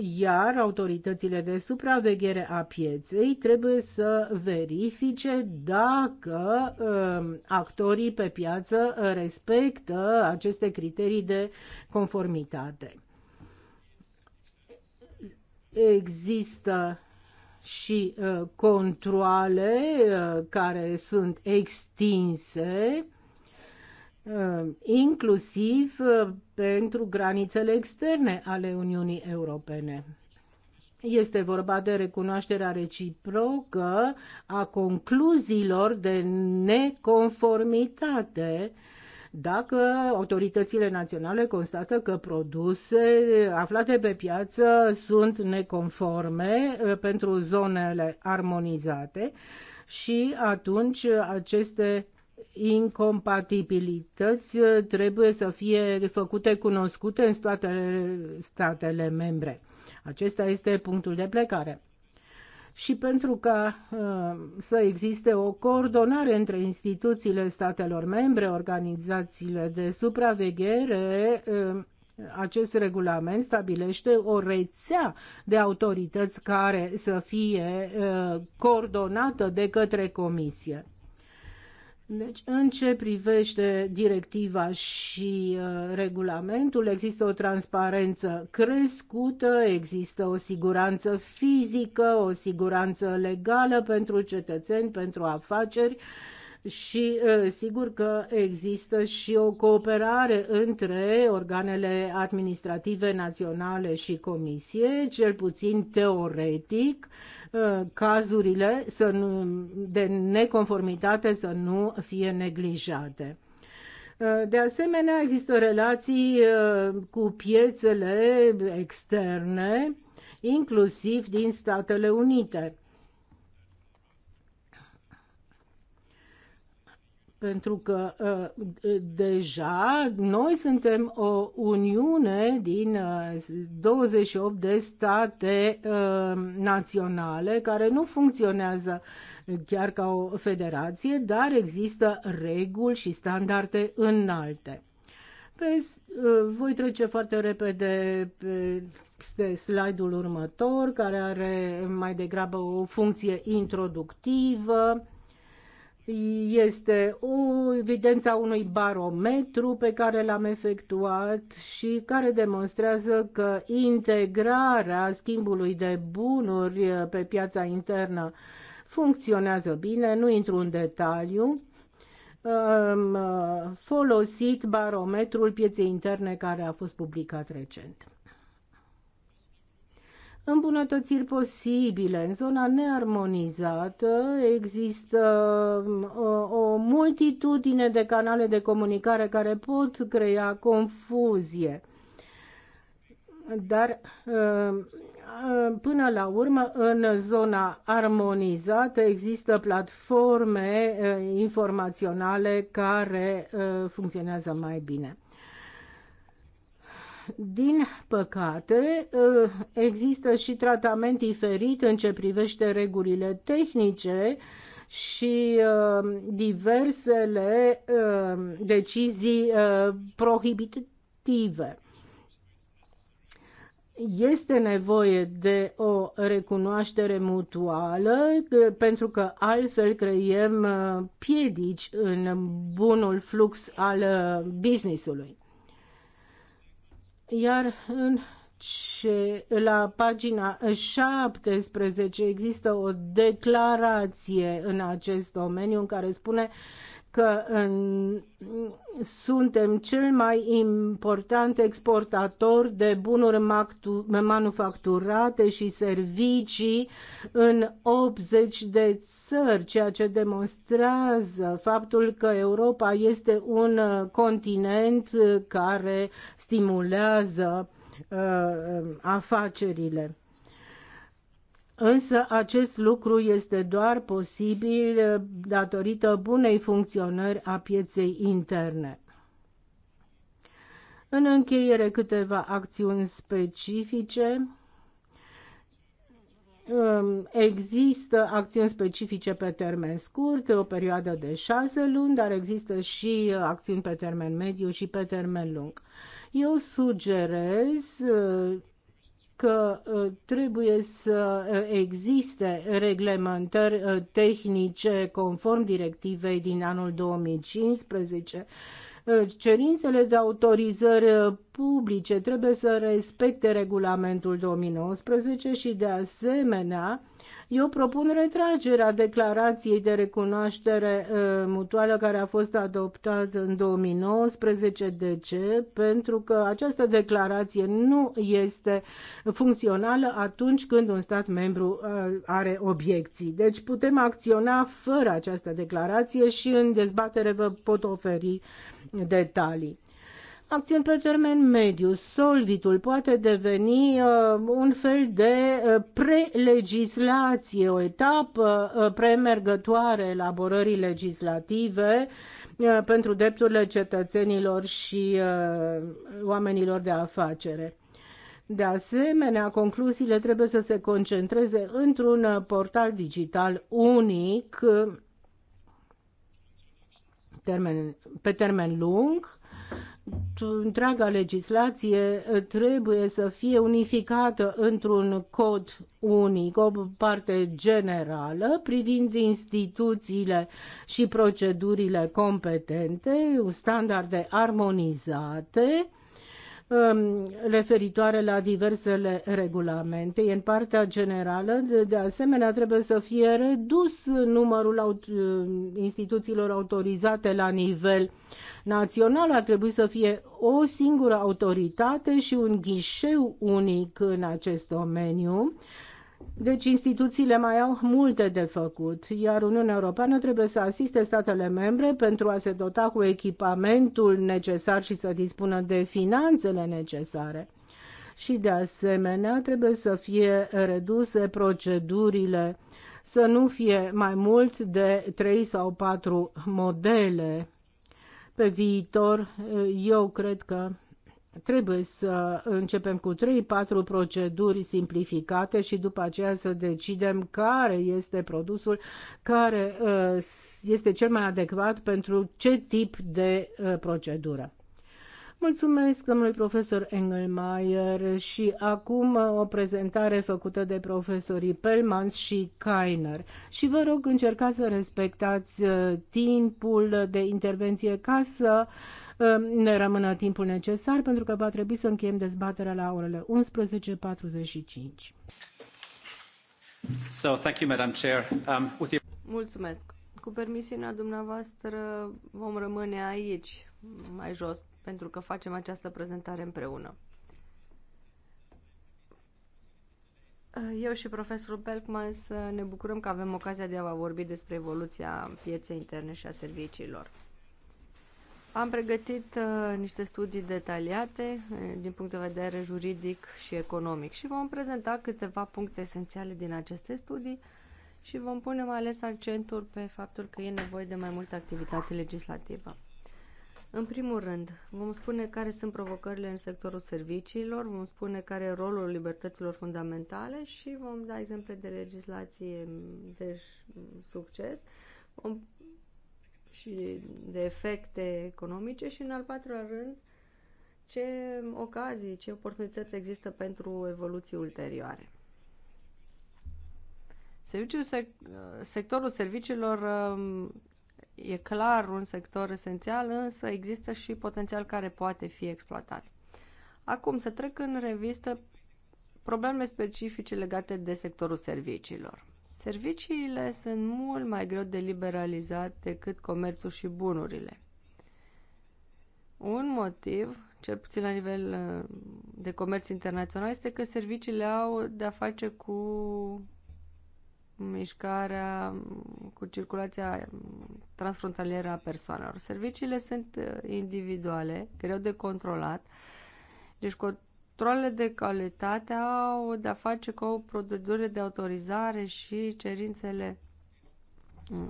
iar autoritățile de supraveghere a pieței trebuie să verifice dacă um, actorii pe piață respectă aceste criterii de conformitate. Există și uh, controle uh, care sunt extinse uh, inclusiv pentru granițele externe ale Uniunii Europene. Este vorba de recunoașterea reciprocă a concluziilor de neconformitate dacă autoritățile naționale constată că produse aflate pe piață sunt neconforme uh, pentru zonele armonizate și atunci aceste incompatibilități uh, trebuie să fie făcute cunoscute în toate statele membre. Acesta este punctul de plecare. Și pentru ca uh, să existe o coordonare între instituțiile statelor membre, organizațiile de supraveghere, uh, acest regulament stabilește o rețea de autorități care să fie coordonată de către Comisie. Deci, în ce privește directiva și uh, regulamentul, există o transparență crescută, există o siguranță fizică, o siguranță legală pentru cetățeni, pentru afaceri și sigur că există și o cooperare între organele administrative naționale și comisie, cel puțin teoretic, cazurile să nu, de neconformitate să nu fie neglijate. De asemenea, există relații cu piețele externe, inclusiv din Statele Unite pentru că ă, deja noi suntem o uniune din 28 ă, de state ă, naționale care nu funcționează chiar ca o federație, dar există reguli și standarde înalte. Pe, voi trece foarte repede pe slide-ul următor, care are mai degrabă o funcție introductivă este o evidența unui barometru pe care l-am efectuat și care demonstrează că integrarea schimbului de bunuri eh, pe piața internă funcționează bine, nu intru în detaliu. Am eh, folosit barometrul pieței interne care a fost publicat recent îmbunătățiri posibile. În zona nearmonizată există uh, o multitudine de canale de comunicare care pot crea confuzie. Dar uh, uh, până la urmă, în zona armonizată există platforme informaționale care funcționează mai bine. Din păcate, eh, există și tratament diferit în ce privește regulile tehnice și eh, diversele eh, decizii prohibitive. Este nevoie de o recunoaștere mutuală pentru că altfel creiem piedici în bunul flux al businessului. Iar în ce, la pagina 17 există o declarație în acest domeniu în care spune că suntem cel mai important exportator de bunuri manufacturate și servicii în 80 de țări, ceea ce demonstrează faptul că Europa este un continent care stimulează uh, afacerile. Însă acest lucru este doar posibil datorită bunei funcționări a pieței interne. În încheiere câteva acțiuni specifice. Um, există acțiuni specifice pe termen scurt, o perioadă de șase luni, dar există și acțiuni pe termen mediu și pe termen lung. Eu sugerez uh, că uh, trebuie să uh, existe reglementări uh, tehnice conform directivei din anul 2015. Cerințele de autorizări publice trebuie să respecte regulamentul 2019 și de asemenea eu propun retragerea declarației de recunoaștere uh, mutuală care a fost adoptată în 2019. De ce? Pentru că această declarație nu este funcțională atunci când un stat membru uh, are obiecții. Deci putem acționa fără această declarație și în dezbatere vă pot oferi detalii. Acțiuni pe termen mediu, solvitul poate deveni uh, un fel de uh, prelegislație, o etapă uh, premergătoare elaborării legislative uh, pentru drepturile cetățenilor și uh, oamenilor de afacere. De asemenea, concluziile trebuie să se concentreze într-un uh, portal digital unic uh, termen, pe termen lung întreaga legislație trebuie să fie unificată într-un cod unic, o parte generală privind instituțiile și procedurile competente, standarde armonizate Um, referitoare la diversele regulamente. În partea generală, de asemenea, trebuie să fie redus numărul uh, instituțiilor autorizate la nivel național. Ar trebui să fie o singură autoritate și un ghișeu unic în acest domeniu deci instituțiile mai au multe de făcut, iar Uniunea Europeană trebuie să asiste statele membre pentru a se dota cu echipamentul necesar și să dispună de finanțele necesare. Și de asemenea trebuie să fie reduse procedurile, să nu fie mai mult de 3 sau 4 modele. Pe viitor, eu cred că trebuie să începem cu 3-4 proceduri simplificate și după aceea să decidem care este produsul care uh, este cel mai adecvat pentru ce tip de uh, procedură. Mulțumesc domnului profesor Engelmeier și acum o prezentare făcută de profesorii Pelmans și Kainer. Și vă rog încercați să respectați uh, timpul de intervenție ca să uh, Uh, ne rămână timpul necesar pentru că va trebui să încheiem dezbaterea la orele 11.45. So, thank you, Madam Chair. Um, with your... Mulțumesc. Cu permisiunea dumneavoastră vom rămâne aici, mai jos, pentru că facem această prezentare împreună. Eu și profesorul Belkman să ne bucurăm că avem ocazia de a vorbi despre evoluția pieței interne și a serviciilor. Am pregătit uh, niște studii detaliate uh, din punct de vedere juridic și economic și vom prezenta câteva puncte esențiale din aceste studii și vom pune mai ales accentul pe faptul că e nevoie de mai multă activitate legislativă. În primul rând, vom spune care sunt provocările în sectorul serviciilor, vom spune care e rolul libertăților fundamentale și vom da exemple de legislație mm, de succes. Vom și de efecte economice și, în al patrulea rând, ce ocazii, ce oportunități există pentru evoluții ulterioare. Serviciul sec- sectorul serviciilor um, e clar un sector esențial, însă există și potențial care poate fi exploatat. Acum să trec în revistă probleme specifice legate de sectorul serviciilor. Serviciile sunt mult mai greu de liberalizat decât comerțul și bunurile. Un motiv, cel puțin la nivel uh, de comerț internațional, este că serviciile au de-a face cu mișcarea, cu circulația transfrontalieră a persoanelor. Serviciile sunt uh, individuale, greu de controlat, deci Controlele de calitate au de-a face cu procedură de autorizare și cerințele,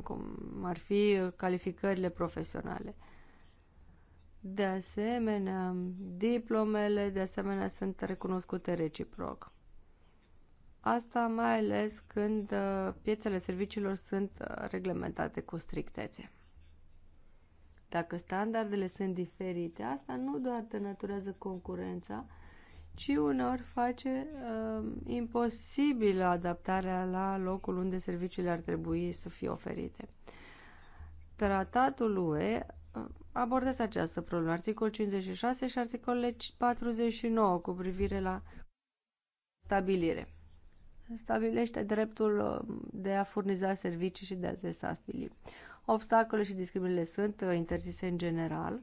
cum ar fi calificările profesionale. De asemenea, diplomele, de asemenea, sunt recunoscute reciproc. Asta mai ales când uh, piețele serviciilor sunt uh, reglementate cu strictețe. Dacă standardele sunt diferite, asta nu doar denaturează concurența, ci uneori face uh, imposibilă adaptarea la locul unde serviciile ar trebui să fie oferite. Tratatul UE uh, abordează această problemă, articol 56 și articolele 49 cu privire la stabilire. Stabilește dreptul uh, de a furniza servicii și de a se stabili. Obstacole și discriminările sunt uh, interzise în general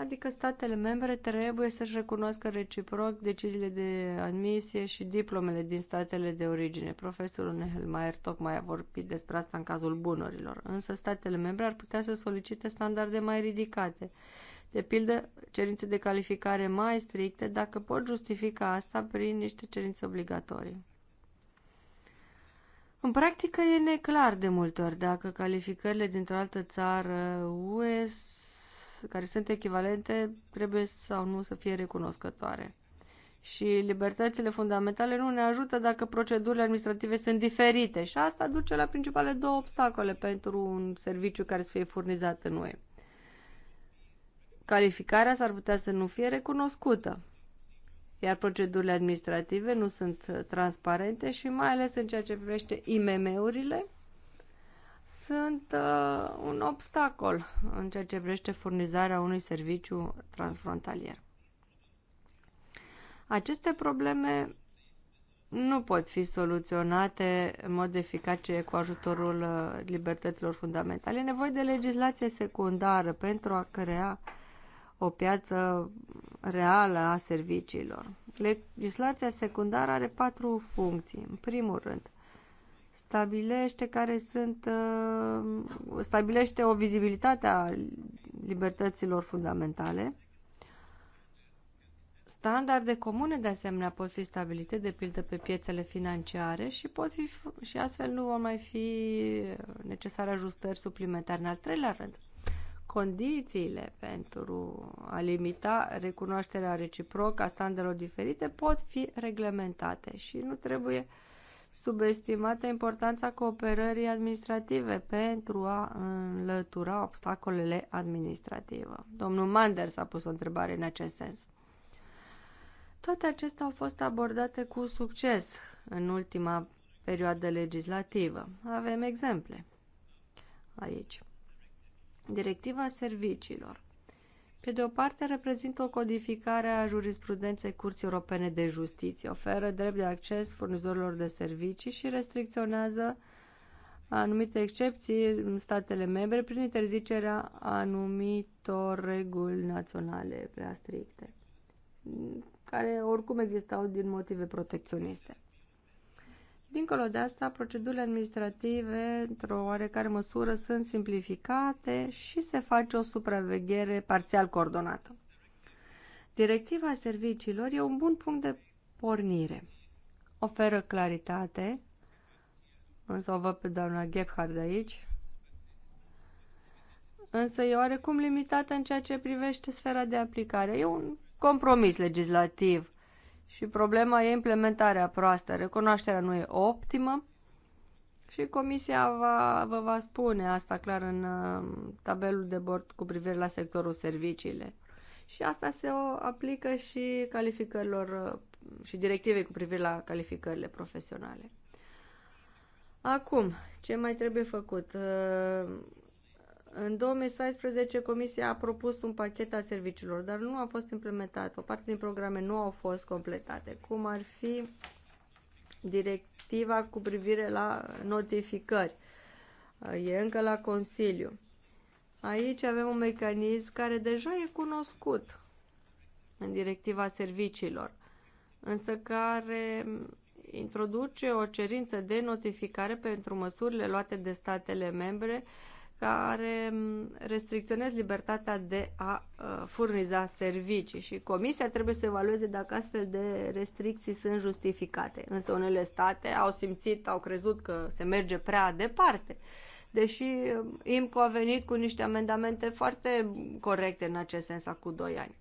Adică statele membre trebuie să-și recunoască reciproc deciziile de admisie și diplomele din statele de origine. Profesorul Nehelmaier tocmai a vorbit despre asta în cazul bunurilor, însă statele membre ar putea să solicite standarde mai ridicate. De pildă, cerințe de calificare mai stricte, dacă pot justifica asta prin niște cerințe obligatorii. În practică e neclar de multe ori dacă calificările dintr-o altă țară US care sunt echivalente, trebuie sau nu să fie recunoscătoare. Și libertățile fundamentale nu ne ajută dacă procedurile administrative sunt diferite și asta duce la principale două obstacole pentru un serviciu care să fie furnizat în UE. Calificarea s-ar putea să nu fie recunoscută, iar procedurile administrative nu sunt transparente și mai ales în ceea ce privește IMM-urile, sunt uh, un obstacol în ceea ce privește furnizarea unui serviciu transfrontalier. Aceste probleme nu pot fi soluționate în mod eficace cu ajutorul uh, libertăților fundamentale. E nevoie de legislație secundară pentru a crea o piață reală a serviciilor. Legislația secundară are patru funcții. În primul rând, stabilește care sunt, uh, stabilește o vizibilitate a libertăților fundamentale. Standarde comune, de asemenea, pot fi stabilite, de pildă, pe piețele financiare și, pot fi, și astfel nu vor mai fi necesare ajustări suplimentare. În al treilea rând, condițiile pentru a limita recunoașterea reciprocă a standardelor diferite pot fi reglementate și nu trebuie uh, subestimată importanța cooperării administrative pentru a înlătura obstacolele administrative. Domnul Manders a pus o întrebare în acest sens. Toate acestea au fost abordate cu succes în ultima perioadă legislativă. Avem exemple aici. Directiva serviciilor pe de o parte, reprezintă o codificare a jurisprudenței Curții Europene de Justiție, oferă drept de acces furnizorilor de servicii și restricționează anumite excepții în statele membre prin interzicerea anumitor reguli naționale prea stricte, care oricum existau din motive protecționiste. Dincolo de asta, procedurile administrative, într-o oarecare măsură, sunt simplificate și se face o supraveghere parțial coordonată. Directiva serviciilor e un bun punct de pornire. Oferă claritate, însă o văd pe doamna Gebhard aici, însă e oarecum limitată în ceea ce privește sfera de aplicare. E un compromis legislativ și problema e implementarea proastă. Recunoașterea nu e optimă și comisia va, vă va spune asta clar în uh, tabelul de bord cu privire la sectorul serviciile. Și asta se aplică și calificărilor uh, și directivei cu privire la calificările profesionale. Acum, ce mai trebuie făcut? Uh, în 2016, Comisia a propus un pachet al serviciilor, dar nu a fost implementat. O parte din programe nu au fost completate, cum ar fi directiva cu privire la notificări. E încă la Consiliu. Aici avem un mecanism care deja e cunoscut în directiva serviciilor, însă care introduce o cerință de notificare pentru măsurile luate de statele membre uh, care restricționează libertatea de a uh, furniza servicii și comisia trebuie să evalueze dacă astfel de restricții sunt justificate. Însă unele state au simțit, au crezut că se merge prea departe. Deși uh, IMCO a venit cu niște amendamente foarte corecte în acest sens acum 2 ani.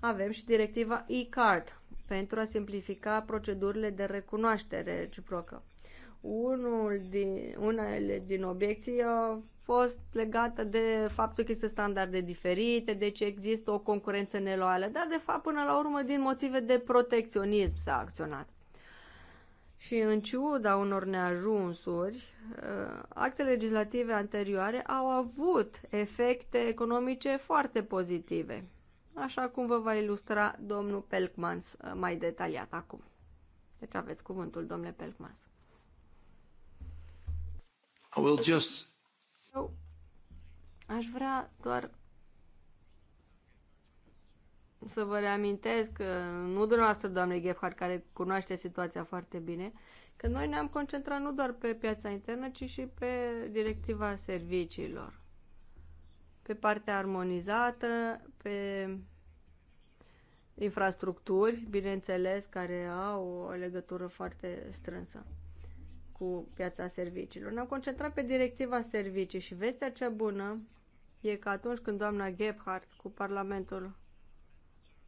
Avem și directiva e-card pentru a simplifica procedurile de recunoaștere reciprocă unul din, unele din obiecții fost legată de faptul că există standarde diferite, deci există o concurență neloială, dar de fapt până la urmă din motive de protecționism s-a acționat. Și în ciuda unor neajunsuri, ă, actele legislative anterioare au avut efecte economice foarte pozitive, așa cum vă va ilustra domnul Pelkmans ă, mai detaliat acum. Deci aveți cuvântul, domnule Pelkmans. I will just eu oh. aș vrea doar să vă reamintesc că uh, nu dumneavoastră, doamne Gephardt, care cunoaște situația foarte bine, că noi ne-am concentrat nu doar pe piața internă, ci și pe directiva serviciilor, pe partea armonizată, pe infrastructuri, bineînțeles, care au o legătură foarte strânsă cu piața serviciilor. Ne-am concentrat pe directiva servicii și vestea cea bună e că atunci când doamna Gebhardt cu Parlamentul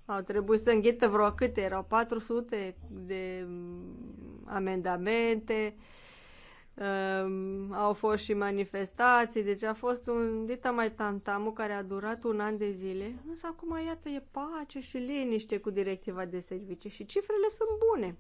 au trebuit să înghită vreo câte, erau 400 de amendamente, um, au fost și manifestații, deci a fost un dita mai tantamu care a durat un an de zile, însă acum iată e pace și liniște cu directiva de servicii și cifrele sunt bune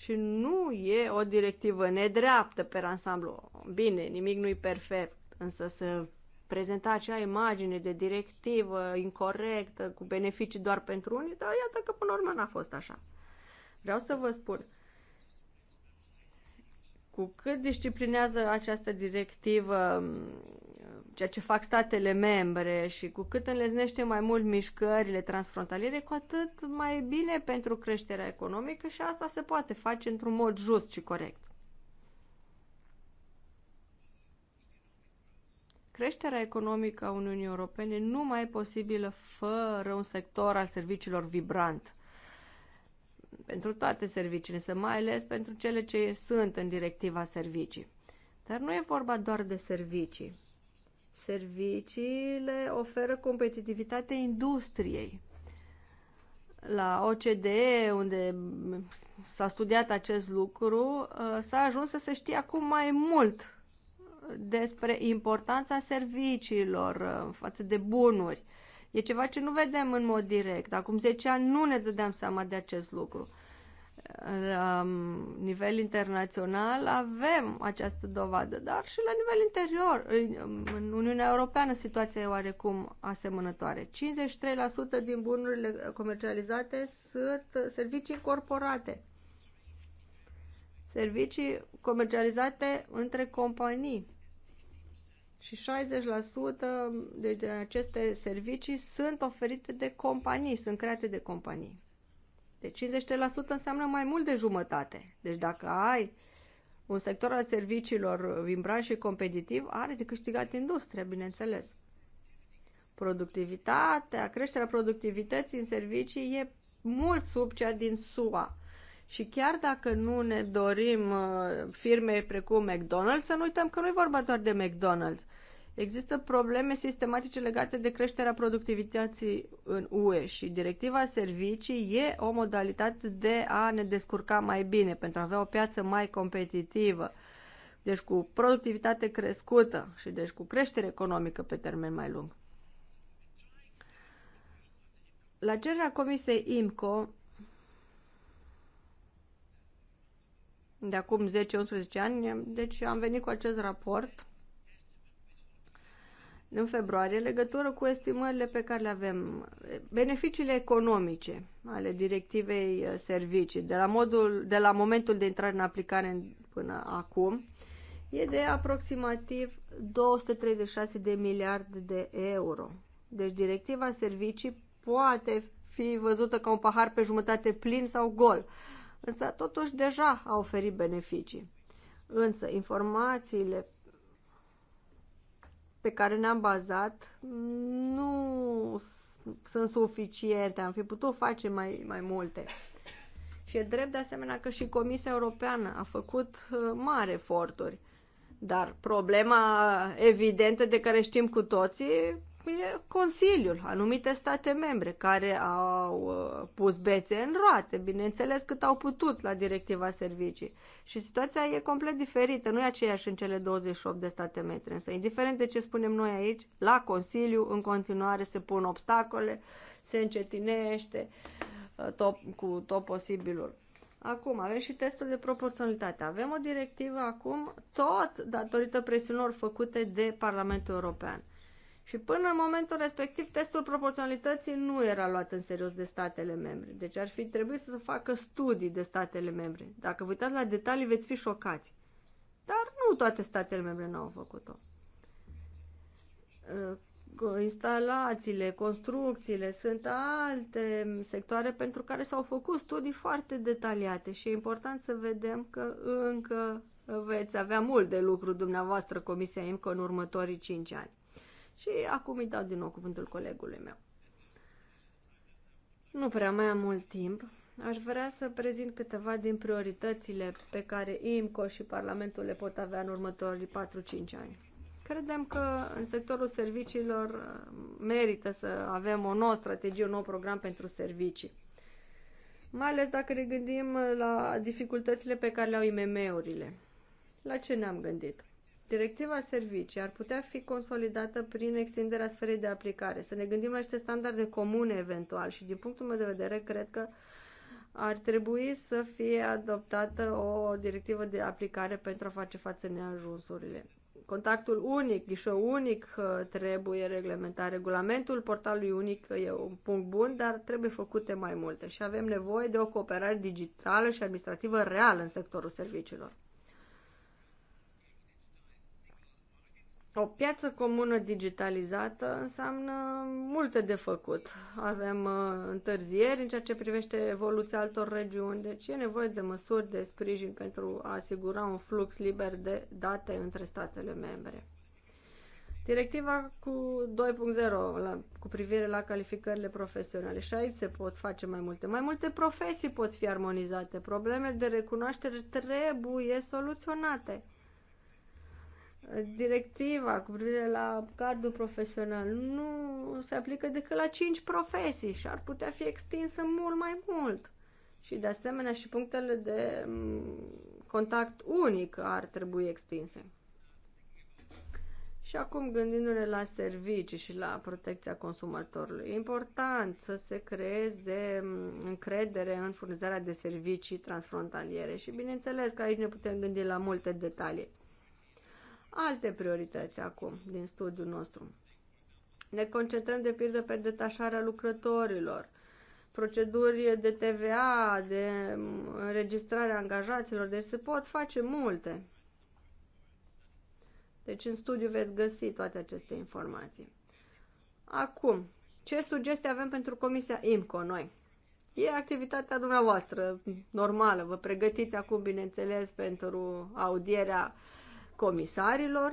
și nu e o directivă nedreaptă pe ansamblu. Bine, nimic nu e perfect, însă să prezenta acea imagine de directivă incorrectă, cu beneficii doar pentru unii, dar iată că până la urmă n-a fost așa. Vreau să vă spun, cu cât disciplinează această directivă ceea ce fac statele membre și cu cât înleznește mai mult mișcările transfrontaliere, cu atât mai bine pentru creșterea economică și asta se poate face într-un mod just și corect. Creșterea economică a Uniunii Europene nu mai e posibilă fără un sector al serviciilor vibrant. Pentru toate serviciile, să mai ales pentru cele ce sunt în directiva servicii. Dar nu e vorba doar de servicii. Serviciile oferă competitivitate industriei. La OCDE, unde s-a studiat acest lucru, uh, s-a ajuns să se știe acum mai mult despre importanța serviciilor uh, față de bunuri. E ceva ce nu vedem în mod direct. Acum 10 ani nu ne dădeam seama de acest lucru la um, nivel internațional avem această dovadă, dar și la nivel interior, în um, Uniunea Europeană, situația e oarecum asemănătoare. 53% din bunurile comercializate sunt servicii corporate. Servicii comercializate între companii. Și 60% de aceste servicii sunt oferite de companii, sunt create de companii. De 50% înseamnă mai mult de jumătate. Deci dacă ai un sector al serviciilor vibrant și competitiv, are de câștigat industria, bineînțeles. Productivitatea, creșterea productivității în servicii e mult sub cea din SUA. Și chiar dacă nu ne dorim uh, firme precum McDonald's, să nu uităm că nu e vorba doar de McDonald's Există probleme sistematice legate de creșterea productivității în UE și directiva servicii e o modalitate de a ne descurca mai bine pentru a avea o piață mai competitivă. Deci cu productivitate crescută și deci cu creștere economică pe termen mai lung. La cererea Comisiei IMCO de acum 10-11 ani, deci am venit cu acest raport în februarie în legătură cu estimările pe care le avem. Beneficiile economice ale directivei uh, servicii de la, modul, de la momentul de intrare în aplicare până acum e de aproximativ 236 de miliarde de euro. Deci directiva servicii poate fi văzută ca un pahar pe jumătate plin sau gol, însă totuși deja a oferit beneficii. Însă informațiile pe care ne-am bazat nu sunt suficiente, am fi putut face mai, mai multe. Și e drept de asemenea că și Comisia Europeană a făcut uh, mari eforturi. Dar problema evidentă de care știm cu toții e Consiliul, anumite state membre care au uh, pus bețe în roate, bineînțeles cât au putut la directiva servicii. Și situația e complet diferită, nu e aceeași în cele 28 de state membre. Însă, indiferent de ce spunem noi aici, la Consiliu în continuare se pun obstacole, se încetinește uh, top, cu tot posibilul. Acum, avem și testul de proporționalitate. Avem o directivă acum, tot datorită presiunilor făcute de Parlamentul European. Și până în momentul respectiv, testul proporționalității nu era luat în serios de statele membre. Deci ar fi trebuit să facă studii de statele membre. Dacă vă uitați la detalii, veți fi șocați. Dar nu toate statele membre n-au făcut-o. Ă, instalațiile, construcțiile, sunt alte sectoare pentru care s-au făcut studii foarte detaliate și e important să vedem că încă veți avea mult de lucru dumneavoastră Comisia IMCO în următorii 5 ani. Și acum îi dau din nou cuvântul colegului meu. Nu prea mai am mult timp. Aș vrea să prezint câteva din prioritățile pe care IMCO și Parlamentul le pot avea în următorii 4-5 ani. Credem că în sectorul serviciilor uh, merită să avem o nouă strategie, un nou program pentru servicii. Mai ales dacă ne gândim la dificultățile pe care le au IMM-urile. La ce ne-am gândit? Directiva servicii ar putea fi consolidată prin extinderea sferei de aplicare. Să ne gândim la niște standarde comune eventual și din punctul meu de vedere cred că ar trebui să fie adoptată o directivă de aplicare pentru a face față neajunsurile. Contactul unic, ghișo unic uh, trebuie reglementat. Regulamentul portalului unic e un punct bun, dar trebuie făcute mai multe și avem nevoie de o cooperare digitală și administrativă reală în sectorul serviciilor. O piață comună digitalizată înseamnă multe de făcut. Avem uh, întârzieri în ceea ce privește evoluția altor regiuni, deci e nevoie de măsuri de sprijin pentru a asigura un flux liber de date între statele membre. Directiva cu 2.0 la, cu privire la calificările profesionale și aici se pot face mai multe. Mai multe profesii pot fi armonizate. Problemele de recunoaștere trebuie soluționate directiva cu privire la cardul profesional nu se aplică decât la cinci profesii și ar putea fi extinsă mult mai mult. Și de asemenea și punctele de contact unic ar trebui extinse. Și acum gândindu-ne la servicii și la protecția consumatorului, e important să se creeze încredere în furnizarea de servicii transfrontaliere și bineînțeles că aici ne putem gândi la multe detalii alte priorități acum din studiul nostru. Ne concentrăm de pildă pe detașarea lucrătorilor, proceduri de TVA, de înregistrare a angajaților, deci se pot face multe. Deci în studiu veți găsi toate aceste informații. Acum, ce sugestii avem pentru Comisia IMCO noi? E activitatea dumneavoastră normală, vă pregătiți acum, bineînțeles, pentru audierea uh, comisarilor,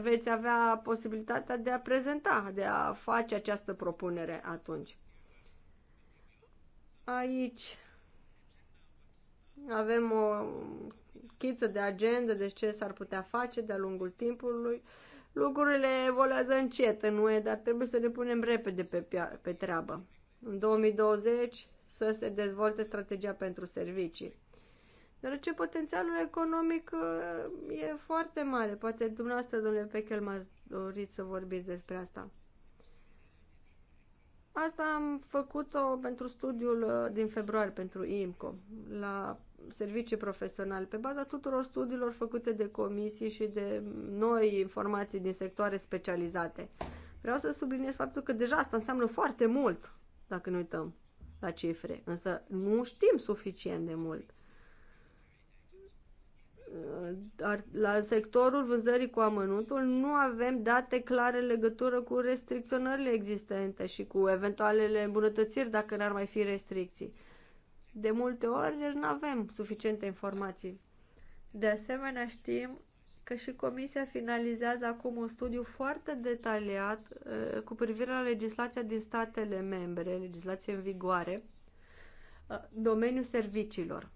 veți avea posibilitatea de a prezenta, de a face această propunere atunci. Aici avem o schiță de agenda, de deci ce s-ar putea face de-a lungul timpului. Lucrurile evoluează încet în e, dar trebuie să ne punem repede pe, pe treabă. În 2020 să se dezvolte strategia pentru servicii deoarece potențialul economic uh, e foarte mare. Poate dumneavoastră, domnule Pechel, m-ați dorit să vorbiți despre asta. Asta am făcut-o pentru studiul uh, din februarie, pentru IMCO, la servicii profesionale, pe baza tuturor studiilor făcute de comisii și de noi informații din sectoare specializate. Vreau să subliniez faptul că deja asta înseamnă foarte mult, dacă ne uităm la cifre, însă nu știm suficient de mult. Dar la sectorul vânzării cu amănuntul nu avem date clare în legătură cu restricționările existente și cu eventualele îmbunătățiri dacă n-ar mai fi restricții. De multe ori nu avem suficiente informații. De asemenea, știm că și Comisia finalizează acum un studiu foarte detaliat uh, cu privire la legislația din statele membre, legislație în vigoare, uh, domeniul serviciilor.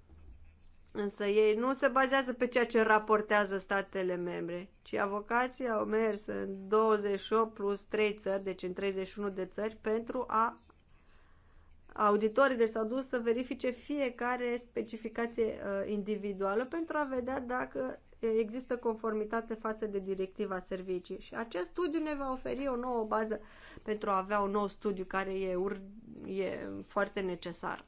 Însă ei nu se bazează pe ceea ce raportează statele membre, ci avocații au mers în 28 plus 3 țări, deci în 31 de țări, pentru a auditorii deci s-au dus să verifice fiecare specificație uh, individuală pentru a vedea dacă există conformitate față de directiva servicii. Și acest studiu ne va oferi o nouă bază pentru a avea un nou studiu care e, ur- e foarte necesar.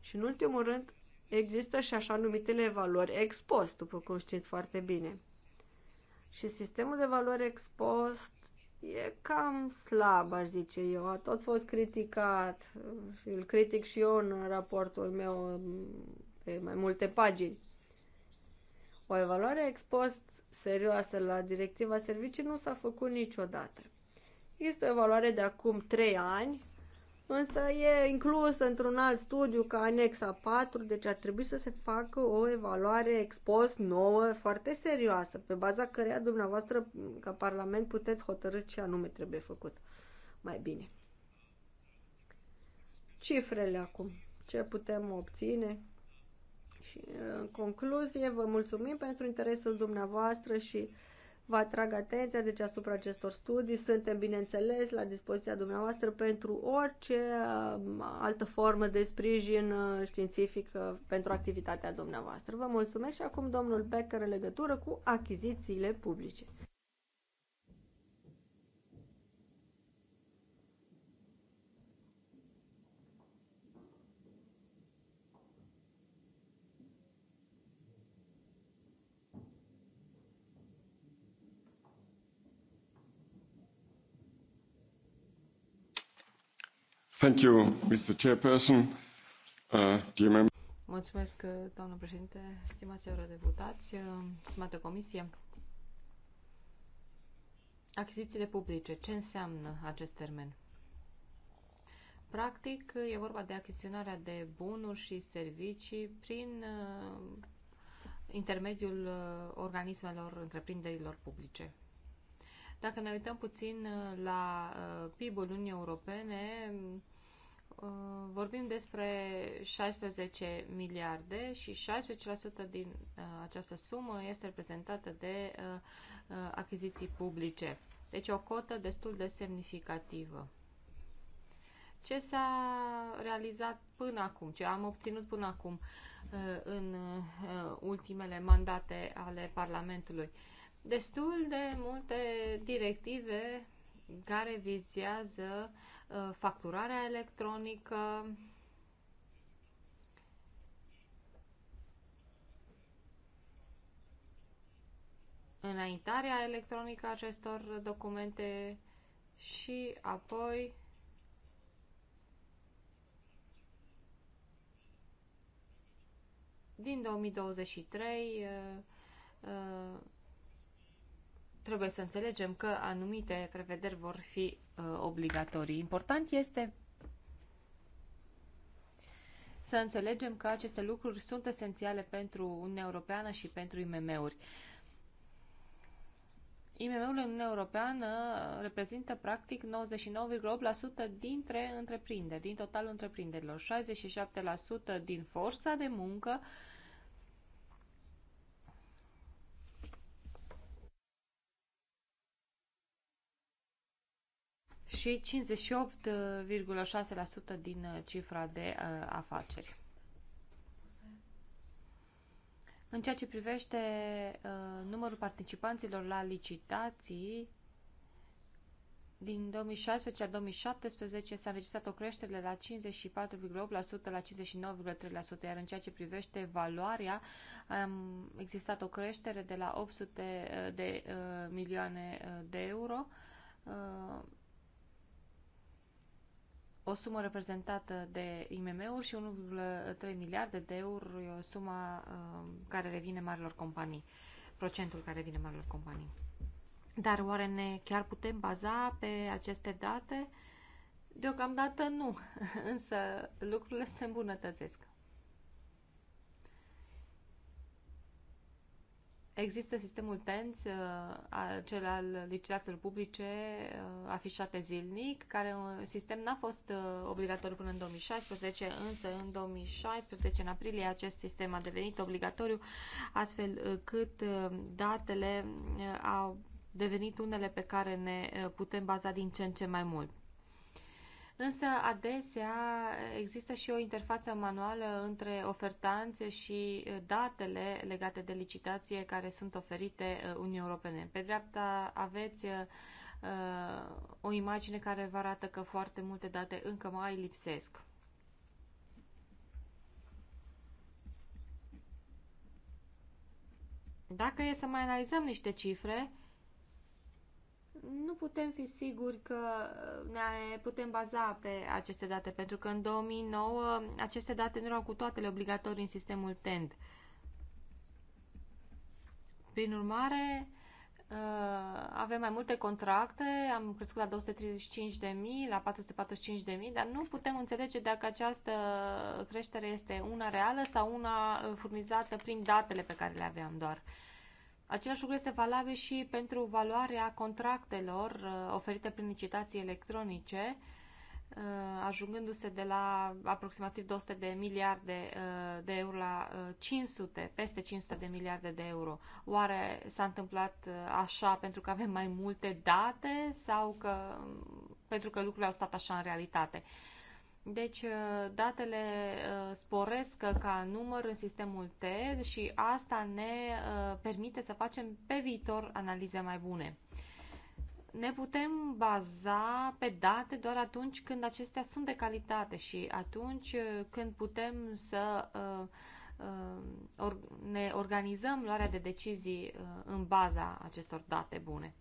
Și în ultimul rând, există și așa numitele valori ex post, după cum știți foarte bine. Și sistemul de valori ex post e cam slab, aș zice eu. A tot fost criticat și îl critic și eu în raportul meu pe mai multe pagini. O evaluare ex post serioasă la directiva servicii nu s-a făcut niciodată. Este o evaluare de acum 3 ani însă e inclus într-un alt studiu ca anexa 4, deci ar trebui să se facă o evaluare expost nouă, foarte serioasă, pe baza căreia dumneavoastră, ca Parlament, puteți hotărâ ce anume trebuie făcut mai bine. Cifrele acum, ce putem obține și în concluzie vă mulțumim pentru interesul dumneavoastră și Vă atrag atenția deci asupra acestor studii. Suntem, bineînțeles, la dispoziția dumneavoastră pentru orice um, altă formă de sprijin uh, științific uh, pentru activitatea dumneavoastră. Vă mulțumesc și acum domnul Becker în legătură cu achizițiile publice. Thank you, Mr. Chairperson. Uh, Mulțumesc, uh, doamnă președinte, stimați eurodeputați, uh, stimată comisie. Achizițiile publice, ce înseamnă acest termen? Practic, e vorba de achiziționarea de bunuri și servicii prin intermediul organismelor întreprinderilor publice. Dacă ne uităm puțin la PIB-ul Uniunii Europene, Uh, vorbim despre 16 miliarde și 16% din uh, această sumă este reprezentată de uh, achiziții publice. Deci o cotă destul de semnificativă. Ce s-a realizat până acum, ce am obținut până acum în ultimele mandate ale Parlamentului? Destul de multe directive care vizează uh, Uh, facturarea electronică, înaintarea electronică a acestor documente și apoi din 2023 uh, uh, trebuie să înțelegem că anumite prevederi vor fi uh, obligatorii. Important este să înțelegem că aceste lucruri sunt esențiale pentru Uniunea Europeană și pentru IMM-uri. IMM-urile în Uniunea Europeană reprezintă practic 99,8% dintre întreprinderi, din totalul întreprinderilor, 67% din forța de muncă uh, și 58,6% din uh, cifra de uh, afaceri. În ceea ce privește uh, numărul participanților la licitații, din 2016 la 2017 s-a înregistrat o creștere la 54,8% la 59,3%, iar în ceea ce privește valoarea a existat o creștere de la 800 de uh, milioane de euro uh, o sumă reprezentată de IMM-uri și 1,3 miliarde de euro o sumă um, care revine marilor companii, procentul care revine marilor companii. Dar oare ne chiar putem baza pe aceste date? Deocamdată nu, însă lucrurile se îmbunătățesc. Există sistemul TENS, uh, cel al licitațiilor publice uh, afișate zilnic, care un uh, sistem n-a fost obligatoriu până în 2016, însă în 2016, în aprilie, acest sistem a devenit obligatoriu, astfel cât datele au devenit unele pe care ne putem baza din ce în ce mai mult însă adesea există și o interfață manuală între ofertanțe și datele legate de licitație care sunt oferite Uniunii Europene. Pe dreapta aveți o imagine care vă arată că foarte multe date încă mai lipsesc. Dacă e să mai analizăm niște cifre, nu putem fi siguri că ne putem baza pe aceste date, pentru că în 2009 aceste date nu erau cu toatele obligatorii în sistemul Tend. Prin urmare, uh, avem mai multe contracte, am crescut la 235 de mii, la 445 de mii, dar nu putem înțelege dacă această creștere este una reală sau una furnizată prin datele pe care le aveam doar. Același lucru este valabil și pentru valoarea contractelor uh, oferite prin licitații electronice, uh, ajungându-se de la aproximativ 200 de miliarde uh, de euro la 500, peste 500 de miliarde de euro. Oare s-a întâmplat așa pentru că avem mai multe date sau că, pentru că lucrurile au stat așa în realitate? Deci uh, datele uh, sporesc uh, ca număr în sistemul T și asta ne permite să facem pe viitor analize mai bune. Ne putem baza pe date doar atunci când acestea sunt de calitate și atunci când putem să ne organizăm luarea de decizii în baza acestor date bune.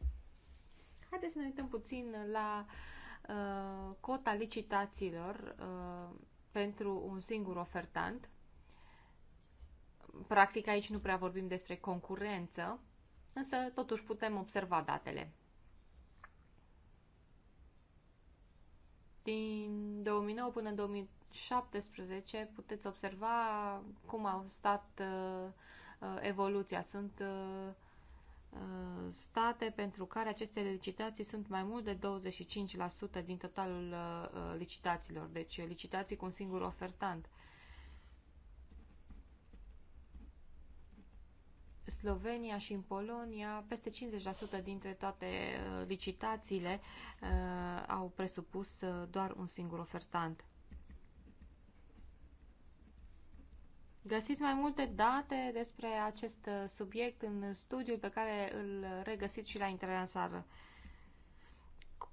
Haideți să ne uităm puțin la uh, Uh, cota licitațiilor uh, pentru un singur ofertant. Practic aici nu prea vorbim despre concurență, însă totuși putem observa datele. Din 2009 până în 2017 puteți observa cum au stat uh, uh evoluția. Sunt uh, Uh, state pentru care aceste licitații sunt mai mult de 25% din totalul uh, uh, licitațiilor, deci licitații cu un singur ofertant. Slovenia și în Polonia, peste 50% dintre toate licitațiile au presupus doar un singur ofertant. Găsiți mai multe date despre acest subiect în studiul pe care îl regăsiți și la intrarea în sală.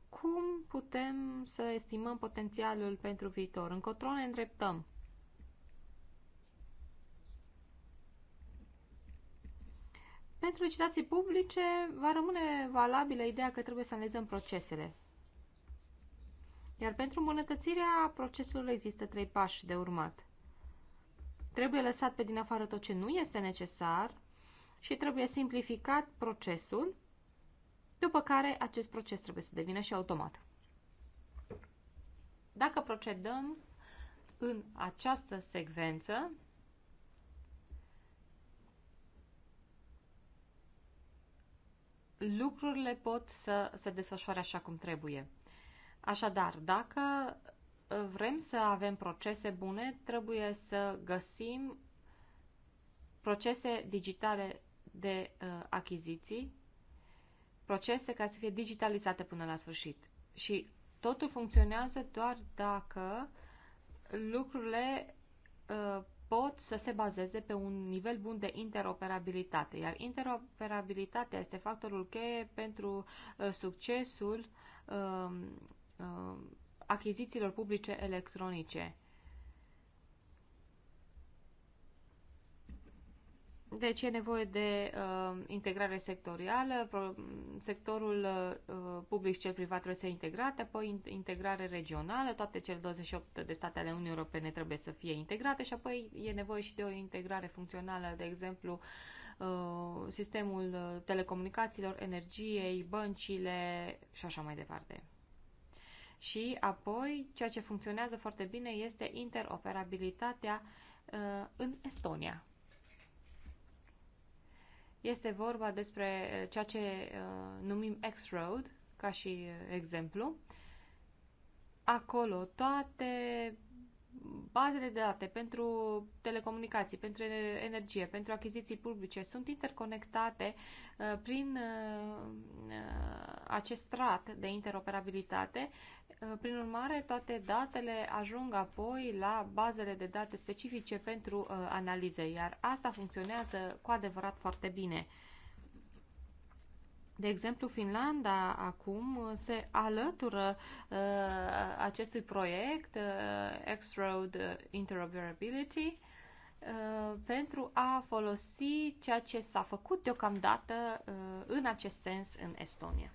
Cum putem să estimăm potențialul pentru viitor? Încotro ne îndreptăm? Pentru licitații publice va rămâne valabilă ideea că trebuie să analizăm procesele. Iar pentru îmbunătățirea proceselor există trei pași de urmat – Trebuie lăsat pe din afară tot ce nu este necesar și trebuie simplificat procesul, după care acest proces trebuie să devină și automat. Dacă procedăm în această secvență, lucrurile pot să se desfășoare așa cum trebuie. Așadar, dacă vrem să avem procese bune, trebuie să găsim procese digitale de uh, achiziții, procese care să fie digitalizate până la sfârșit. Și totul funcționează doar dacă lucrurile uh, pot să se bazeze pe un nivel bun de interoperabilitate, iar interoperabilitatea este factorul cheie pentru uh, succesul uh, uh achizițiilor publice electronice. Deci e nevoie de uh, integrare sectorială, pro, sectorul uh, public și cel privat trebuie să integrate, apoi integrare regională, toate cele 28 de state ale Uniunii Europene trebuie să fie integrate și apoi e nevoie și de o integrare funcțională, de exemplu, uh, sistemul uh, telecomunicațiilor, energiei, băncile și așa mai departe. Și apoi, ceea ce funcționează foarte bine este interoperabilitatea uh, în Estonia. Este vorba despre uh, ceea ce uh, numim X-Road, ca și uh, exemplu. Acolo toate bazele de date pentru telecomunicații, pentru energie, pentru achiziții publice sunt interconectate uh, prin uh, uh acest strat de interoperabilitate Uh, prin urmare, toate datele ajung apoi la bazele de date specifice pentru uh, analize, iar asta funcționează cu adevărat foarte bine. De exemplu, Finlanda acum se alătură uh, acestui proiect uh, X-Road Interoperability uh, pentru a folosi ceea ce s-a făcut deocamdată uh, în acest sens în Estonia.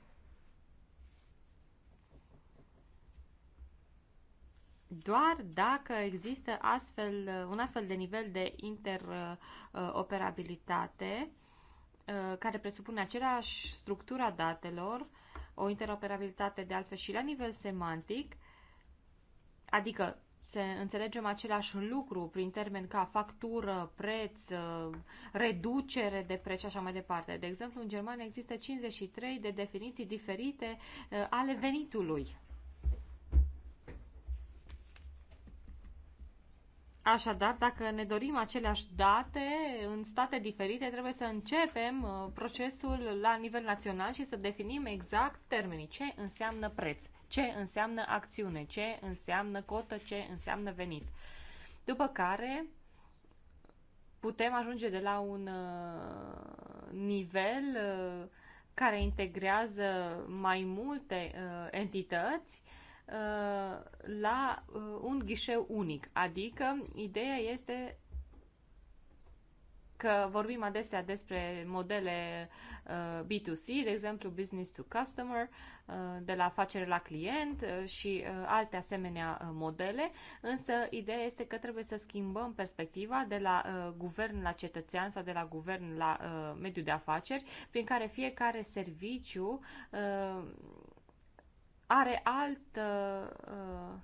doar dacă există astfel, un astfel de nivel de interoperabilitate uh, care presupune aceeași structura datelor, o interoperabilitate de altfel și la nivel semantic, adică se înțelegem același lucru prin termen ca factură, preț, uh, reducere de preț și așa mai departe. De exemplu, în Germania există 53 de definiții diferite uh, ale venitului. Așadar, dacă ne dorim aceleași date în state diferite, trebuie să începem uh, procesul la nivel național și să definim exact termenii. Ce înseamnă preț? Ce înseamnă acțiune? Ce înseamnă cotă? Ce înseamnă venit? După care putem ajunge de la un uh, nivel uh, care integrează mai multe entități la uh, un ghișeu unic. Adică, ideea este că vorbim adesea despre modele uh, B2C, de exemplu business to customer, uh, de la afacere la client și alte asemenea modele, însă ideea este că trebuie să schimbăm perspectiva de la guvern la cetățean sau de la guvern la mediu de afaceri, prin care fiecare serviciu are altă uh,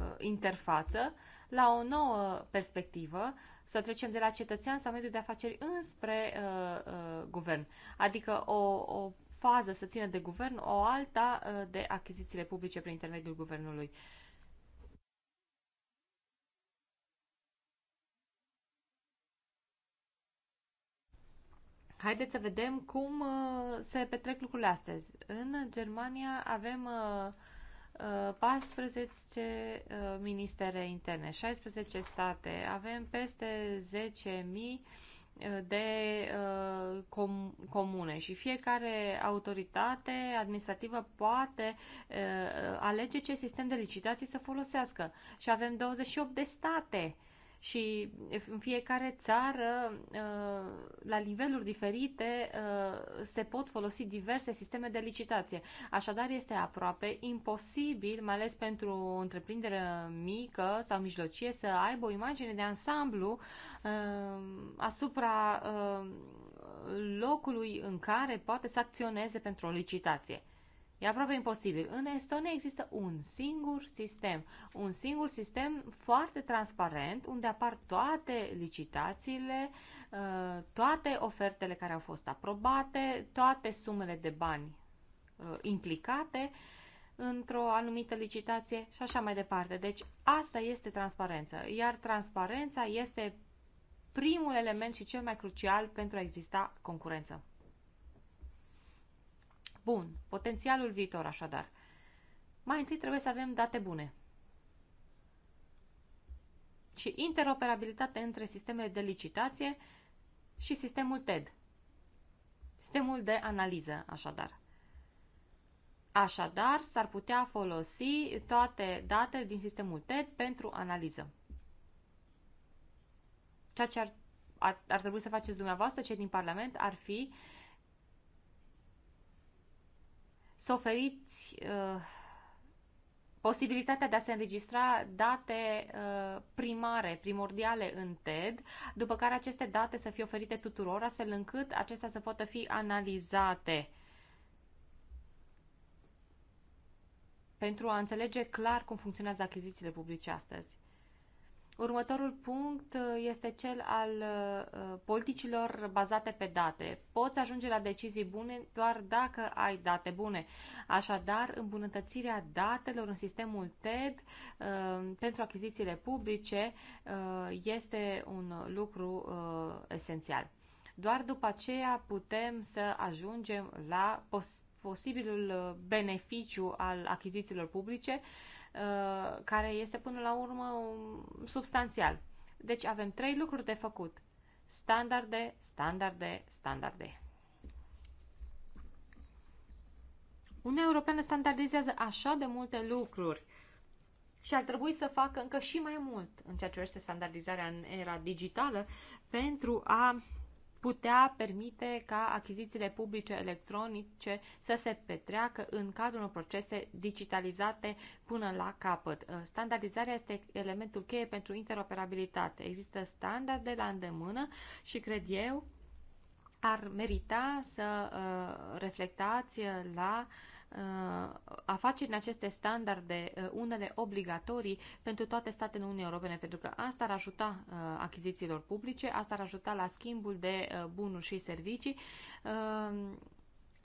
uh, interfață, la o nouă perspectivă, să trecem de la cetățean sau mediul de afaceri înspre uh, uh, guvern. Adică o, o fază să țină de guvern, o alta uh, de achizițiile publice prin intermediul guvernului. Uh, Haideți să vedem cum uh, se petrec lucrurile astăzi. În Germania avem 14 uh, uh, ministere interne, 16 state, avem peste 10.000 de com comune și fiecare autoritate administrativă poate alege ce sistem de licitații să folosească. Și avem 28 de state și în fiecare țară, uh, la niveluri diferite, uh, se pot folosi diverse sisteme de licitație. Așadar, este aproape imposibil, mai ales pentru o întreprindere mică sau mijlocie, să aibă o imagine de ansamblu uh, asupra locului în care poate să acționeze pentru o licitație. E aproape imposibil. În Estonia există un singur sistem, un singur sistem foarte transparent, unde apar toate licitațiile, uh, toate ofertele care au fost aprobate, toate sumele de bani uh, implicate într-o anumită licitație și așa mai departe. Deci asta este transparență, iar transparența este primul element și cel mai crucial pentru a exista concurență bun, potențialul viitor așadar. Mai întâi trebuie să avem date bune și interoperabilitate între sistemele de licitație și sistemul TED. Sistemul de analiză, așadar. Așadar, s-ar putea folosi toate datele din sistemul TED pentru analiză. Ceea ce ar, ar, ar trebui să faceți dumneavoastră, cei din Parlament, ar fi uh, să oferiți uh, posibilitatea de a se înregistra date uh, primare, primordiale în TED, după care aceste date să fie oferite tuturor, astfel încât acestea să poată fi analizate. pentru a înțelege clar cum funcționează achizițiile publice astăzi. Următorul punct uh, este cel al uh, uh, politicilor bazate pe date. Poți ajunge la decizii bune doar dacă ai date bune. Așadar, îmbunătățirea datelor în sistemul TED pentru achizițiile publice este un lucru esențial. Doar după aceea putem să ajungem la posibilul beneficiu al achizițiilor publice Uh, care este până la urmă substanțial. Deci avem trei lucruri de făcut. Standarde, standarde, standarde. Uniunea Europeană standardizează așa de multe lucruri și ar trebui să facă încă și mai mult în ceea ce privește standardizarea în era digitală pentru a putea permite ca achizițiile publice electronice să se petreacă în cadrul unor procese digitalizate până la capăt. Uh, standardizarea este elementul cheie pentru interoperabilitate. Există standarde la îndemână și cred eu ar merita să uh, reflectați la uh, Uh, a face în aceste standarde uh, unele obligatorii pentru toate statele Uniunii Europene, pentru că asta ar ajuta uh, achizițiilor publice, asta ar ajuta la schimbul de bunuri și servicii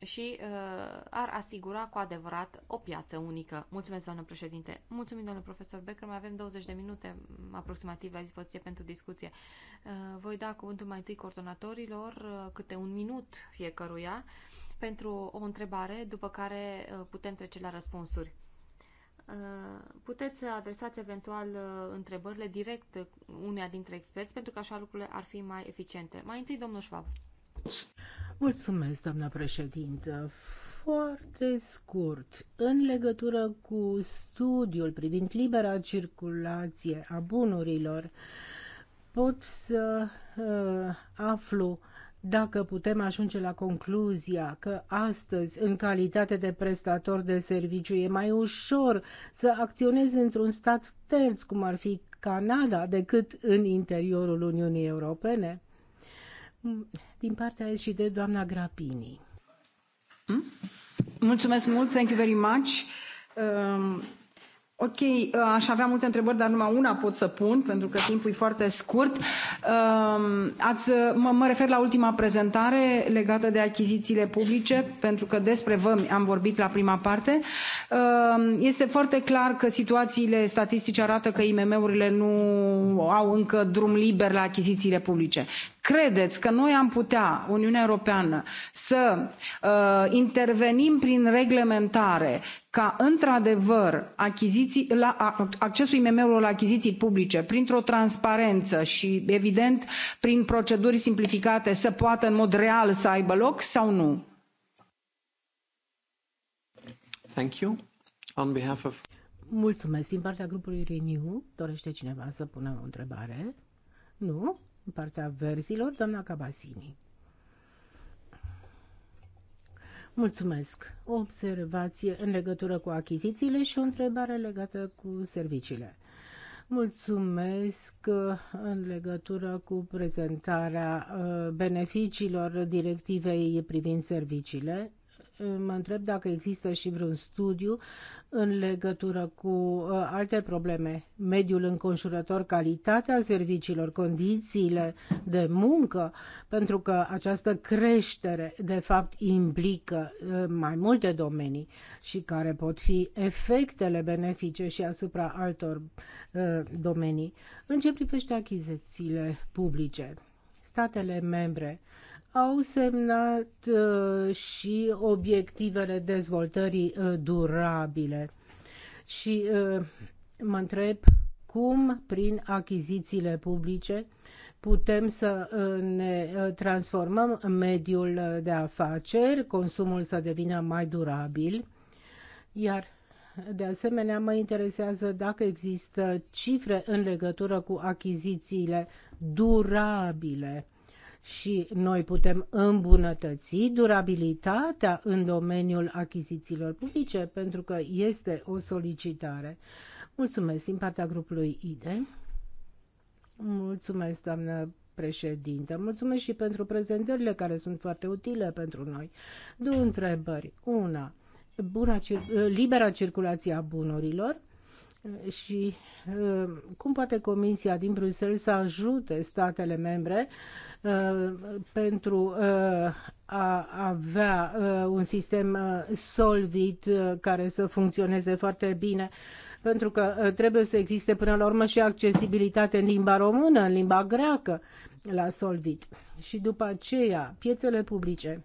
și uh, ar asigura cu adevărat o piață unică. Mulțumesc, doamnă președinte. Mulțumim, domnule profesor Becker. Mai avem 20 de minute mm, aproximativ la dispoziție pentru discuție. Uh, voi da cuvântul mai întâi coordonatorilor, uh, câte un minut fiecăruia. Uh, pentru o întrebare, după care uh, putem trece la răspunsuri. Uh, puteți să adresați eventual uh, întrebările direct uneia dintre experți, pentru că așa lucrurile ar fi mai eficiente. Mai întâi, domnul Schwab. Mulțumesc, doamna președintă. Foarte scurt, în legătură cu studiul privind libera circulație a bunurilor, pot să uh, aflu uh, dacă putem ajunge la concluzia că astăzi, în calitate de prestator de serviciu, e mai ușor să acționezi într-un stat terț, cum ar fi Canada, decât în interiorul Uniunii Europene? Din partea și de doamna Grapini. Hmm? Mulțumesc mult, thank you very much. Um... Ok, uh, aș avea multe întrebări, dar numai una pot să pun, pentru că timpul e foarte scurt. Um, ați, uh, mă, mă refer la ultima prezentare legată de achizițiile publice, pentru că despre vă am vorbit la prima parte. Um, este foarte clar că situațiile statistice arată că IMM-urile nu au încă drum liber la achizițiile publice credeți că noi am putea uniunea europeană să uh, intervenim prin reglementare ca într adevăr accesul imm urilor la achiziții publice printr o transparență și evident prin proceduri simplificate să poată în mod real să aibă loc sau nu? Thank you. On behalf of... Mulțumesc. Din partea grupului Renew, dorește cineva să pună o întrebare? Nu? În partea verzilor, doamna Cabasini. Mulțumesc. O observație în legătură cu achizițiile și o întrebare legată cu serviciile. Mulțumesc uh, în legătură cu prezentarea uh, beneficiilor directivei privind serviciile mă întreb dacă există și vreun studiu în legătură cu uh, alte probleme, mediul înconjurător, calitatea serviciilor, condițiile de muncă, pentru că această creștere, de fapt, implică uh, mai multe domenii și care pot fi efectele benefice și asupra altor uh, domenii. În ce privește achizițiile publice, statele membre au semnat uh, și obiectivele dezvoltării uh, durabile. Și uh, mă întreb cum prin achizițiile publice putem să ne transformăm mediul de afaceri, consumul să devină mai durabil, iar de asemenea, mă interesează dacă există cifre în legătură cu achizițiile durabile și noi putem îmbunătăți durabilitatea în domeniul achizițiilor publice, pentru că este o solicitare. Mulțumesc din partea grupului IDE. Mulțumesc, doamnă președintă. Mulțumesc și pentru prezentările care sunt foarte utile pentru noi. Două întrebări. Una, bună, libera circulație a bunurilor și uh, cum poate Comisia din Bruxelles să ajute statele membre Uh, pentru uh, a avea uh, un sistem solvit care să funcționeze foarte bine pentru că trebuie să existe până la urmă și accesibilitate în limba română, în limba greacă la Solvit. Și după aceea, piețele publice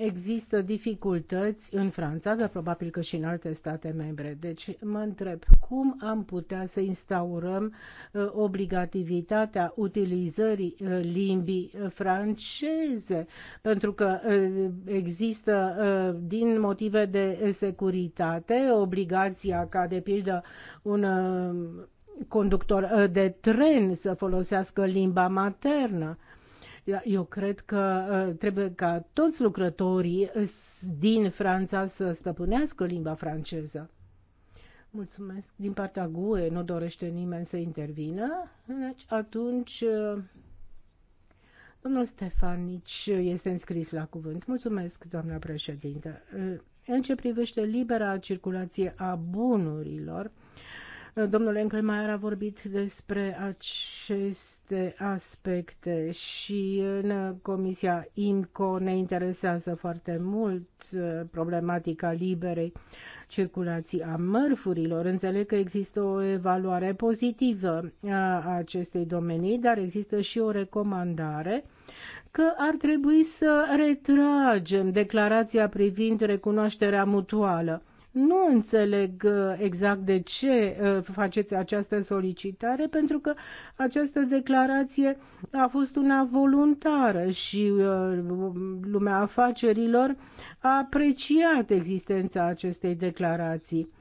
există dificultăți în Franța, dar probabil că și în alte state membre. Deci mă întreb cum am putea să instaurăm uh, obligativitatea utilizării uh, limbii uh, franceze, pentru că există din motive de securitate obligația ca de pildă un conductor de tren să folosească limba maternă eu cred că uh, trebuie ca toți lucrătorii uh, din Franța să stăpânească limba franceză. Mulțumesc. Din partea GUE nu dorește nimeni să intervină. Deci atunci uh, domnul Stefanici este înscris la cuvânt. Mulțumesc, doamna președintă. În ce privește libera circulație a bunurilor, Domnul mai a vorbit despre aceste aspecte și în Comisia IMCO ne interesează foarte mult uh, problematica liberei circulații a mărfurilor. Înțeleg că există o evaluare pozitivă a acestei domenii, dar există și o recomandare că ar trebui să retragem declarația privind recunoașterea mutuală nu înțeleg uh, exact de ce uh, faceți această solicitare, pentru că această declarație a fost una voluntară și uh, lumea afacerilor a apreciat existența acestei declarații.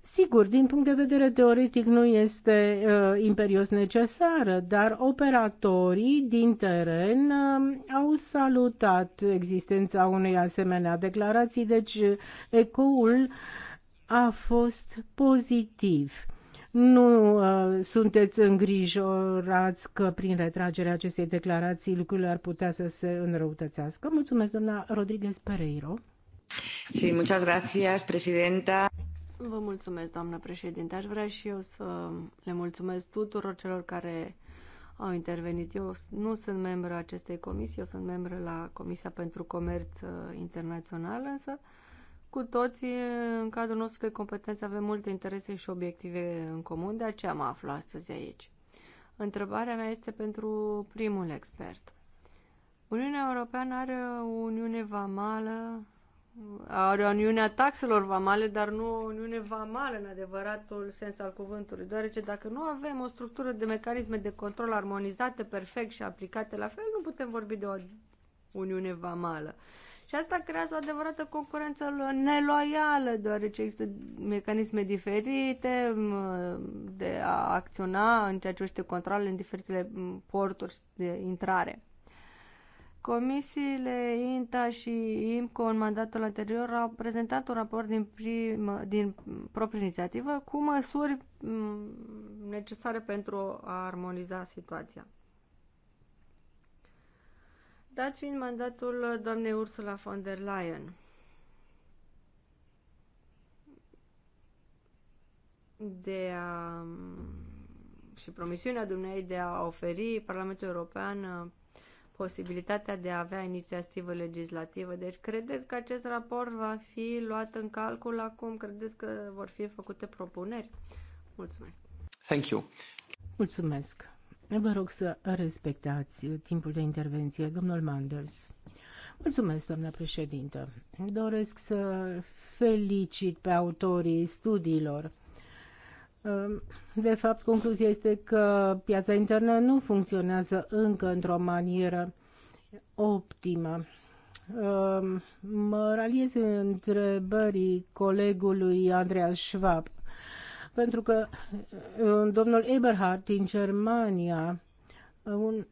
Sigur, din punct de vedere teoretic nu este uh, imperios necesară, dar operatorii din teren uh, au salutat existența unei asemenea declarații, deci ecoul a fost pozitiv. Nu uh, sunteți îngrijorați că prin retragerea acestei declarații lucrurile ar putea să se înrăutățească? Mulțumesc, doamna Rodriguez Pereiro. Sí, muchas gracias, presidenta. Vă mulțumesc, doamnă președinte. Aș vrea și eu să le mulțumesc tuturor celor care au intervenit. Eu nu sunt membru acestei comisii, eu sunt membru la Comisia pentru Comerț uh, Internațional, însă uh, cu toții, în cadrul nostru de competență, avem multe interese și obiective în comun, de aceea mă aflu astăzi aici. Întrebarea mea este pentru primul expert. Uniunea Europeană are o Uniune Vamală, are o Uniune a taxelor vamale, dar nu o Uniune Vamală în adevăratul sens al cuvântului, deoarece dacă nu avem o structură de mecanisme de control armonizate perfect și aplicate la fel, nu putem vorbi de o Uniune Vamală. Și asta creează o adevărată concurență neloială, deoarece există mecanisme diferite de a acționa în ceea ce este controlele în diferitele porturi de intrare. Comisiile INTA și IMCO în mandatul anterior au prezentat un raport din, primă, din proprie inițiativă cu măsuri necesare pentru a armoniza situația dat fiind mandatul doamnei Ursula von der Leyen. de a, și promisiunea dumnei de a oferi Parlamentul European uh, posibilitatea de a avea inițiativă legislativă. Deci credeți că acest raport va fi luat în calcul acum? Credeți că vor fi făcute propuneri? Mulțumesc! Thank you! Mulțumesc! Vă rog să respectați timpul de intervenție. Domnul Manders. Mulțumesc, doamna președintă. Doresc să felicit pe autorii studiilor. Ehm, de fapt, concluzia este că piața internă nu funcționează încă într-o manieră optimă. Ehm, mă raliez întrebării colegului Andreas Schwab pentru că uh, domnul Eberhard din Germania, uh, uh,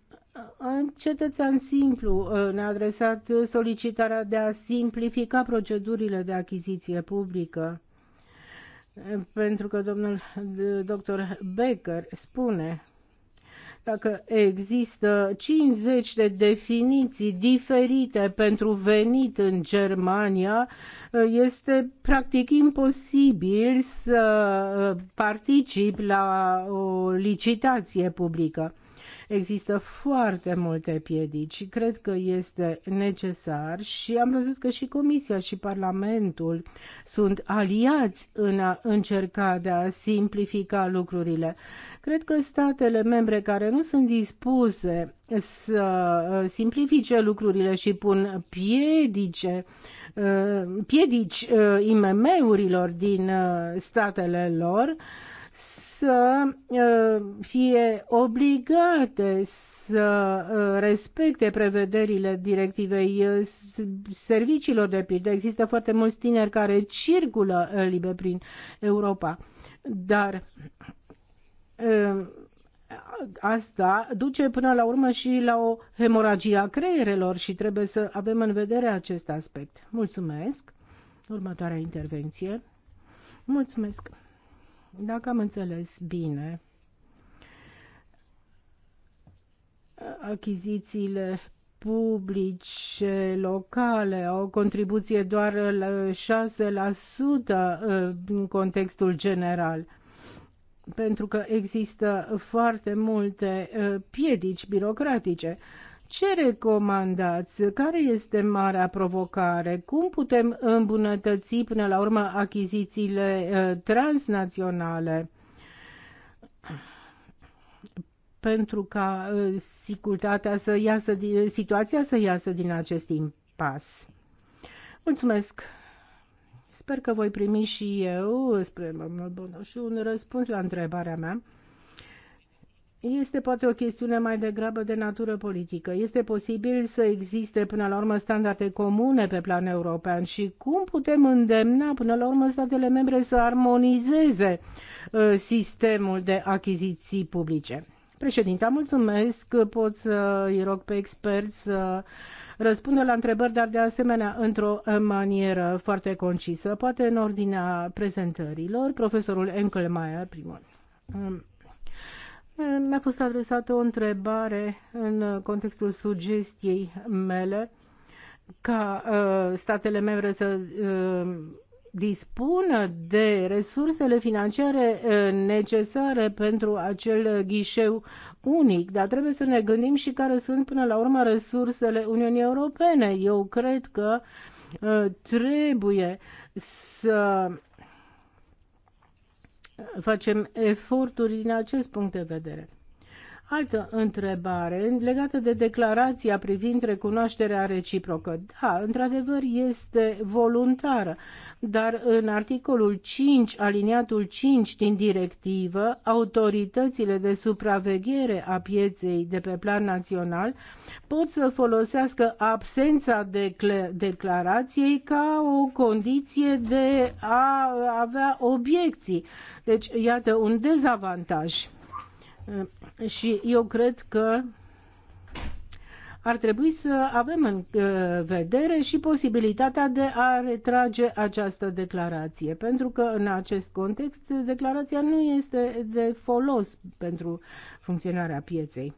un cetățean simplu, ne-a adresat solicitarea de a simplifica procedurile de achiziție publică pentru că domnul dr. Becker spune dacă există 50 de definiții diferite pentru venit în Germania, este practic imposibil să uh, participi la o licitație publică. Există foarte multe piedici și cred că este necesar și am văzut că și Comisia și Parlamentul sunt aliați în a încerca de a simplifica lucrurile. Cred că statele membre care nu sunt dispuse să simplifice lucrurile și pun piedice uh, piedici uh, IMM-urilor din uh, statele lor, să fie obligate să respecte prevederile directivei serviciilor de pildă. Există foarte mulți tineri care circulă liber prin Europa, dar asta duce până la urmă și la o hemoragie a creierelor și trebuie să avem în vedere acest aspect. Mulțumesc. Următoarea intervenție. Mulțumesc. Dacă am înțeles bine, achizițiile publice locale au o contribuție doar la 6% uh, în contextul general pentru că există foarte multe uh, piedici birocratice. Ce recomandați? Care este marea provocare? Cum putem îmbunătăți până la urmă achizițiile uh, transnaționale? pentru ca uh, să iasă din, situația să iasă din acest impas. Mulțumesc! Sper că voi primi și eu, spre domnul Bonoșu, un răspuns la întrebarea mea este poate o chestiune mai degrabă de natură politică. Este posibil să existe până la urmă standarde comune pe plan european și cum putem îndemna până la urmă statele membre să armonizeze uh, sistemul de achiziții publice? Președinta, mulțumesc. Pot să îi rog pe experți să răspundă la întrebări, dar de asemenea într-o manieră foarte concisă, poate în ordinea prezentărilor. Profesorul Enkelmeier, primul. Um, mi-a fost adresată o întrebare în contextul sugestiei mele ca uh, statele membre să uh, dispună de resursele financiare uh, necesare pentru acel ghișeu unic, dar trebuie să ne gândim și care sunt până la urmă resursele Uniunii Europene. Eu cred că uh, trebuie să facem eforturi din acest punct de vedere. Altă întrebare legată de declarația privind recunoașterea reciprocă. Da, într-adevăr este voluntară, dar în articolul 5, aliniatul 5 din directivă, autoritățile de supraveghere a pieței de pe plan național pot să folosească absența declarației ca o condiție de a avea obiecții. Deci, iată un dezavantaj. Eh, și eu cred că ar trebui să avem în eh, vedere și posibilitatea de a retrage această declarație, pentru că în acest context declarația nu este de folos pentru funcționarea pieței.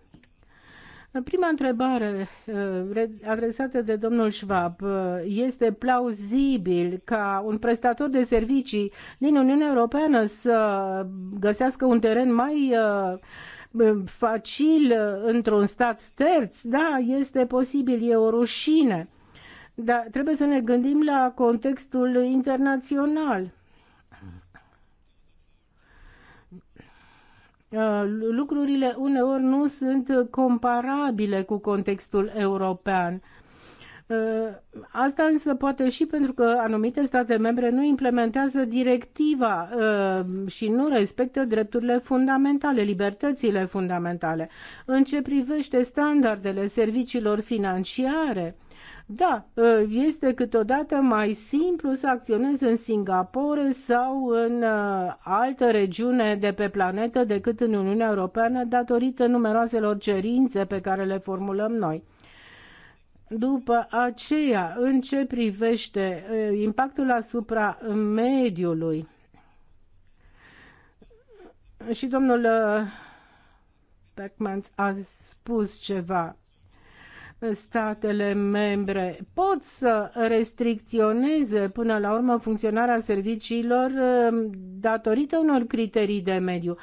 Prima întrebare uh, adresată de domnul Schwab. Uh, este plauzibil ca un prestator de servicii din Uniunea Europeană să găsească un teren mai uh, facil într-un stat terț? Da, este posibil, e o rușine. Dar trebuie să ne gândim la contextul internațional Uh, lucrurile uneori nu sunt comparabile cu contextul european. Uh, asta însă poate și pentru că anumite state membre nu implementează directiva uh, și nu respectă drepturile fundamentale, libertățile fundamentale. În ce privește standardele serviciilor financiare, da, uh, este câteodată mai simplu să acționezi în Singapore sau în uh, altă regiune de pe planetă decât în Uniunea Europeană datorită numeroaselor cerințe pe care le formulăm noi. După aceea, în ce privește uh, impactul asupra mediului, și domnul Beckman a spus ceva statele membre pot să restricționeze până la urmă funcționarea serviciilor uh, datorită unor criterii de mediu.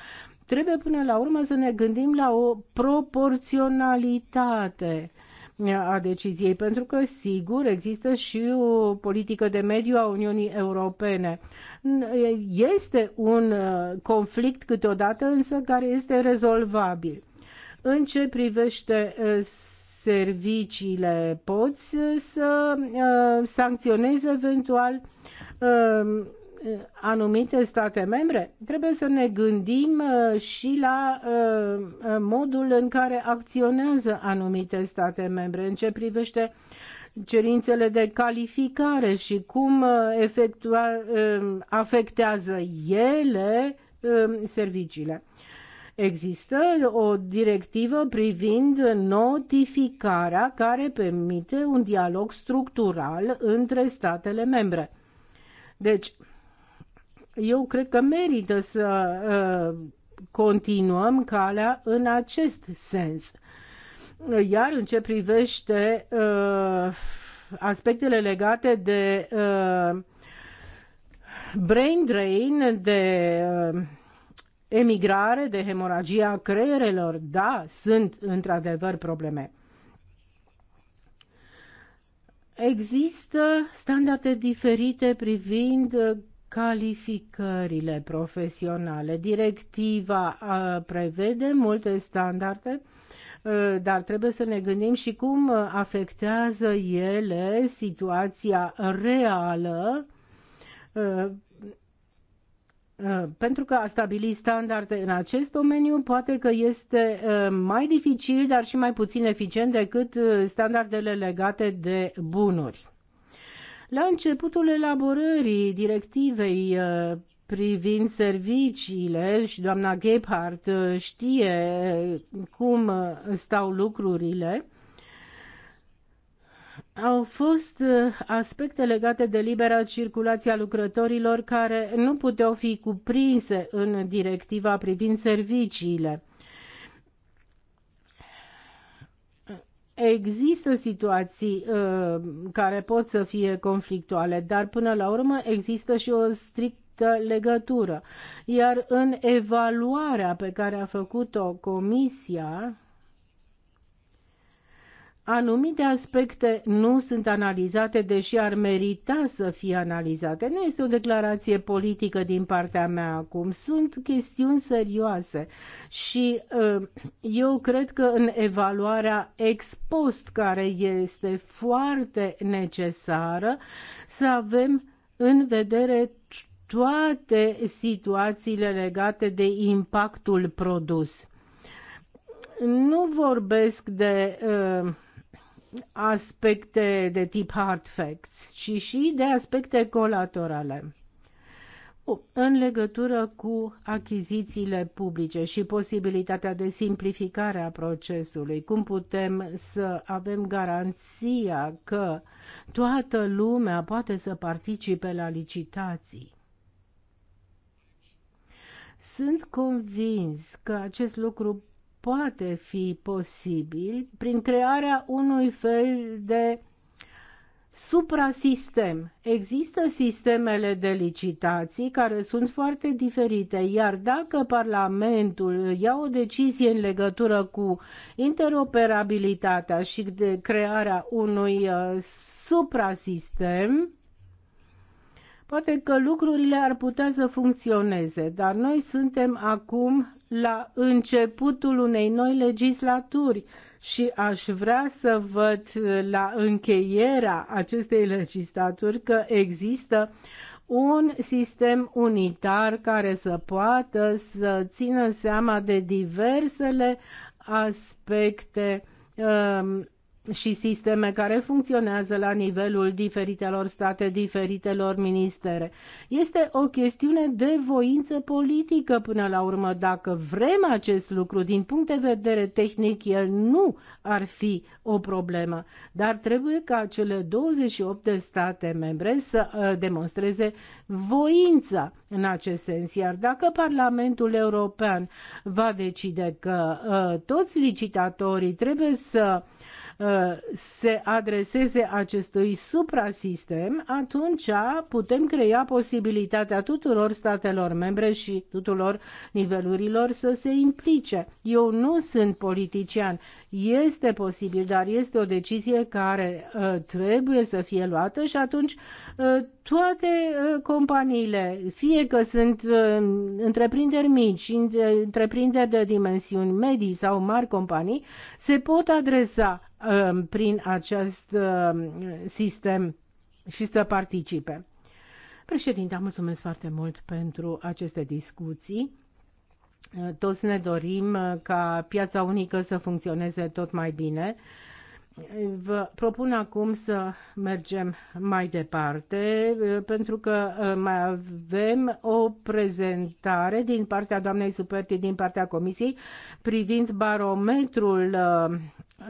Trebuie până la urmă să ne gândim la o proporționalitate a deciziei, pentru că, sigur, există și o politică de mediu a Uniunii Europene. Este un uh, conflict câteodată, însă, care este rezolvabil. În ce privește uh, serviciile poți să uh, sancționezi eventual uh, anumite state membre. Trebuie să ne gândim uh, și la uh, uh, modul în care acționează anumite state membre în ce privește cerințele de calificare și cum uh, efectua, uh, afectează ele serviciile. Există o directivă privind notificarea care permite un dialog structural între statele membre. Deci, eu cred că merită să uh, continuăm calea în acest sens. Iar în ce privește uh, aspectele legate de uh, brain drain, de uh, emigrare, de hemoragia creierelor. Da, sunt într-adevăr probleme. Există standarde diferite privind calificările profesionale. Directiva prevede multe standarde, dar trebuie să ne gândim și cum afectează ele situația reală Uh, pentru că a stabili standarde în acest domeniu poate că este uh, mai dificil, dar și mai puțin eficient decât uh, standardele legate de bunuri. La începutul elaborării directivei privind serviciile și doamna Gebhardt știe cum stau lucrurile, au fost uh, aspecte legate de libera circulație a lucrătorilor care nu puteau fi cuprinse în directiva privind serviciile. Există situații uh, care pot să fie conflictuale, dar până la urmă există și o strictă legătură. Iar în evaluarea pe care a făcut-o comisia, anumite aspecte nu sunt analizate, deși ar merita să fie analizate. Nu este o declarație politică din partea mea acum, sunt chestiuni serioase și uh, eu cred că în evaluarea ex post care este foarte necesară să avem în vedere toate situațiile legate de impactul produs. Nu vorbesc de uh, aspecte de tip hard facts, ci și de aspecte colaterale în legătură cu achizițiile publice și posibilitatea de simplificare a procesului, cum putem să avem garanția că toată lumea poate să participe la licitații. Sunt convins că acest lucru poate fi posibil prin crearea unui fel de suprasistem. Există sistemele de licitații care sunt foarte diferite, iar dacă Parlamentul ia o decizie în legătură cu interoperabilitatea și de crearea unui uh, suprasistem, poate că lucrurile ar putea să funcționeze, dar noi suntem acum la începutul unei noi legislaturi și aș vrea să văd la încheierea acestei legislaturi că există un sistem unitar care să poată să țină seama de diversele aspecte um, și sisteme care funcționează la nivelul diferitelor state, diferitelor ministere. Este o chestiune de voință politică până la urmă. Dacă vrem acest lucru, din punct de vedere tehnic, el nu ar fi o problemă. Dar trebuie ca cele 28 de state membre să uh, demonstreze voința în acest sens. Iar dacă Parlamentul European va decide că uh, toți licitatorii trebuie să Uh, se adreseze acestui suprasistem, atunci putem crea posibilitatea tuturor statelor membre și tuturor nivelurilor să se implice. Eu nu sunt politician. Este posibil, dar este o decizie care uh, trebuie să fie luată și atunci uh, toate companiile, fie că sunt întreprinderi mici, întreprinderi de dimensiuni medii sau mari companii, se pot adresa Um, prin acest um, sistem și să participe. Președinte, mulțumesc foarte mult pentru aceste discuții. Uh, toți ne dorim uh, ca piața unică să funcționeze tot mai bine Vă propun acum să mergem mai departe, pentru că uh, mai avem o prezentare din partea doamnei Superti, din partea Comisiei, privind barometrul uh,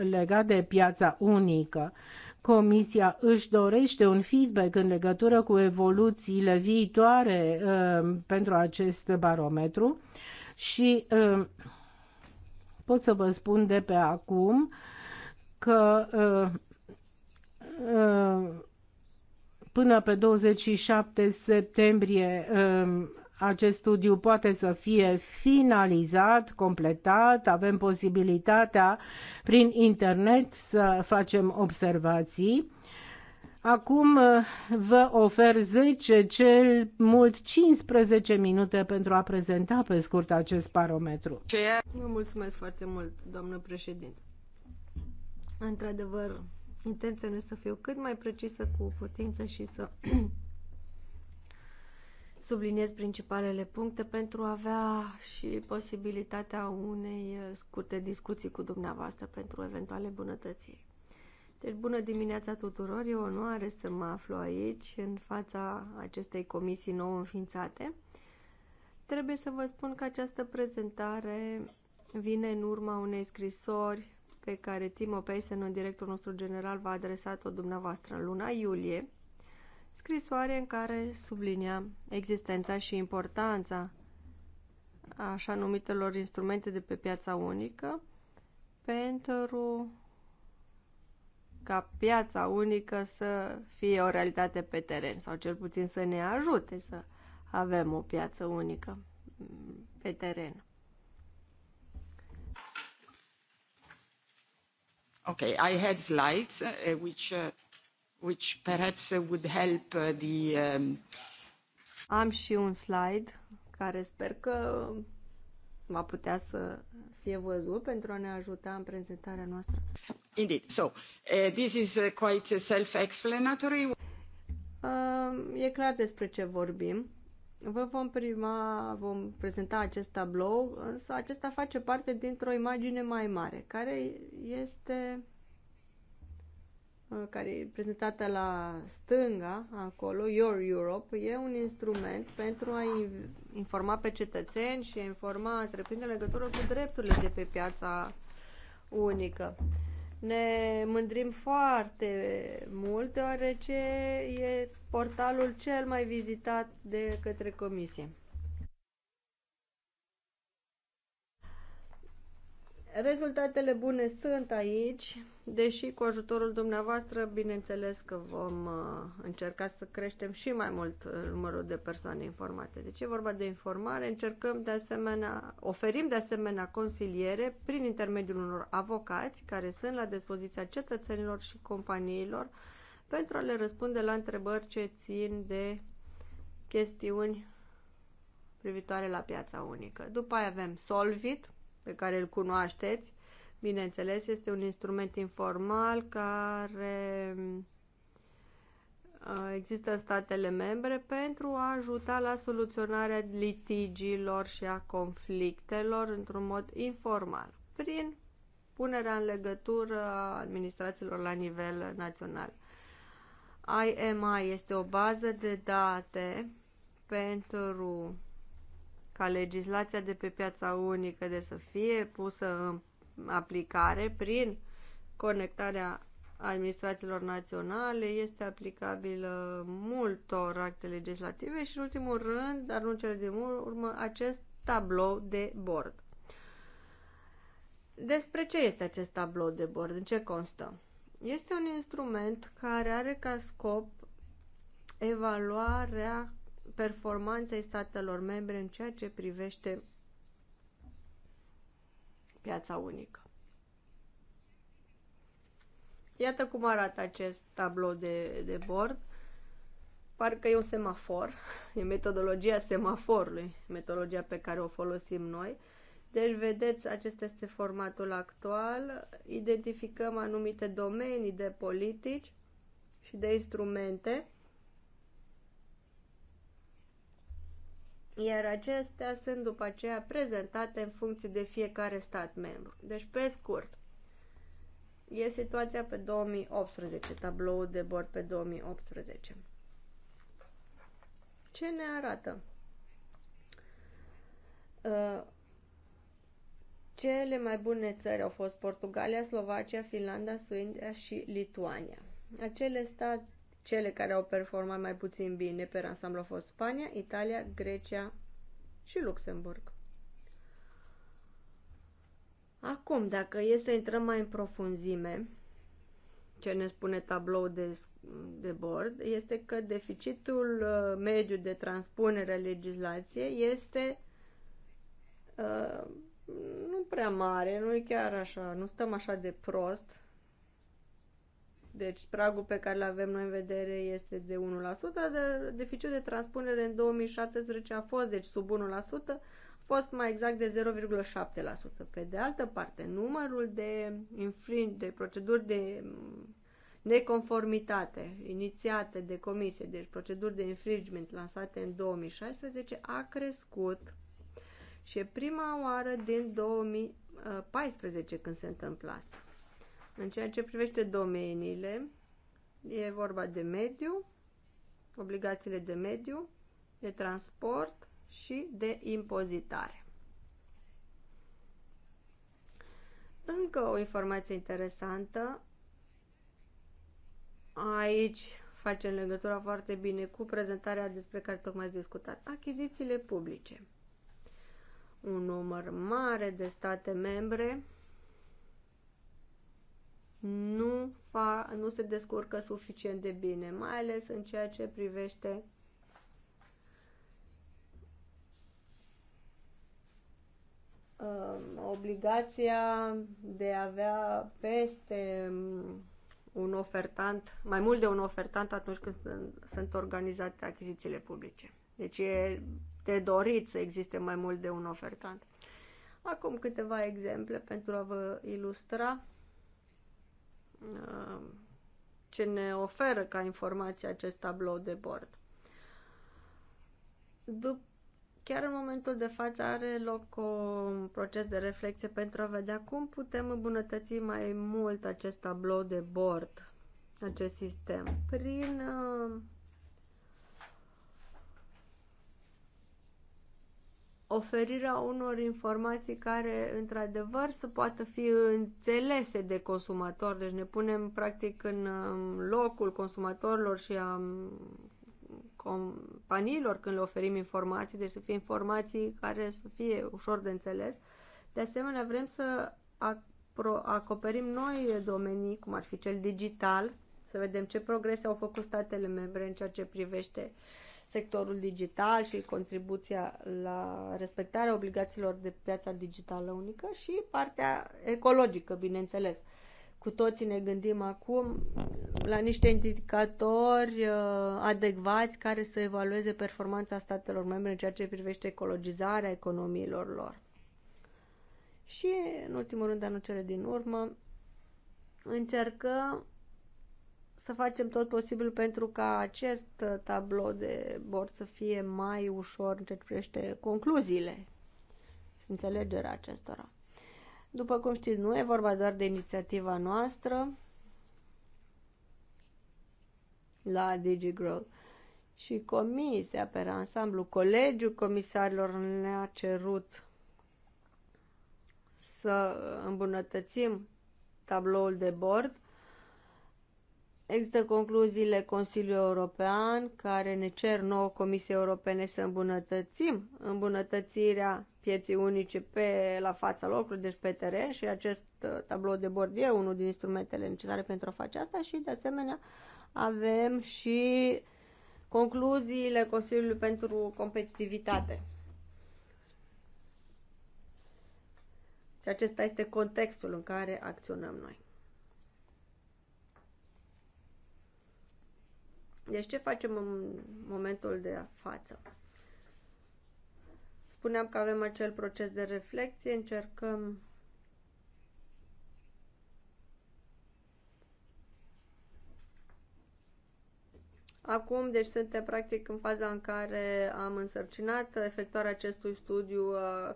legat de piața unică. Comisia își dorește un feedback în legătură cu evoluțiile viitoare uh, pentru acest barometru și pot să vă spun de pe acum că uh, uh, până pe 27 septembrie um, acest studiu poate să fie finalizat, completat, avem posibilitatea prin internet să facem observații. Acum uh, vă ofer 10, cel mult 15 minute pentru a prezenta pe scurt acest barometru. Vă mulțumesc foarte mult, doamnă președinte. Într-adevăr, intenția nu să fiu cât mai precisă cu putință și să subliniez principalele puncte pentru a avea și posibilitatea unei scurte discuții cu dumneavoastră pentru eventuale bunătății. Deci, bună dimineața tuturor! E o onoare să mă aflu aici, în fața acestei comisii nou înființate. Trebuie să vă spun că această prezentare vine în urma unei scrisori pe care Timo Peisen, în directorul nostru general, va adresat-o dumneavoastră în luna iulie, scrisoare în care sublinia existența și importanța așa numitelor instrumente de pe piața unică pentru ca piața unică să fie o realitate pe teren sau cel puțin să ne ajute să avem o piață unică pe teren. I had slides uh, uh, uh, which, perhaps would help the... Um, Am și un slide care sper că va putea să fie văzut pentru a ne ajuta în prezentarea noastră. Indeed. So, uh, this is quite self-explanatory. Uh, e clar despre ce vorbim. Vă vom prima, vom prezenta acest tablou, însă acesta face parte dintr-o imagine mai mare, care este uh, care e prezentată la stânga, acolo, Your Europe, e un instrument pentru a informa pe cetățeni și a informa în legătură cu drepturile de pe piața unică. Ne mândrim foarte mult deoarece e portalul cel mai vizitat de către comisie. Rezultatele bune sunt aici, deși cu ajutorul dumneavoastră, bineînțeles că vom uh, încerca să creștem și mai mult uh, numărul de persoane informate. Deci e vorba de informare, încercăm de asemenea, oferim de asemenea consiliere prin intermediul unor avocați care sunt la dispoziția cetățenilor și companiilor pentru a le răspunde la întrebări ce țin de chestiuni privitoare la piața unică. După aia avem Solvit, pe care îl cunoașteți. Bineînțeles, este un instrument informal care uh, există în statele membre pentru a ajuta la soluționarea litigiilor și a conflictelor într-un mod informal, prin punerea în legătură a administrațiilor la nivel național. IMI este o bază de date pentru ca legislația de pe piața unică de să fie pusă în aplicare prin conectarea administrațiilor naționale este aplicabilă multor acte legislative și, în ultimul rând, dar nu cele din urmă, acest tablou de bord. Despre ce este acest tablou de bord? În ce constă? Este un instrument care are ca scop evaluarea performanței statelor membre în ceea ce privește piața unică. Iată cum arată acest tablou de, de bord. Parcă e un semafor, e metodologia semaforului, metodologia pe care o folosim noi. Deci, vedeți, acesta este formatul actual. Identificăm anumite domenii de politici și de instrumente iar acestea sunt după aceea prezentate în funcție de fiecare stat membru. Deci, pe scurt, e situația pe 2018, tabloul de bord pe 2018. Ce ne arată? Uh, cele mai bune țări au fost Portugalia, Slovacia, Finlanda, Suedia și Lituania. Acele state cele care au performat mai puțin bine pe ansamblu au fost Spania, Italia, Grecia și Luxemburg. Acum, dacă e să intrăm mai în profunzime, ce ne spune tablou de, de bord, este că deficitul uh, mediu de transpunere a legislației este uh, nu prea mare, nu e chiar așa, nu stăm așa de prost deci pragul pe care îl avem noi în vedere este de 1%, dar deficitul de transpunere în 2017 a fost, deci sub 1%, a fost mai exact de 0,7%. Pe de altă parte, numărul de infringe, de proceduri de neconformitate inițiate de comisie, deci proceduri de infringement lansate în 2016, a crescut și e prima oară din 2014 când se întâmplă asta. În ceea ce privește domeniile, e vorba de mediu, obligațiile de mediu, de transport și de impozitare. Încă o informație interesantă. Aici facem legătura foarte bine cu prezentarea despre care tocmai ați discutat. Achizițiile publice. Un număr mare de state membre nu, fa, nu se descurcă suficient de bine, mai ales în ceea ce privește uh, obligația de a avea peste un ofertant, mai mult de un ofertant atunci când sunt organizate achizițiile publice. Deci e de dorit să existe mai mult de un ofertant. Acum câteva exemple pentru a vă ilustra Uh, ce ne oferă ca informație acest tablou de bord. După Chiar în momentul de față are loc un proces de reflexie pentru a vedea cum putem îmbunătăți mai mult acest tablou de bord, acest sistem, prin uh, oferirea unor informații care, într-adevăr, să poată fi înțelese de consumator. Deci ne punem, practic, în um, locul consumatorilor și a um, companiilor când le oferim informații, deci să fie informații care să fie ușor de înțeles. De asemenea, vrem să acoperim noi domenii, cum ar fi cel digital, să vedem ce progrese au făcut statele membre în ceea ce privește uh, sectorul digital și contribuția la respectarea obligațiilor de piața digitală unică și partea ecologică, bineînțeles. Cu toții ne gândim acum la niște indicatori uh, adecvați care să evalueze performanța statelor membre în ceea ce privește ecologizarea economiilor lor. Și, în ultimul rând, dar nu cele din urmă, încercăm să facem tot posibil pentru ca acest uh, tablou de bord să fie mai ușor în ce privește concluziile și înțelegerea acestora. După cum știți, nu e vorba doar de inițiativa noastră la DigiGrow. Și comisia, pe ansamblu, colegiul comisarilor ne-a cerut să îmbunătățim tabloul de bord Există concluziile Consiliului European care ne cer nouă Comisiei Europene să îmbunătățim îmbunătățirea pieții unice pe, la fața locului, deci pe teren și acest uh, tablou de bord e unul din instrumentele necesare pentru a face asta și de asemenea avem și concluziile Consiliului pentru competitivitate. Și deci acesta este contextul în care acționăm noi. Deci ce facem în momentul de față? Spuneam că avem acel proces de reflexie, încercăm Acum, deci suntem practic în faza în care am însărcinat efectuarea acestui studiu uh,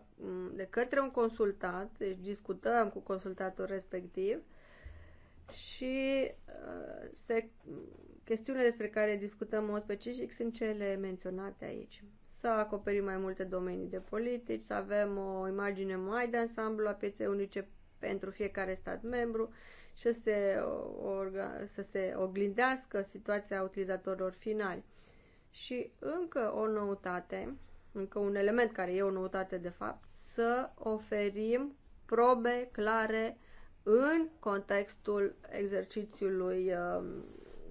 de către un consultat, deci discutăm cu consultatul respectiv și uh, se Chestiunile despre care discutăm în mod specific sunt cele menționate aici. Să acoperim mai multe domenii de politici, să avem o imagine mai de ansamblu a pieței unice pentru fiecare stat membru și să se, orga, să se oglindească situația utilizatorilor finali. Și încă o noutate, încă un element care e o noutate de fapt, să oferim probe clare în contextul exercițiului um,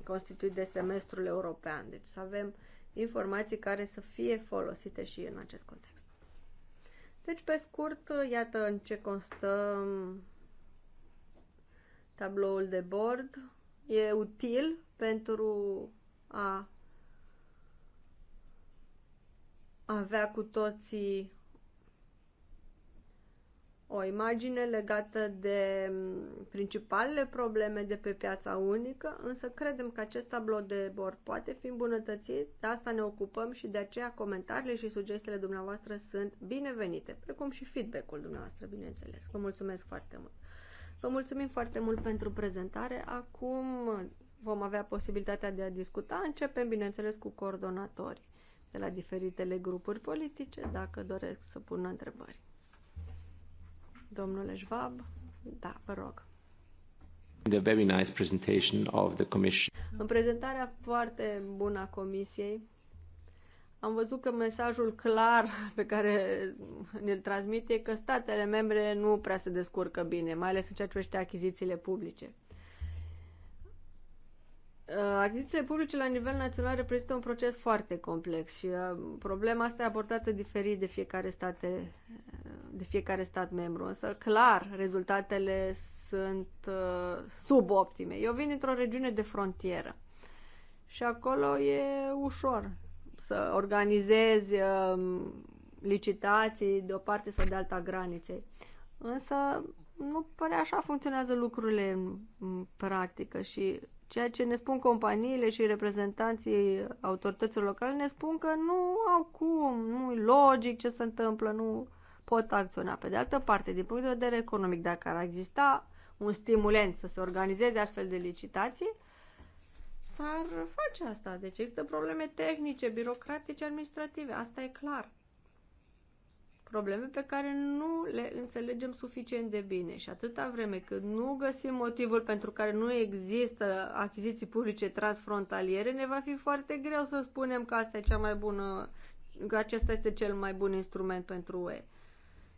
constituit de semestrul european. Deci să avem informații care să fie folosite și în acest context. Deci, pe scurt, iată în ce constă tabloul de bord. E util pentru a avea cu toții o imagine legată de mm, principalele probleme de pe piața unică, însă credem că acest tablou de bord poate fi îmbunătățit, de asta ne ocupăm și de aceea comentariile și sugestiile dumneavoastră sunt binevenite, precum și feedback-ul dumneavoastră, bineînțeles. Vă mulțumesc foarte mult! Vă mulțumim foarte mult pentru prezentare. Acum vom avea posibilitatea de a discuta. Începem, bineînțeles, cu coordonatorii de la diferitele grupuri politice, dacă doresc să pună întrebări. Domnule Schwab, da, vă rog. The very nice presentation of the commission. În prezentarea foarte bună a comisiei, am văzut că mesajul clar pe care ne-l transmite e că statele membre nu prea se descurcă bine, mai ales în ceea ce privește achizițiile publice. Uh, achizițiile publice la nivel național reprezintă un proces foarte complex și uh, problema asta e abordată diferit de fiecare, state, uh, de fiecare stat membru, însă clar rezultatele sunt suboptime. Eu vin dintr-o regiune de frontieră și acolo e ușor să organizezi um, licitații de o parte sau de alta graniței. Însă nu pare așa funcționează lucrurile în practică și Ceea ce ne spun companiile și reprezentanții autorităților locale ne spun că nu au cum, nu e logic ce se întâmplă, nu pot acționa. Pe de altă parte, din punct de vedere economic, dacă ar exista un stimulent să se organizeze astfel de licitații, s-ar face asta. Deci există probleme tehnice, birocratice, administrative, asta e clar probleme pe care nu le înțelegem suficient de bine și atâta vreme cât nu găsim motivul pentru care nu există achiziții publice transfrontaliere, ne va fi foarte greu să spunem că asta e cea mai bună, că acesta este cel mai bun instrument pentru UE.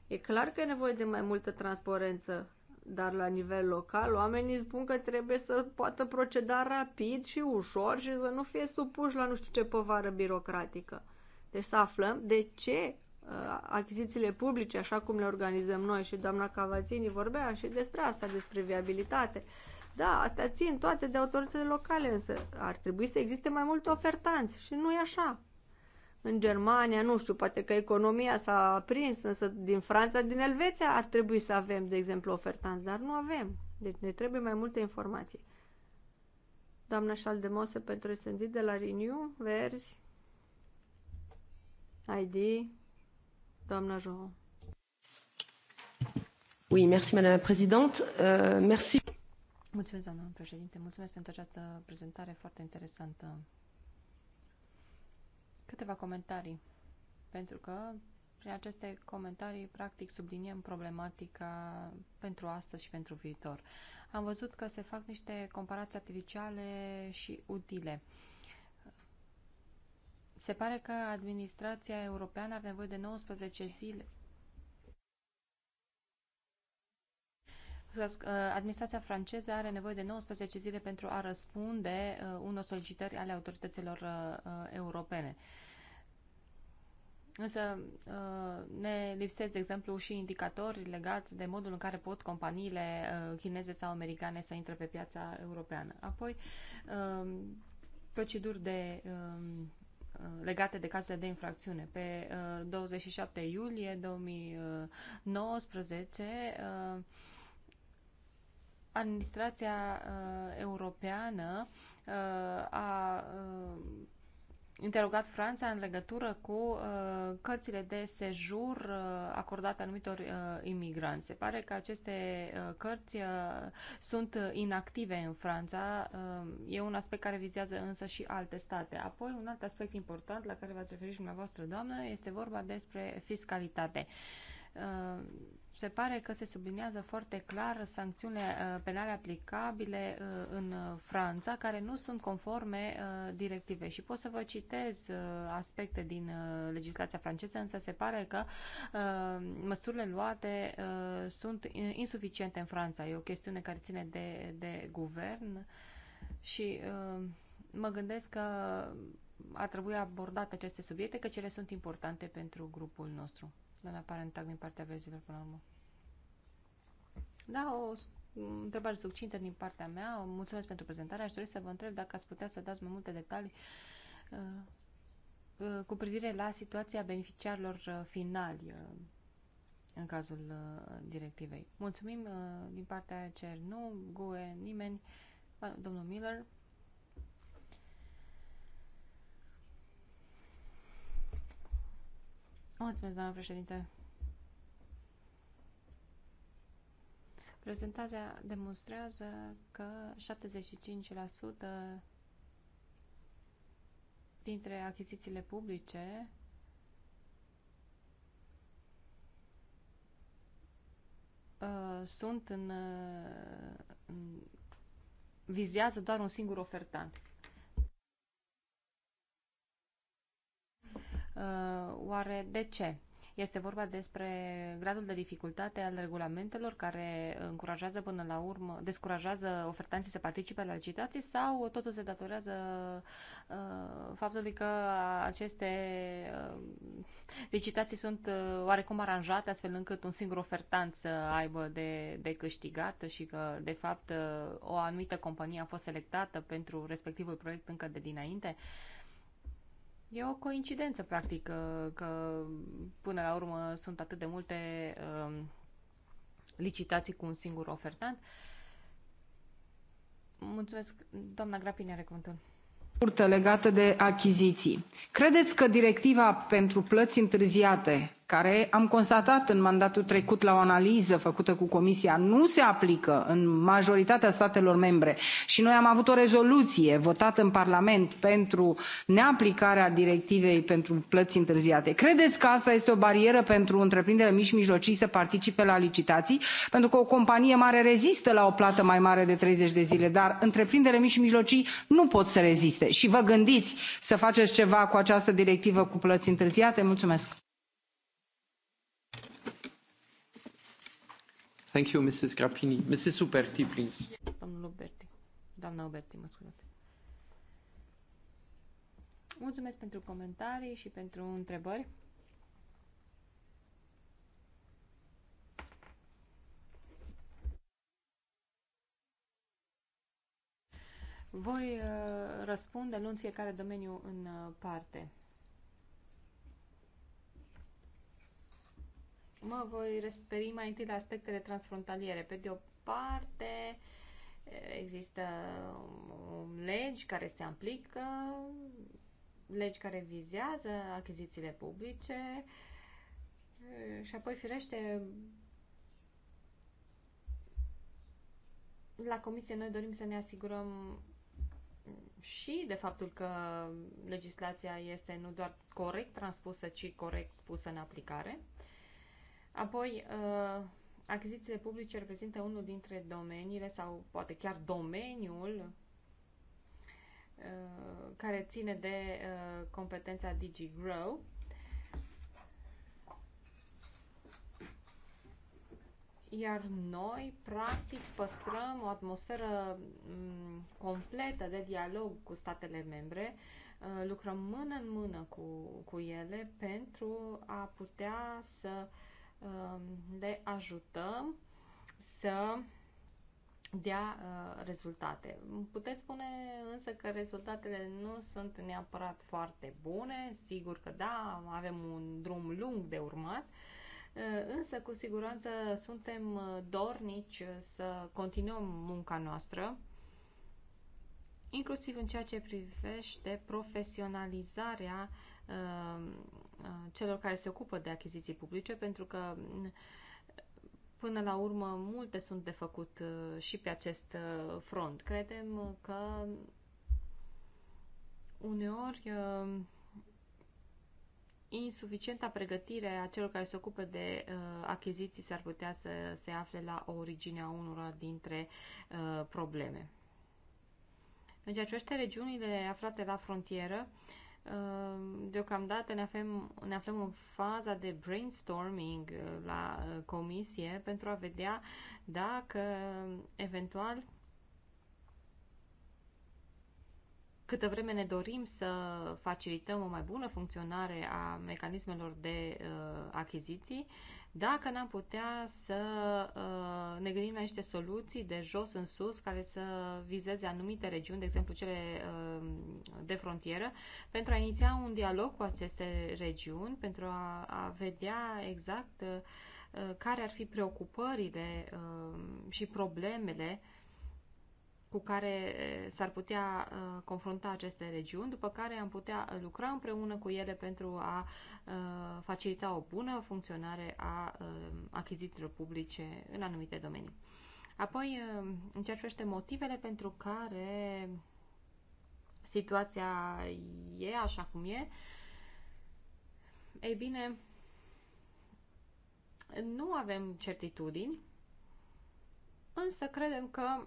E clar că e nevoie de mai multă transparență, dar la nivel local oamenii spun că trebuie să poată proceda rapid și ușor și să nu fie supuși la nu știu ce povară birocratică. Deci să aflăm de ce Uh, achizițiile publice, așa cum le organizăm noi și doamna Cavazini vorbea și despre asta, despre viabilitate. Da, astea țin toate de autoritățile locale, însă ar trebui să existe mai multe ofertanți și nu e așa. În Germania, nu știu, poate că economia s-a prins, însă din Franța, din Elveția ar trebui să avem, de exemplu, ofertanți, dar nu avem. Deci ne trebuie mai multe informații. Doamna Șaldemose pentru SND de la Renew, Verzi, ID, Doamna Joao. Oui, merci, Madame la Présidente. Uh, merci. Mulțumesc, doamna președinte. Mulțumesc pentru această prezentare foarte interesantă. Câteva comentarii, pentru că prin aceste comentarii, practic, subliniem problematica pentru astăzi și pentru viitor. Am văzut că se fac niște comparații artificiale și utile. Uh, se pare că administrația europeană are nevoie de 19 zile. Uh, administrația franceză are nevoie de 19 zile pentru a răspunde uh, unor solicitări ale autorităților uh, europene. Însă ne lipsesc, de exemplu, și indicatori legați de modul în care pot companiile chineze sau americane să intre pe piața europeană. Apoi, proceduri de Uh, legate de cazurile de infracțiune. Pe 27 uh, iulie 2019, uh, administrația europeană a interogat Franța în legătură cu uh, cărțile de sejur uh, acordate anumitor uh, imigranți. Se pare că aceste uh, cărți uh, sunt inactive în Franța. Uh, e un aspect care vizează însă și alte state. Apoi, un alt aspect important la care v-ați referit și dumneavoastră, doamnă, este vorba despre fiscalitate. Uh, se pare că se subliniază foarte clar sancțiunile uh, penale aplicabile uh, în uh, Franța, care nu sunt conforme directive. Și pot să vă citez aspecte din legislația franceză, însă se pare că măsurile luate sunt insuficiente în Franța. E o chestiune care ține de, de guvern și mă gândesc că ar trebui abordate aceste subiecte, că cele sunt importante pentru grupul nostru doamna tag din partea verzilor până la urmă. Da, o întrebare succintă din partea mea. Mulțumesc pentru prezentare. Aș dori să vă întreb dacă ați putea să dați mai multe detalii uh, uh, cu privire la situația beneficiarilor uh, finali în cazul directivei. Mulțumim din partea CER, nu, GUE, nimeni, domnul Miller, Mulțumesc, doamnă președinte. Prezentarea demonstrează că 75% dintre achizițiile publice uh, sunt în, uh, în vizează doar un singur ofertant. Uh, oare de ce? Este vorba despre gradul de dificultate al regulamentelor care încurajează până la urmă, descurajează ofertanții să participe la licitații sau totul se datorează uh, faptului că aceste uh, licitații sunt uh, oarecum aranjate astfel încât un singur ofertant să aibă de, de câștigat și că de fapt uh, o anumită companie a fost selectată pentru respectivul proiect încă de dinainte. Uh, E o coincidență, practic, că, că până la urmă sunt atât de multe uh, licitații cu un singur ofertant. Mulțumesc. Doamna Grapini are cuvântul scurtă legată de achiziții. Credeți că directiva pentru plăți întârziate, care am constatat în mandatul trecut la o analiză făcută cu Comisia, nu se aplică în majoritatea statelor membre și noi am avut o rezoluție votată în Parlament pentru neaplicarea directivei pentru plăți întârziate. Credeți că asta este o barieră pentru întreprinderile mici și mijlocii să participe la licitații? Pentru că o companie mare rezistă la o plată mai mare de 30 de zile, dar întreprinderile mici și mijlocii nu pot să reziste și vă gândiți să faceți ceva cu această directivă cu plăți întârziate? Mulțumesc! Thank you, Mrs. Grappini. Mrs. Uberti, please. Domnul Uberti. Doamna Uberti, mă scuzați. Mulțumesc pentru comentarii și pentru întrebări. Voi uh, răspunde luând fiecare domeniu în uh, parte. Mă voi referi mai întâi la aspectele transfrontaliere. Pe de o parte, există um, legi care se aplică, legi care vizează achizițiile publice uh, și apoi, firește, la comisie noi dorim să ne asigurăm și de faptul că legislația este nu doar corect transpusă, ci corect pusă în aplicare. Apoi, uh, achizițiile publice reprezintă unul dintre domeniile sau poate chiar domeniul uh, care ține de uh, competența DigiGrow iar noi, practic, păstrăm o atmosferă mm, completă de dialog cu statele membre, uh, lucrăm mână în mână cu, cu ele pentru a putea să um, le ajutăm să dea uh, rezultate. Puteți spune însă că rezultatele nu sunt neapărat foarte bune, sigur că da, avem un drum lung de urmat, uh, Eh, însă cu siguranță suntem eh, dornici eh, să continuăm munca noastră, inclusiv în ceea ce privește profesionalizarea celor care se ocupă de achiziții publice, pentru că mm, până la urmă multe sunt de făcut și pe acest front. Credem că uneori insuficienta pregătire a celor care se ocupă de uh, achiziții s-ar putea să se afle la originea unora dintre uh, probleme. În ceea ce privește regiunile aflate la frontieră, uh, deocamdată ne aflăm, ne aflăm în faza de brainstorming uh, la uh, comisie pentru a vedea dacă eventual Câtă vreme ne dorim să facilităm o mai bună funcționare a mecanismelor de uh, achiziții, dacă n-am putea să uh, ne gândim la niște soluții de jos în sus care să vizeze anumite regiuni, de exemplu cele uh, de frontieră, pentru a iniția un dialog cu aceste regiuni, pentru a, a vedea exact uh, care ar fi preocupările uh, și problemele cu care eh, s-ar putea eh, confrunta aceste regiuni, după care am putea eh, lucra împreună cu ele pentru a facilita o bună funcționare a achizițiilor publice în anumite domenii. Apoi, în ceea ce privește motivele pentru care situația e așa cum e, ei bine, nu avem certitudini, însă credem că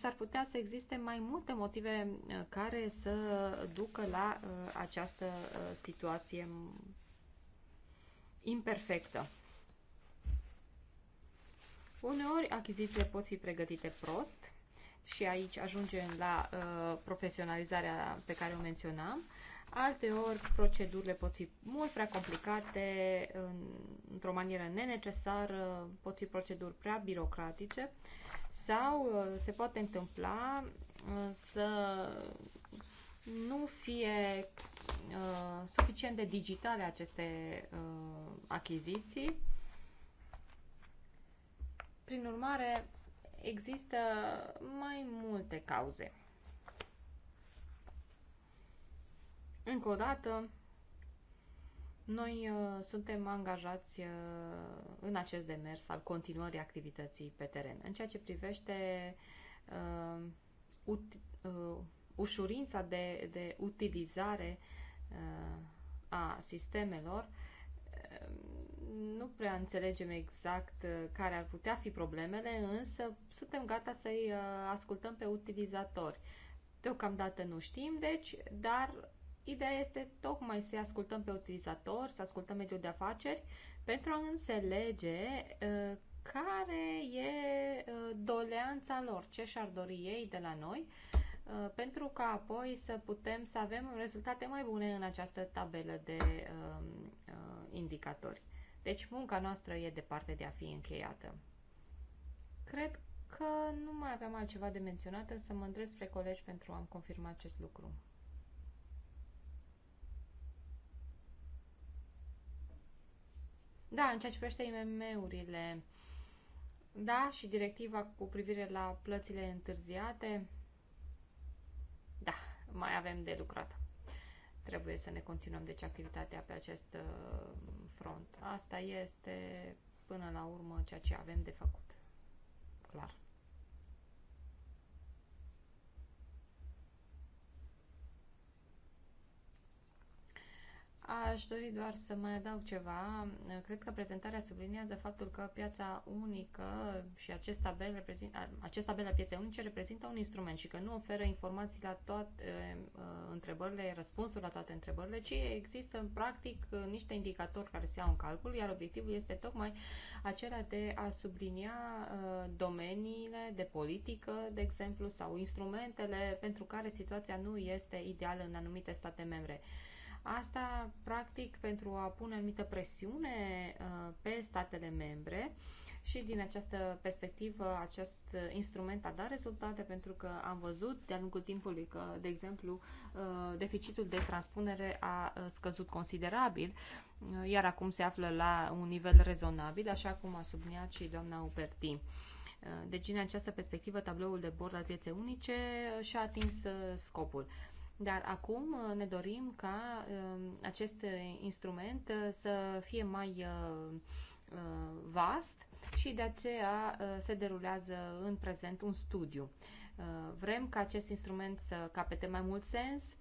s-ar putea să existe mai multe motive uh, care să ducă la uh, această uh, situație imperfectă. Uneori achizițiile pot fi pregătite prost și aici ajungem la uh, profesionalizarea pe care o menționam. Alteori procedurile pot fi mult prea complicate, în, într-o manieră nenecesară, pot fi proceduri prea birocratice sau uh, se poate întâmpla uh, să nu fie uh, suficient de digitale aceste achiziții. Prin urmare, există mai multe cauze. Încă o dată, noi uh, suntem angajați uh, în acest demers al continuării activității pe teren. În ceea ce privește uh, ut, uh, ușurința de, de utilizare uh, a sistemelor, uh, nu prea înțelegem exact uh, care ar putea fi problemele, însă suntem gata să-i uh, ascultăm pe utilizatori. Deocamdată nu știm, deci, dar Ideea este tocmai să ascultăm pe utilizator, să ascultăm mediul de afaceri, pentru a înțelege uh, care e uh, doleanța lor, ce și-ar dori ei de la noi, uh, pentru ca apoi să putem să avem rezultate mai bune în această tabelă de um, uh, indicatori. Deci munca noastră e departe de a fi încheiată. Cred că nu mai aveam altceva de menționat, însă mă îndrept spre colegi pentru a-mi confirma acest lucru. Da, în ceea ce privește IMM-urile, da, și directiva cu privire la plățile întârziate, da, mai avem de lucrat. Trebuie să ne continuăm, deci, activitatea pe acest uh, front. Asta este, până la urmă, ceea ce avem de făcut. Clar. Aș dori doar să mai adaug ceva. Cred că prezentarea subliniază faptul că piața unică și acest tabel, reprezint, acest tabel a pieței unice reprezintă un instrument și că nu oferă informații la toate uh, întrebările, răspunsuri la toate întrebările, ci există în practic uh, niște indicatori care se iau în calcul, iar obiectivul este tocmai acela de a sublinia uh, domeniile de politică, de exemplu, sau instrumentele pentru care situația nu este ideală în anumite state membre. Asta, practic, pentru a pune anumită presiune uh, pe statele membre și din această perspectivă, acest instrument a dat rezultate pentru că am văzut de-a lungul timpului că, de exemplu, uh, deficitul de transpunere a uh, scăzut considerabil, iar acum se află la un nivel rezonabil, așa cum a subliniat și doamna Uperti. Deci, din această perspectivă, tabloul de bord al pieței unice și-a atins scopul. Dar acum uh, ne dorim ca uh, acest uh, instrument să fie mai vast și de aceea se derulează în prezent un studiu. Vrem ca acest instrument să capete mai mult sens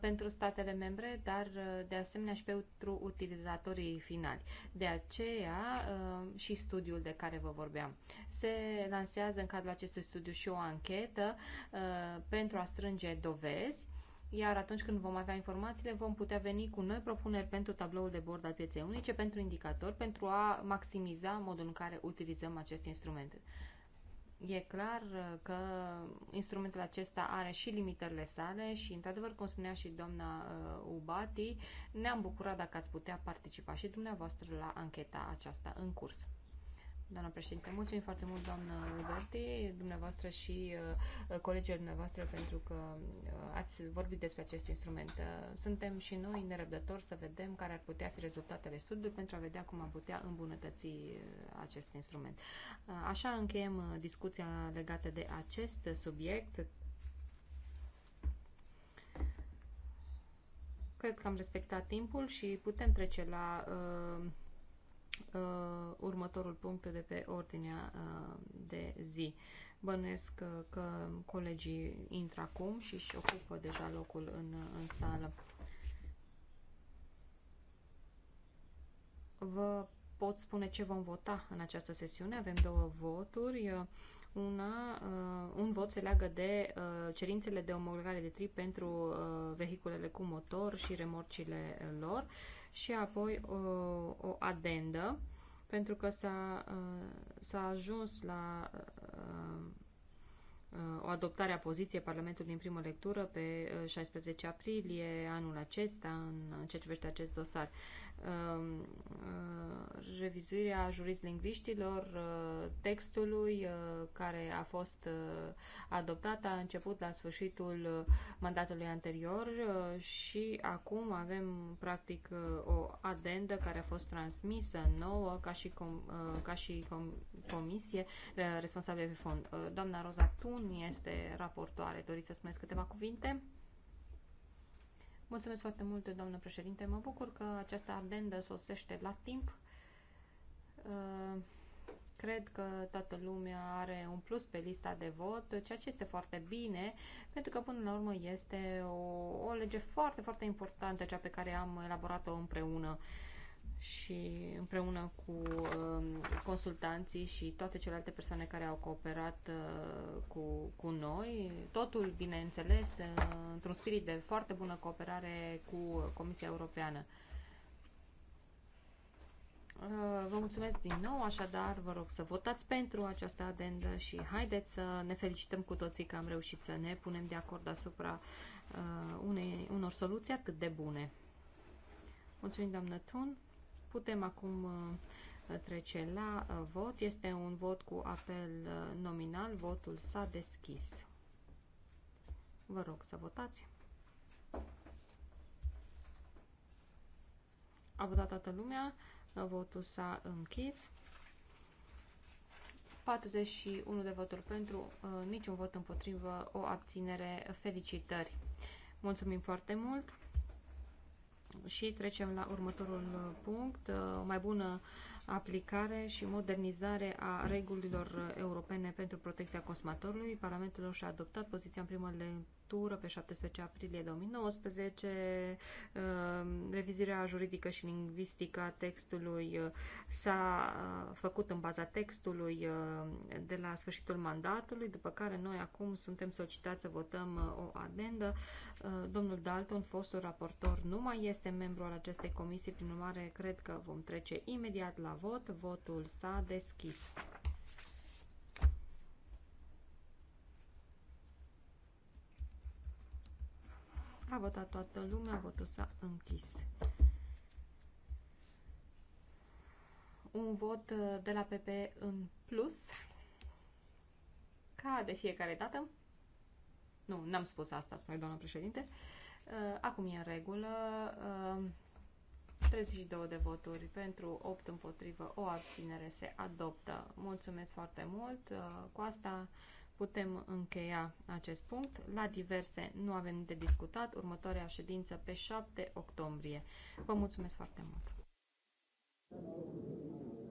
pentru statele membre, dar de asemenea și pentru utilizatorii finali. De aceea și studiul de care vă vorbeam. Se lansează în cadrul acestui studiu și o anchetă pentru a strânge dovezi iar atunci când vom avea informațiile, vom putea veni cu noi propuneri pentru tabloul de bord al pieței unice, pentru indicator pentru a maximiza modul în care utilizăm acest instrument. E clar uh, că instrumentul acesta are și limitările sale și, într-adevăr, cum spunea și doamna uh, Ubati, ne-am bucurat dacă ați putea participa și dumneavoastră la ancheta aceasta în curs. Doamna președinte, mulțumim foarte mult, doamna Roberti, dumneavoastră și uh, colegilor dumneavoastră, pentru că uh, ați vorbit despre acest instrument. Uh, suntem și noi nerăbdători să vedem care ar putea fi rezultatele studiului pentru a vedea cum am putea îmbunătăți uh, acest instrument. Uh, așa încheiem uh, discuția legată de acest subiect. Cred că am respectat timpul și putem trece la uh, uh, următorul punct de pe ordinea uh, de zi. Bănuiesc că, uh, că colegii intră acum și își ocupă deja locul în, uh, în sală. Vă pot spune ce vom vota în această sesiune. Avem două voturi. Uh, una, uh, un vot se leagă de uh, cerințele de omologare de trip pentru uh, vehiculele cu motor și remorcile lor. Uh, și apoi o, uh, o adendă, pentru că s-a, uh, s-a ajuns la uh, o adoptare a poziției Parlamentului în primă lectură pe 16 aprilie anul acesta în ce privește acest dosar. Um, uh, revizuirea jurislingviștilor uh, textului uh, care a fost adoptat a început la sfârșitul mandatului anterior și acum avem practic o adendă care a fost transmisă nouă ca și, com, ca și com, comisie responsabilă pe fond. Doamna Roza Tun este raportoare. Doriți să spuneți câteva cuvinte? Mulțumesc foarte mult, doamnă președinte. Mă bucur că această ardendă sosește la timp. Uh, cred că toată lumea are un plus pe lista de vot, ceea ce este foarte bine, pentru că până la urmă este o, o lege foarte, foarte importantă, cea pe care am elaborat-o împreună. Uh, și împreună cu um, consultanții și toate celelalte persoane care au cooperat uh, cu, cu noi. Totul, bineînțeles, uh, într-un spirit de foarte bună cooperare cu Comisia Europeană. Uh, vă mulțumesc din nou, așadar vă rog să votați pentru această adendă și haideți să ne felicităm cu toții că am reușit să ne punem de acord asupra unei, unor soluții atât de bune. Mulțumim, doamnă Tun. Putem acum uh, trece la uh, vot. Este un vot cu apel uh, nominal. Votul s-a deschis. Vă rog să votați. A votat toată lumea. Votul s-a închis. 41 de voturi pentru, niciun vot împotrivă, o abținere. Felicitări! Mulțumim foarte mult! Și trecem la următorul uh, punct, uh, o mai bună aplicare și modernizare a regulilor uh, europene pentru protecția consumatorului. Parlamentul și-a adoptat poziția în primă structură pe 17 aprilie 2019. Um, revizuirea juridică și lingvistică a textului uh, s-a uh, făcut în baza textului uh, de la sfârșitul mandatului, după care noi acum suntem solicitați să votăm o adendă. Domnul Dalton, fostul raportor, nu mai este membru al acestei comisii, prin urmare cred că vom trece imediat la vot. Votul s-a deschis. A votat toată lumea, votul s-a închis. Un vot uh, de la PP în plus, ca de fiecare dată. Nu, n-am spus asta, spune doamna președinte. Uh, acum e în regulă. 32 uh, de voturi pentru, 8 împotrivă, o abținere se adoptă. Mulțumesc foarte mult. Cu asta putem încheia acest punct. La diverse nu avem de discutat. Următoarea ședință pe 7 octombrie. Vă mulțumesc foarte mult!